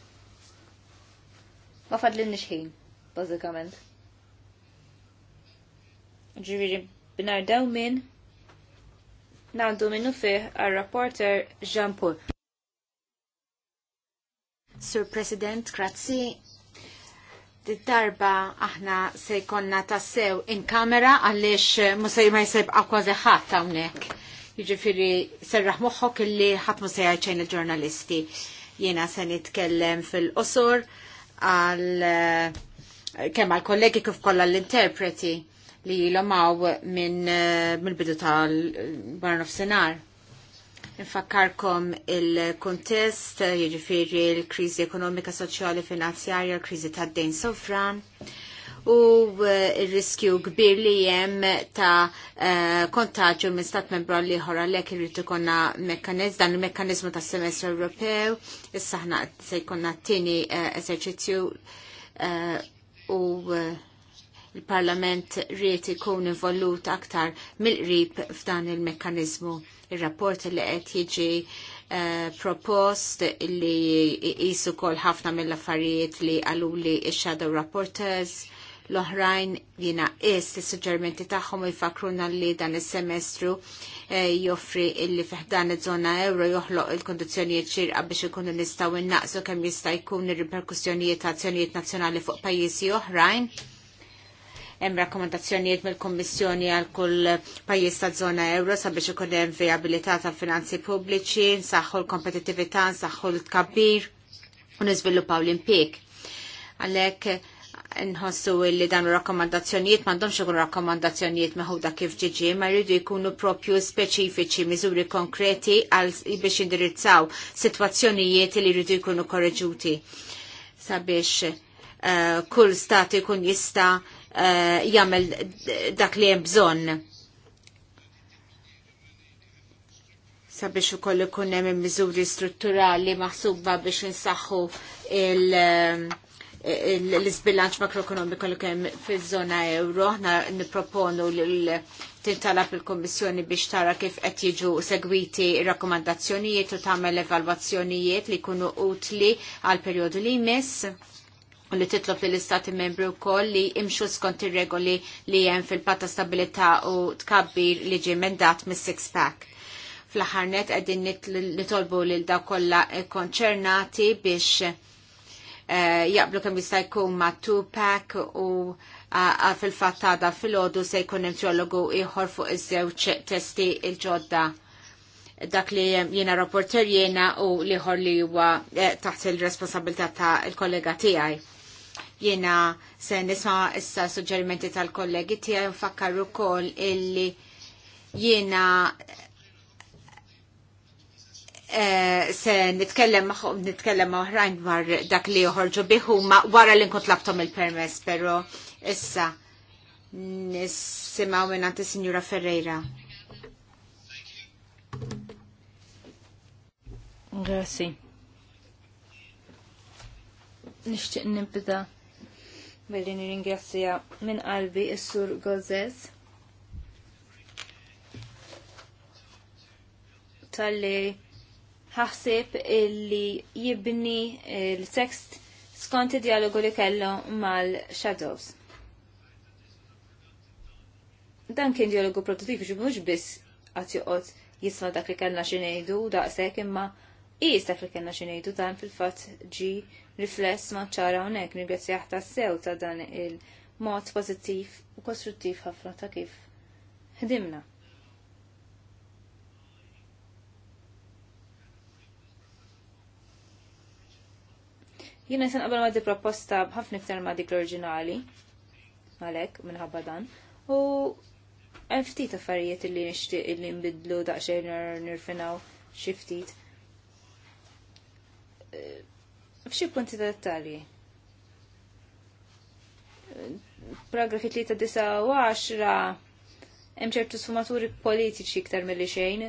Speaker 4: Ma fadlinni xħin, bazzikament. Ġiviri, binar daw minn nandu minnu fih għal-rapporter Jean Paul. Sir President, grazzi
Speaker 2: darba aħna se jkonna tassew in kamera għalix musaj ma jisib akwazi ħat għawnek. Jġifiri serraħ moħħok illi ħat musaj għajċajn il-ġurnalisti. Jena se nitkellem fil qosur għal eh, kemm għal kollegi kif kollha l-interpreti li jilomaw minn eh, min bidu tal-barnof eh, senar. Infakkarkom il-kontest, jiġifieri l-kriżi ekonomika, soċjali, finanzjarja, l-kriżi tad-dejn sofran, u r eh, riskju kbir li jem ta' eh, kontagġu minn stat membru li ħora lek irrid ikonna mekkanizm, dan il-mekkanizmu ta' semestru Ewropew, issa se jkonna t-tini eh, eżerċizzju u il-Parlament rrit ikun involut aktar mill-qrib f'dan il-mekkanizmu. Il-rapport li qed jiġi uh, propost li jisu kol ħafna mill-affarijiet li li il-Shadow rapporters l-oħrajn jina is il-sugġermenti taħħom jifakruna li dan il-semestru eh, joffri illi fiħdan il-zona euro joħloq il-kondizjonijiet xirqa biex ikunu nistgħu innaqsu kemm jista' jkun ir-reperkussjonijiet ta' azzjonijiet nazzjonali fuq pajjiżi oħrajn hemm rakkomandazzjonijiet mill-Kummissjoni għal kull pajjiż taż-żona euro sabiex ikun hemm viabilità tal-finanzi pubbliċi, nsaħħu l-kompetittività, nsaħħu l-tkabbir u niżviluppaw l impjieg Għalhekk nħossu li dan rakkomandazzjonijiet m'għandhomx ikun rakkomandazzjonijiet meħuda kif ġiġi, ma jridu jkunu propju speċifiċi miżuri konkreti għal biex indirizzaw sitwazzjonijiet li jridu jkunu korreġuti sabiex uh, kull stat ikun jista' Eh, jagħmel dak li hemm bżonn. Sabiex ukoll ikun hemm miżuri strutturali maħsuba biex insaħħu il- eh, l-izbilanċ makroekonomiku li kemm fiż-żona euro, ħna nipproponu l tintalab il komissjoni biex tara kif qed jiġu segwiti rakkomandazzjonijiet u tagħmel evalwazzjonijiet li jkunu utli għal perjodu li jmiss u li titlob li l-istati membri u koll li imxu skont ir-regoli li jem fil-patta stabilita u tkabbir li ġi mendat mis six pack fl-ħarnet għedin nitolbu li l-daw kolla konċernati biex eh, jaqblu kem jista' jkun ma' two-pack u eh, fil-fatt fil-ħodu se jkun hemm ġologu ieħor fuq iż-żewġ testi il-ġodda dak li jena rapporter jena u liħor li huwa eh, taħt il-responsabilità ta' il-kollega tiegħi. Jena se nisma issa suġġerimenti tal-kollegi tiegħi nfakkar ukoll illi jiena eh, se nitkellem nitkellem oħrajn dwar dak li joħorġu ma wara li nkun labtom il-permess, però issa nisimaw minn għanti Signora Ferreira.
Speaker 4: Grazie nixtieq nibda billi nirringrazzja minn qalbi is-sur Gozes tal-li ħaħsib illi jibni l-tekst skont id-dialogu li kellu mal-Shadows. Dan kien dialogu produttiv mhux biss għat joqgħod jisma dak li kellna xi ngħidu daqshekk imma qis li kellna xi ngħidu dan fil-fatt ġi rifless ma ċara unek nirgrazzjaħ ta' sew ta' dan il-mod pozittiv u kostruttiv ħafna ta' kif ħdimna. Jina jisan qabel ma di proposta bħafna ktar ma dik l orġinali għalek, minħabba dan, u għem ftit affarijiet li nishtiq li nbidlu daqxej nirfinaw xiftit. F'xi punti ta' dettalji? Paragrafi 3 10 hemm ċertu sfumaturi politiċi iktar milli xejn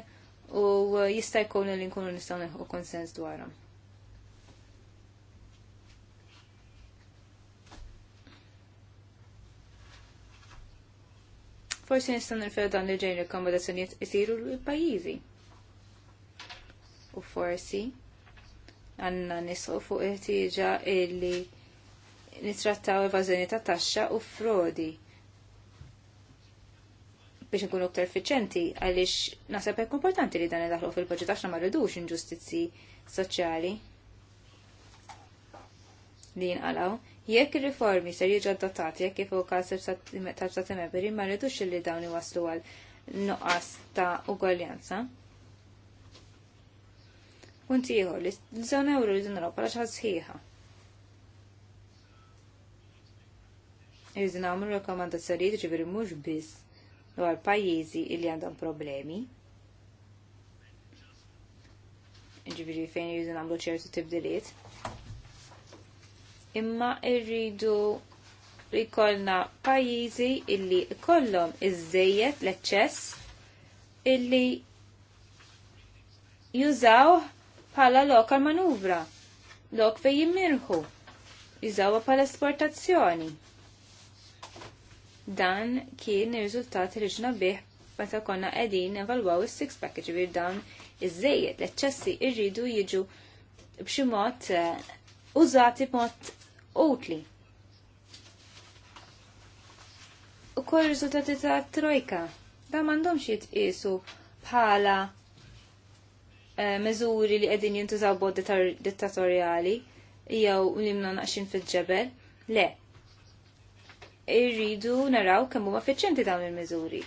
Speaker 4: u jista' jkun li nkunu nistgħu neħu konsens dwarhom. Forsi nistgħu nirfew dan li ġejn rekomendazzjonijiet isiru l-pajjiżi. U forsi għanna nisqu fuq il-ħtieġa illi nitrattaw evażjoni ta' taxxa u frodi biex nkunu ktar effiċenti għaliex naħseb hekk importanti li dan idaħlu fil-budget għax ma rridux inġustizzji soċjali li jinqalgħu. Jekk ir-riformi ser jiġu adottati jekk kif ukoll tal-Stati Membri ma rridux li dawn iwaslu għal nuqqas ta' ugwaljanza. Punt ieħor li l żon euro li naraw bħala xi sħiħa. Irridu nagħmlu rakkomandazzjonijiet ġifieri mhux biss dwar pajjiżi li għandhom problemi. Ġifieri fejn irridu għamlu ċertu tibdiliet. Imma irridu li jkollna pajjiżi illi kollhom iżejjed l-eċċess illi jużaw bħala lokal manuvra, lok fej jimmirħu, jizawa bħala esportazzjoni. Dan kien ir rizultat li ġna bih meta konna qegħdin evalwaw is-six package bir dawn iż-żejjed l-eċċessi irridu jiġu b'xi mod eh, użati b'mod utli. Ukoll riżultati ta' trojka, dan m'għandhomx jitqiesu bħala Eh, miżuri li qegħdin jintużaw bod dittatorjali jew li naqxin fil-ġebel. Le. Irridu naraw kemm huma effiċjenti dawn il-miżuri.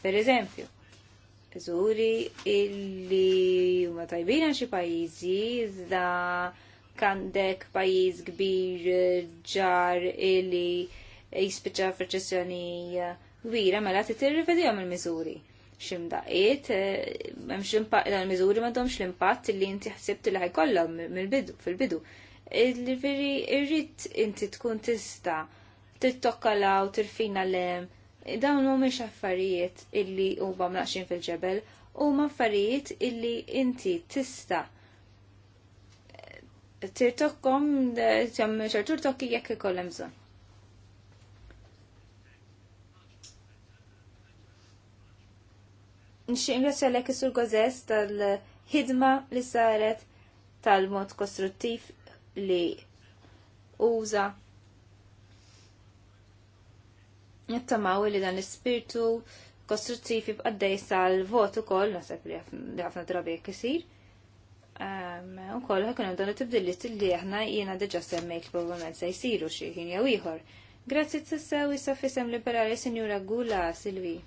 Speaker 4: Per eżempju, miżuri illi huma tajbin għal xi pajjiżi da kandek pajjiż kbir ġar illi jispiċċa f'reċessjoni kbira mela titirrifedi il-miżuri ximdaqiet, eh, memx impatt, l-mizuri madomx l-impatt li inti ħsibt li ħajkollhom mill-bidu, fil-bidu. Il-veri irrit inti tkun tista u tirfina l-em, dawn mhumiex affarijiet illi huma mnaqxin fil-ġebel, huma affarijiet illi inti tista eh, tirtokkom, eh, ċertur tokki jekk ikollem bżonn. l-ek sur Gozes tal-ħidma li saret tal-mod kostruttiv li uża nittamaw li dan l spirtu kostruttiv jibqaddej sal-vot u koll, nasab li ħafna drabi kisir. U koll ħakun għandan tibdillit li għahna jena deġa semmejt probablement se jisiru xieħin jew ieħor. Grazzi t-sessaw jisaf liberali Sinjura Gula Silvi.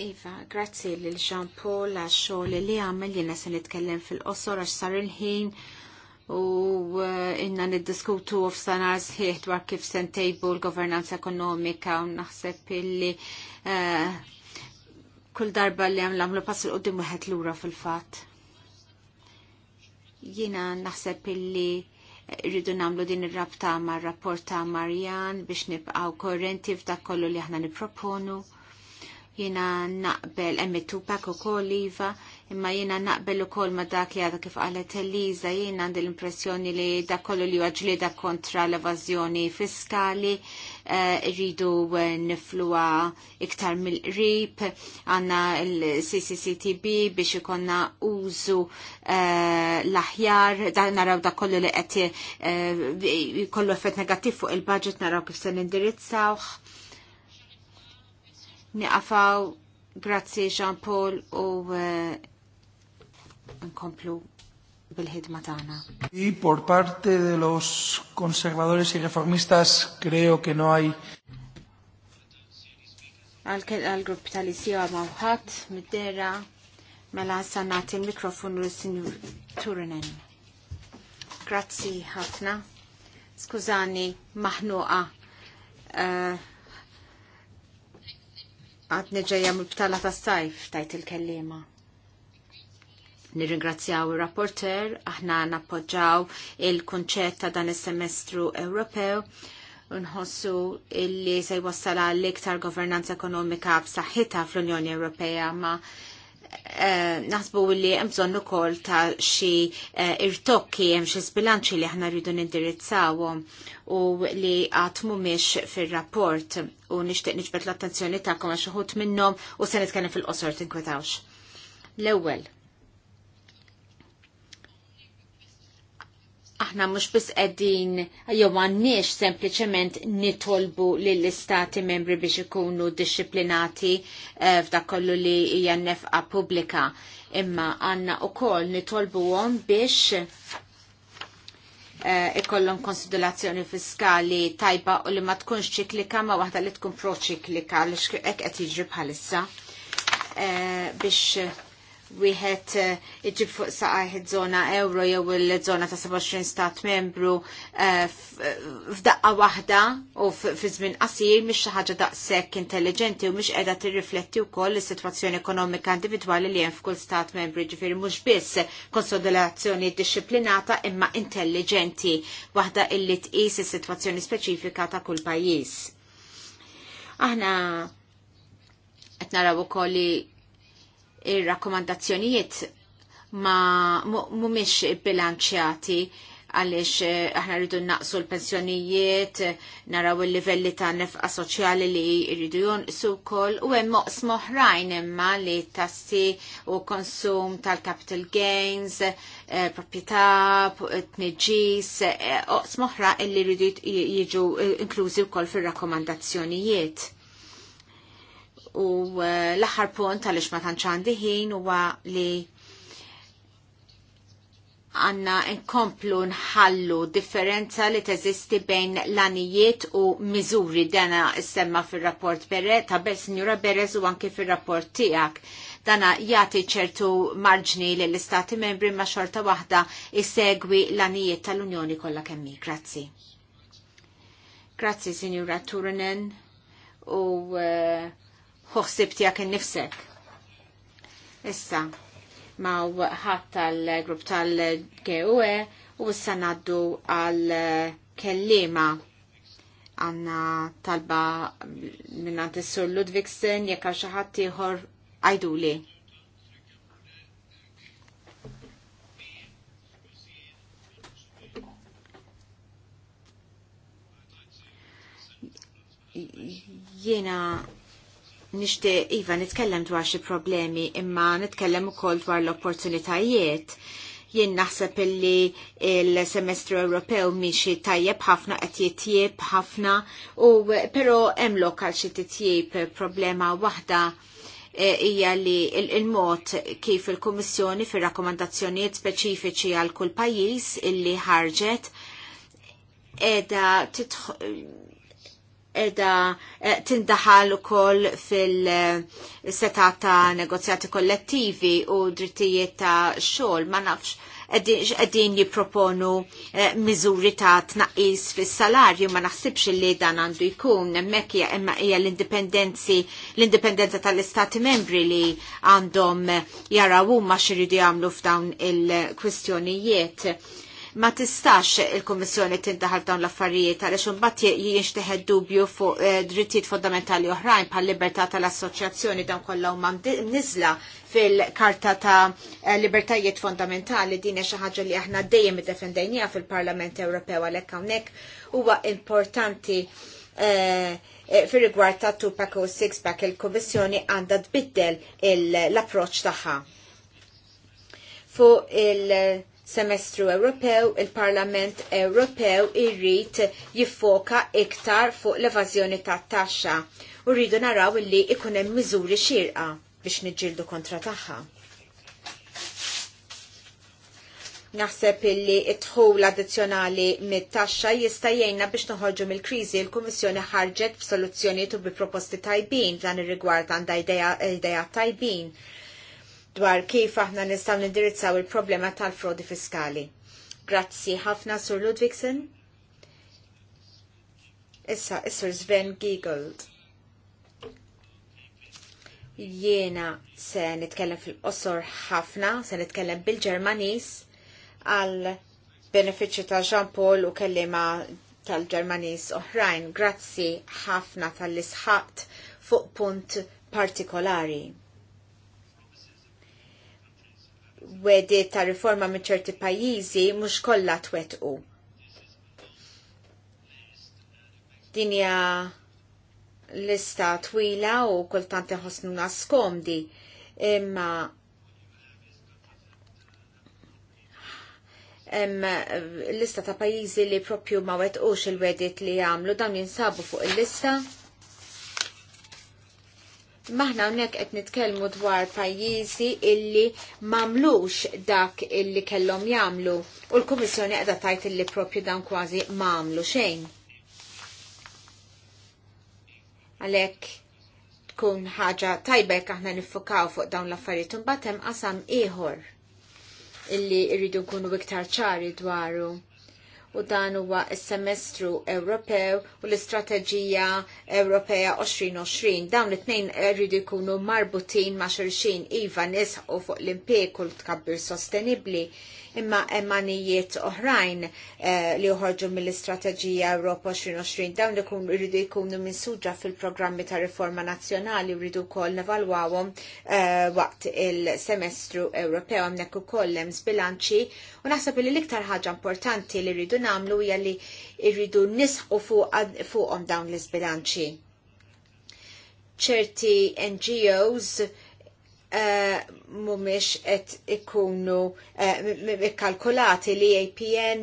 Speaker 4: Iva, grazzi lil Jean Paul għax xogħol li
Speaker 2: għamel jiena se nitkellem fil-qosor għax sar il-ħin u eh, inna niddiskutu f'sanar sħiħ dwar kif sentejbu l-governanza ekonomika u naħseb illi eh, kull darba li għam l-għamlu pass l-qoddim wieħed lura fil-fatt. Jiena naħseb illi rridu namlu din ir-rabta mar-rapport ta' Marjan biex nibqgħu korrenti f'dak kollu li aħna nipproponu jina naqbel emmi Tupac u kol Iva, imma jina naqbel u kol ma dak li għadha kif għalet Eliza, jina għand l-impressjoni li da kollu li da kontra l-evazjoni fiskali, eh, rridu eh, nifluwa iktar mill-rib, għanna l-CCCTB biex ikonna użu eh, l-aħjar, da naraw da kollu li għet kollu effett negattiv fuq il-budget, naraw kif se nindirizzawx niqafaw grazzi Jean Paul u eh, nkomplu
Speaker 1: bil-ħidma tagħna. I por parte de los conservadores y reformistas creo que no hay
Speaker 2: għal-grupp tal-ISIO mawħat mid-dera mela sanat il u l-Sinjur Turinen. Grazzi ħafna. Skużani maħnuqa. Uh, għad neġeja mbtala btala ta' sajf tajt il-kellima. Nirringrazzjaw il-rapporter, aħna nappoġġaw il-konċett ta' dan is-semestru Ewropew unħossu illi se jwassala l-iktar governanza ekonomika b'saħħitha fl-Unjoni Ewropea ma' Eh, naħsbu li hemm bżonn ukoll ta' xi eh, irtokki hemm xi sbilanċi li aħna rridu nindirizzawhom u li għatmu mhumiex fir-rapport u nixtieq niġbed l-attenzjoni tagħkom għax uħut minnhom u se nitkellem fil-qosor tinkwetawx. L-ewwel, aħna mhux biss qegħdin jew għandniex sempliċement nitolbu lill istati membri biex ikunu disciplinati eh, f'dak kollu li hija nefqa pubblika, imma għandna wkoll nitolbuhom biex eh, ikollhom konsiderazzjoni fiskali tajba u li ma tkunx ċiklika ma waħda li tkun proċiklika għaliex hekk qed jiġri bħalissa eh, biex wieħed eh, iġib fuq saqajħ żona euro jew il-żona ta' 27 stat membru eh, f'daqqa waħda u fi żmien qasir mhix xi ħaġa daqshekk intelligenti u mhix qiegħda tirrifletti wkoll is-sitwazzjoni ekonomika individwali li hemm f'kull stat membru ġifieri mhux biss konsolidazzjoni ddixxiplinata imma intelligenti waħda illi tqis is-sitwazzjoni speċifika ta' kull pajjiż. Aħna qed naraw ukoll li ir-rakkomandazzjonijiet ma mhumiex bilanċjati għalix eh, aħna rridu naqsu l-pensjonijiet, naraw il-livelli ta' nefqa soċjali li rridu jonqsu wkoll u hemm moqs moħrajn imma li tassi u konsum tal-capital gains, eh, proprjetà, tniġis, eh, oqs moħra li rridu jiġu inklużi wkoll fir-rakkomandazzjonijiet. U eh, l-aħħar punt għaliex ma tantx għandi ħin huwa li għanna nkomplu nħallu differenza li teżisti bejn lanijiet u miżuri dana semma fil-rapport Bere, ta' bel signora Berez u anki fil-rapport tijak. Dana jati ċertu marġni li l-istati membri ma' xorta wahda isegwi lanijiet tal-Unjoni kollha kemmi. Grazzi. Grazzi, signora Turunen. U uh, ħoħsib tiegħek innifsek. Issa, ma' ħadd tal-grupp tal-GUE u issa naddu għal kellima għanna talba minna Sur Ludvigsen, jekk għal xi ħadd ieħor għajduli nishti Iva nitkellem dwar xi problemi imma nitkellem ukoll dwar l-opportunitajiet. Jien naħseb illi il-semestru Ewropew miexi tajjeb ħafna qed jitjieb ħafna u però hemm lokal xi titjieb problema waħda eh, hija li il-mod kif il-Kummissjoni fir-rakkomandazzjonijiet speċifiċi għal kull pajjiż illi ħarġet titħol edha eh, tindaħal ukoll fil-seta ta' negozjati kollettivi u drittijiet ta' xogħol ma nafx qegħdin jipproponu mizuri eh, miżuri ta' tnaqqis fis-salarju ma naħsibx li dan għandu jkun hemmhekk hija imma hija l-indipendenzi l-indipendenza tal-istati membri li għandhom eh, jaraw ma' x'iridu jagħmlu f'dawn il-kwistjonijiet ma tistax il-Kommissjoni tintaħal dawn l-affarijiet għaliex imbagħad jinxteħed dubju fuq eh, drittijiet fondamentali oħrajn bħal libertà tal-assoċjazzjoni dawn kollha huma niżla fil-Karta ta' eh, Libertajiet Fondamentali din hija xi ħaġa li aħna dejjem iddefendejniha fil-Parlament Ewropew għalhekk hawnhekk huwa importanti eh, fir-rigward ta' pack u pack il-Kommissjoni għandha tbiddel l-approċċ tagħha. Fuq il- semestru Ewropew, il-Parlament Ewropew irrid jiffoka iktar fuq l-evażjoni tat taxxa u rridu naraw illi ikun hemm miżuri xirqa biex niġġieldu kontra tagħha. Naħseb illi t-dħul addizzjonali mit-taxxa jista' jgħinna biex noħorġu mill-kriżi l-Kummissjoni ħarġet b'soluzzjonijiet u bi proposti tajbin dan ir-rigward għandha idea tajbin dwar kif aħna nistgħu nindirizzaw il-problema tal-frodi fiskali. Grazzi ħafna Sur Ludwigsen. Issa, Sur Sven Giegold. Jiena se nitkellem fil-qosor ħafna, se nitkellem bil-Ġermanis għal benefiċċju ta' Jean Paul u kellima tal-Ġermanis oħrajn. Grazzi ħafna tal-isħat fuq punt partikolari wedi ta' riforma minn ċerti pajjiżi mhux kollha twettqu. Din hija lista twila u kultant inħossnu naskomdi imma l lista ta' pajizi li propju ma wetqux il-wedit li għamlu dan jinsabu fuq il-lista maħna unnek qed nitkellmu dwar pajjiżi illi mamlux dak illi kellhom jagħmlu u l-Kummissjoni qiegħda tajt illi propju dan kważi mamlu xejn. Għalhekk tkun ħaġa tajba jekk aħna niffukaw fuq dawn l-affarijiet imbagħad hemm qasam ieħor illi rridu nkunu iktar ċari dwaru u dan huwa s-semestru Ewropew u l-istrateġija Ewropea 2020. Dawn it-tnejn rridu jkunu marbutin ma' xulxin iva nisħu fuq l-impjeg u l-tkabbir sostenibbli imma emanijiet oħrajn eh, li uħorġu mill-istrateġija Ewropa 2020 dawn ikun irridu jkunu minsuġa fil-programmi ta' riforma nazzjonali rridu kol nevalwawhom eh, waqt il-semestru Ewropew għamnek ukoll hemm bilanċi U naħseb li l-iktar ħaġa importanti li rridu namlu hija li rridu nisħu fuqhom dawn l-isbilanċi. ċerti NGOs eh, mhumiex mumiex qed ikunu eh, ikkalkulati li APN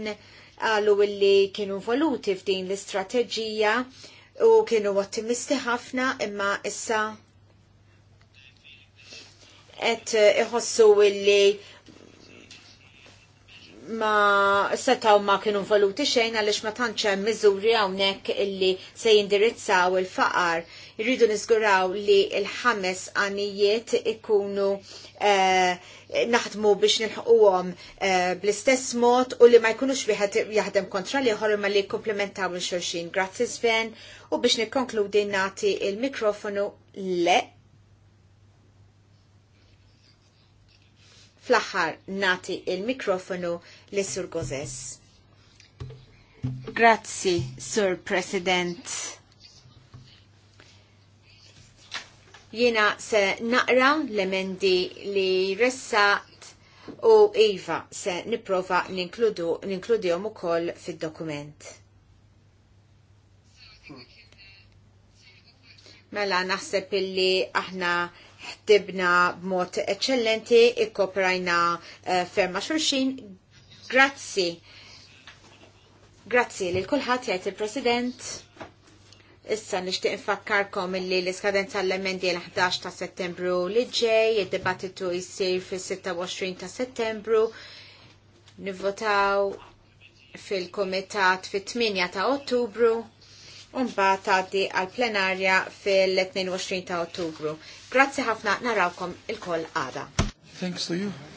Speaker 2: għalu illi kienu voluti f'din l-istrateġija u kienu ottimisti ħafna imma issa qed iħossu illi ma setaw ma kienu valuti xejn għalix ma hemm miżuri hawnhekk illi se jindirizzaw il-faqar. Irridu niżguraw li l-ħames għanijiet ikunu eh, naħdmu biex nilħquhom eh, bl-istess mod u li ma jkunux wieħed jaħdem kontra li ħor ma li komplementaw il xorxin Grazzi Sven u biex nikkonkludi nati il-mikrofonu le fl-aħħar nati il-mikrofonu li Sur Gozes. Grazzi, Sur President. Jiena se naqra l-emendi li ressaqt u Iva se niprofa ninkludihom ukoll fid-dokument. Mela naħseb illi aħna ħtibna b'mod eccellenti, ikkoprajna eh, ferma xurxin. Grazzi. Grazzi li l-kulħat jgħid il-President. Issa nixtieq infakkarkom illi l-iskadenza l-emendi l-11 ta' settembru li ġej, id-dibattitu jsir fil-26 ta' settembru, nivvotaw fil-komitat fit-8 ta' ottubru, un bata għaddi għal-plenarja fil-22 ta' ottubru. Grazie ħafna narawkom il-koll għada.
Speaker 1: Thanks to you.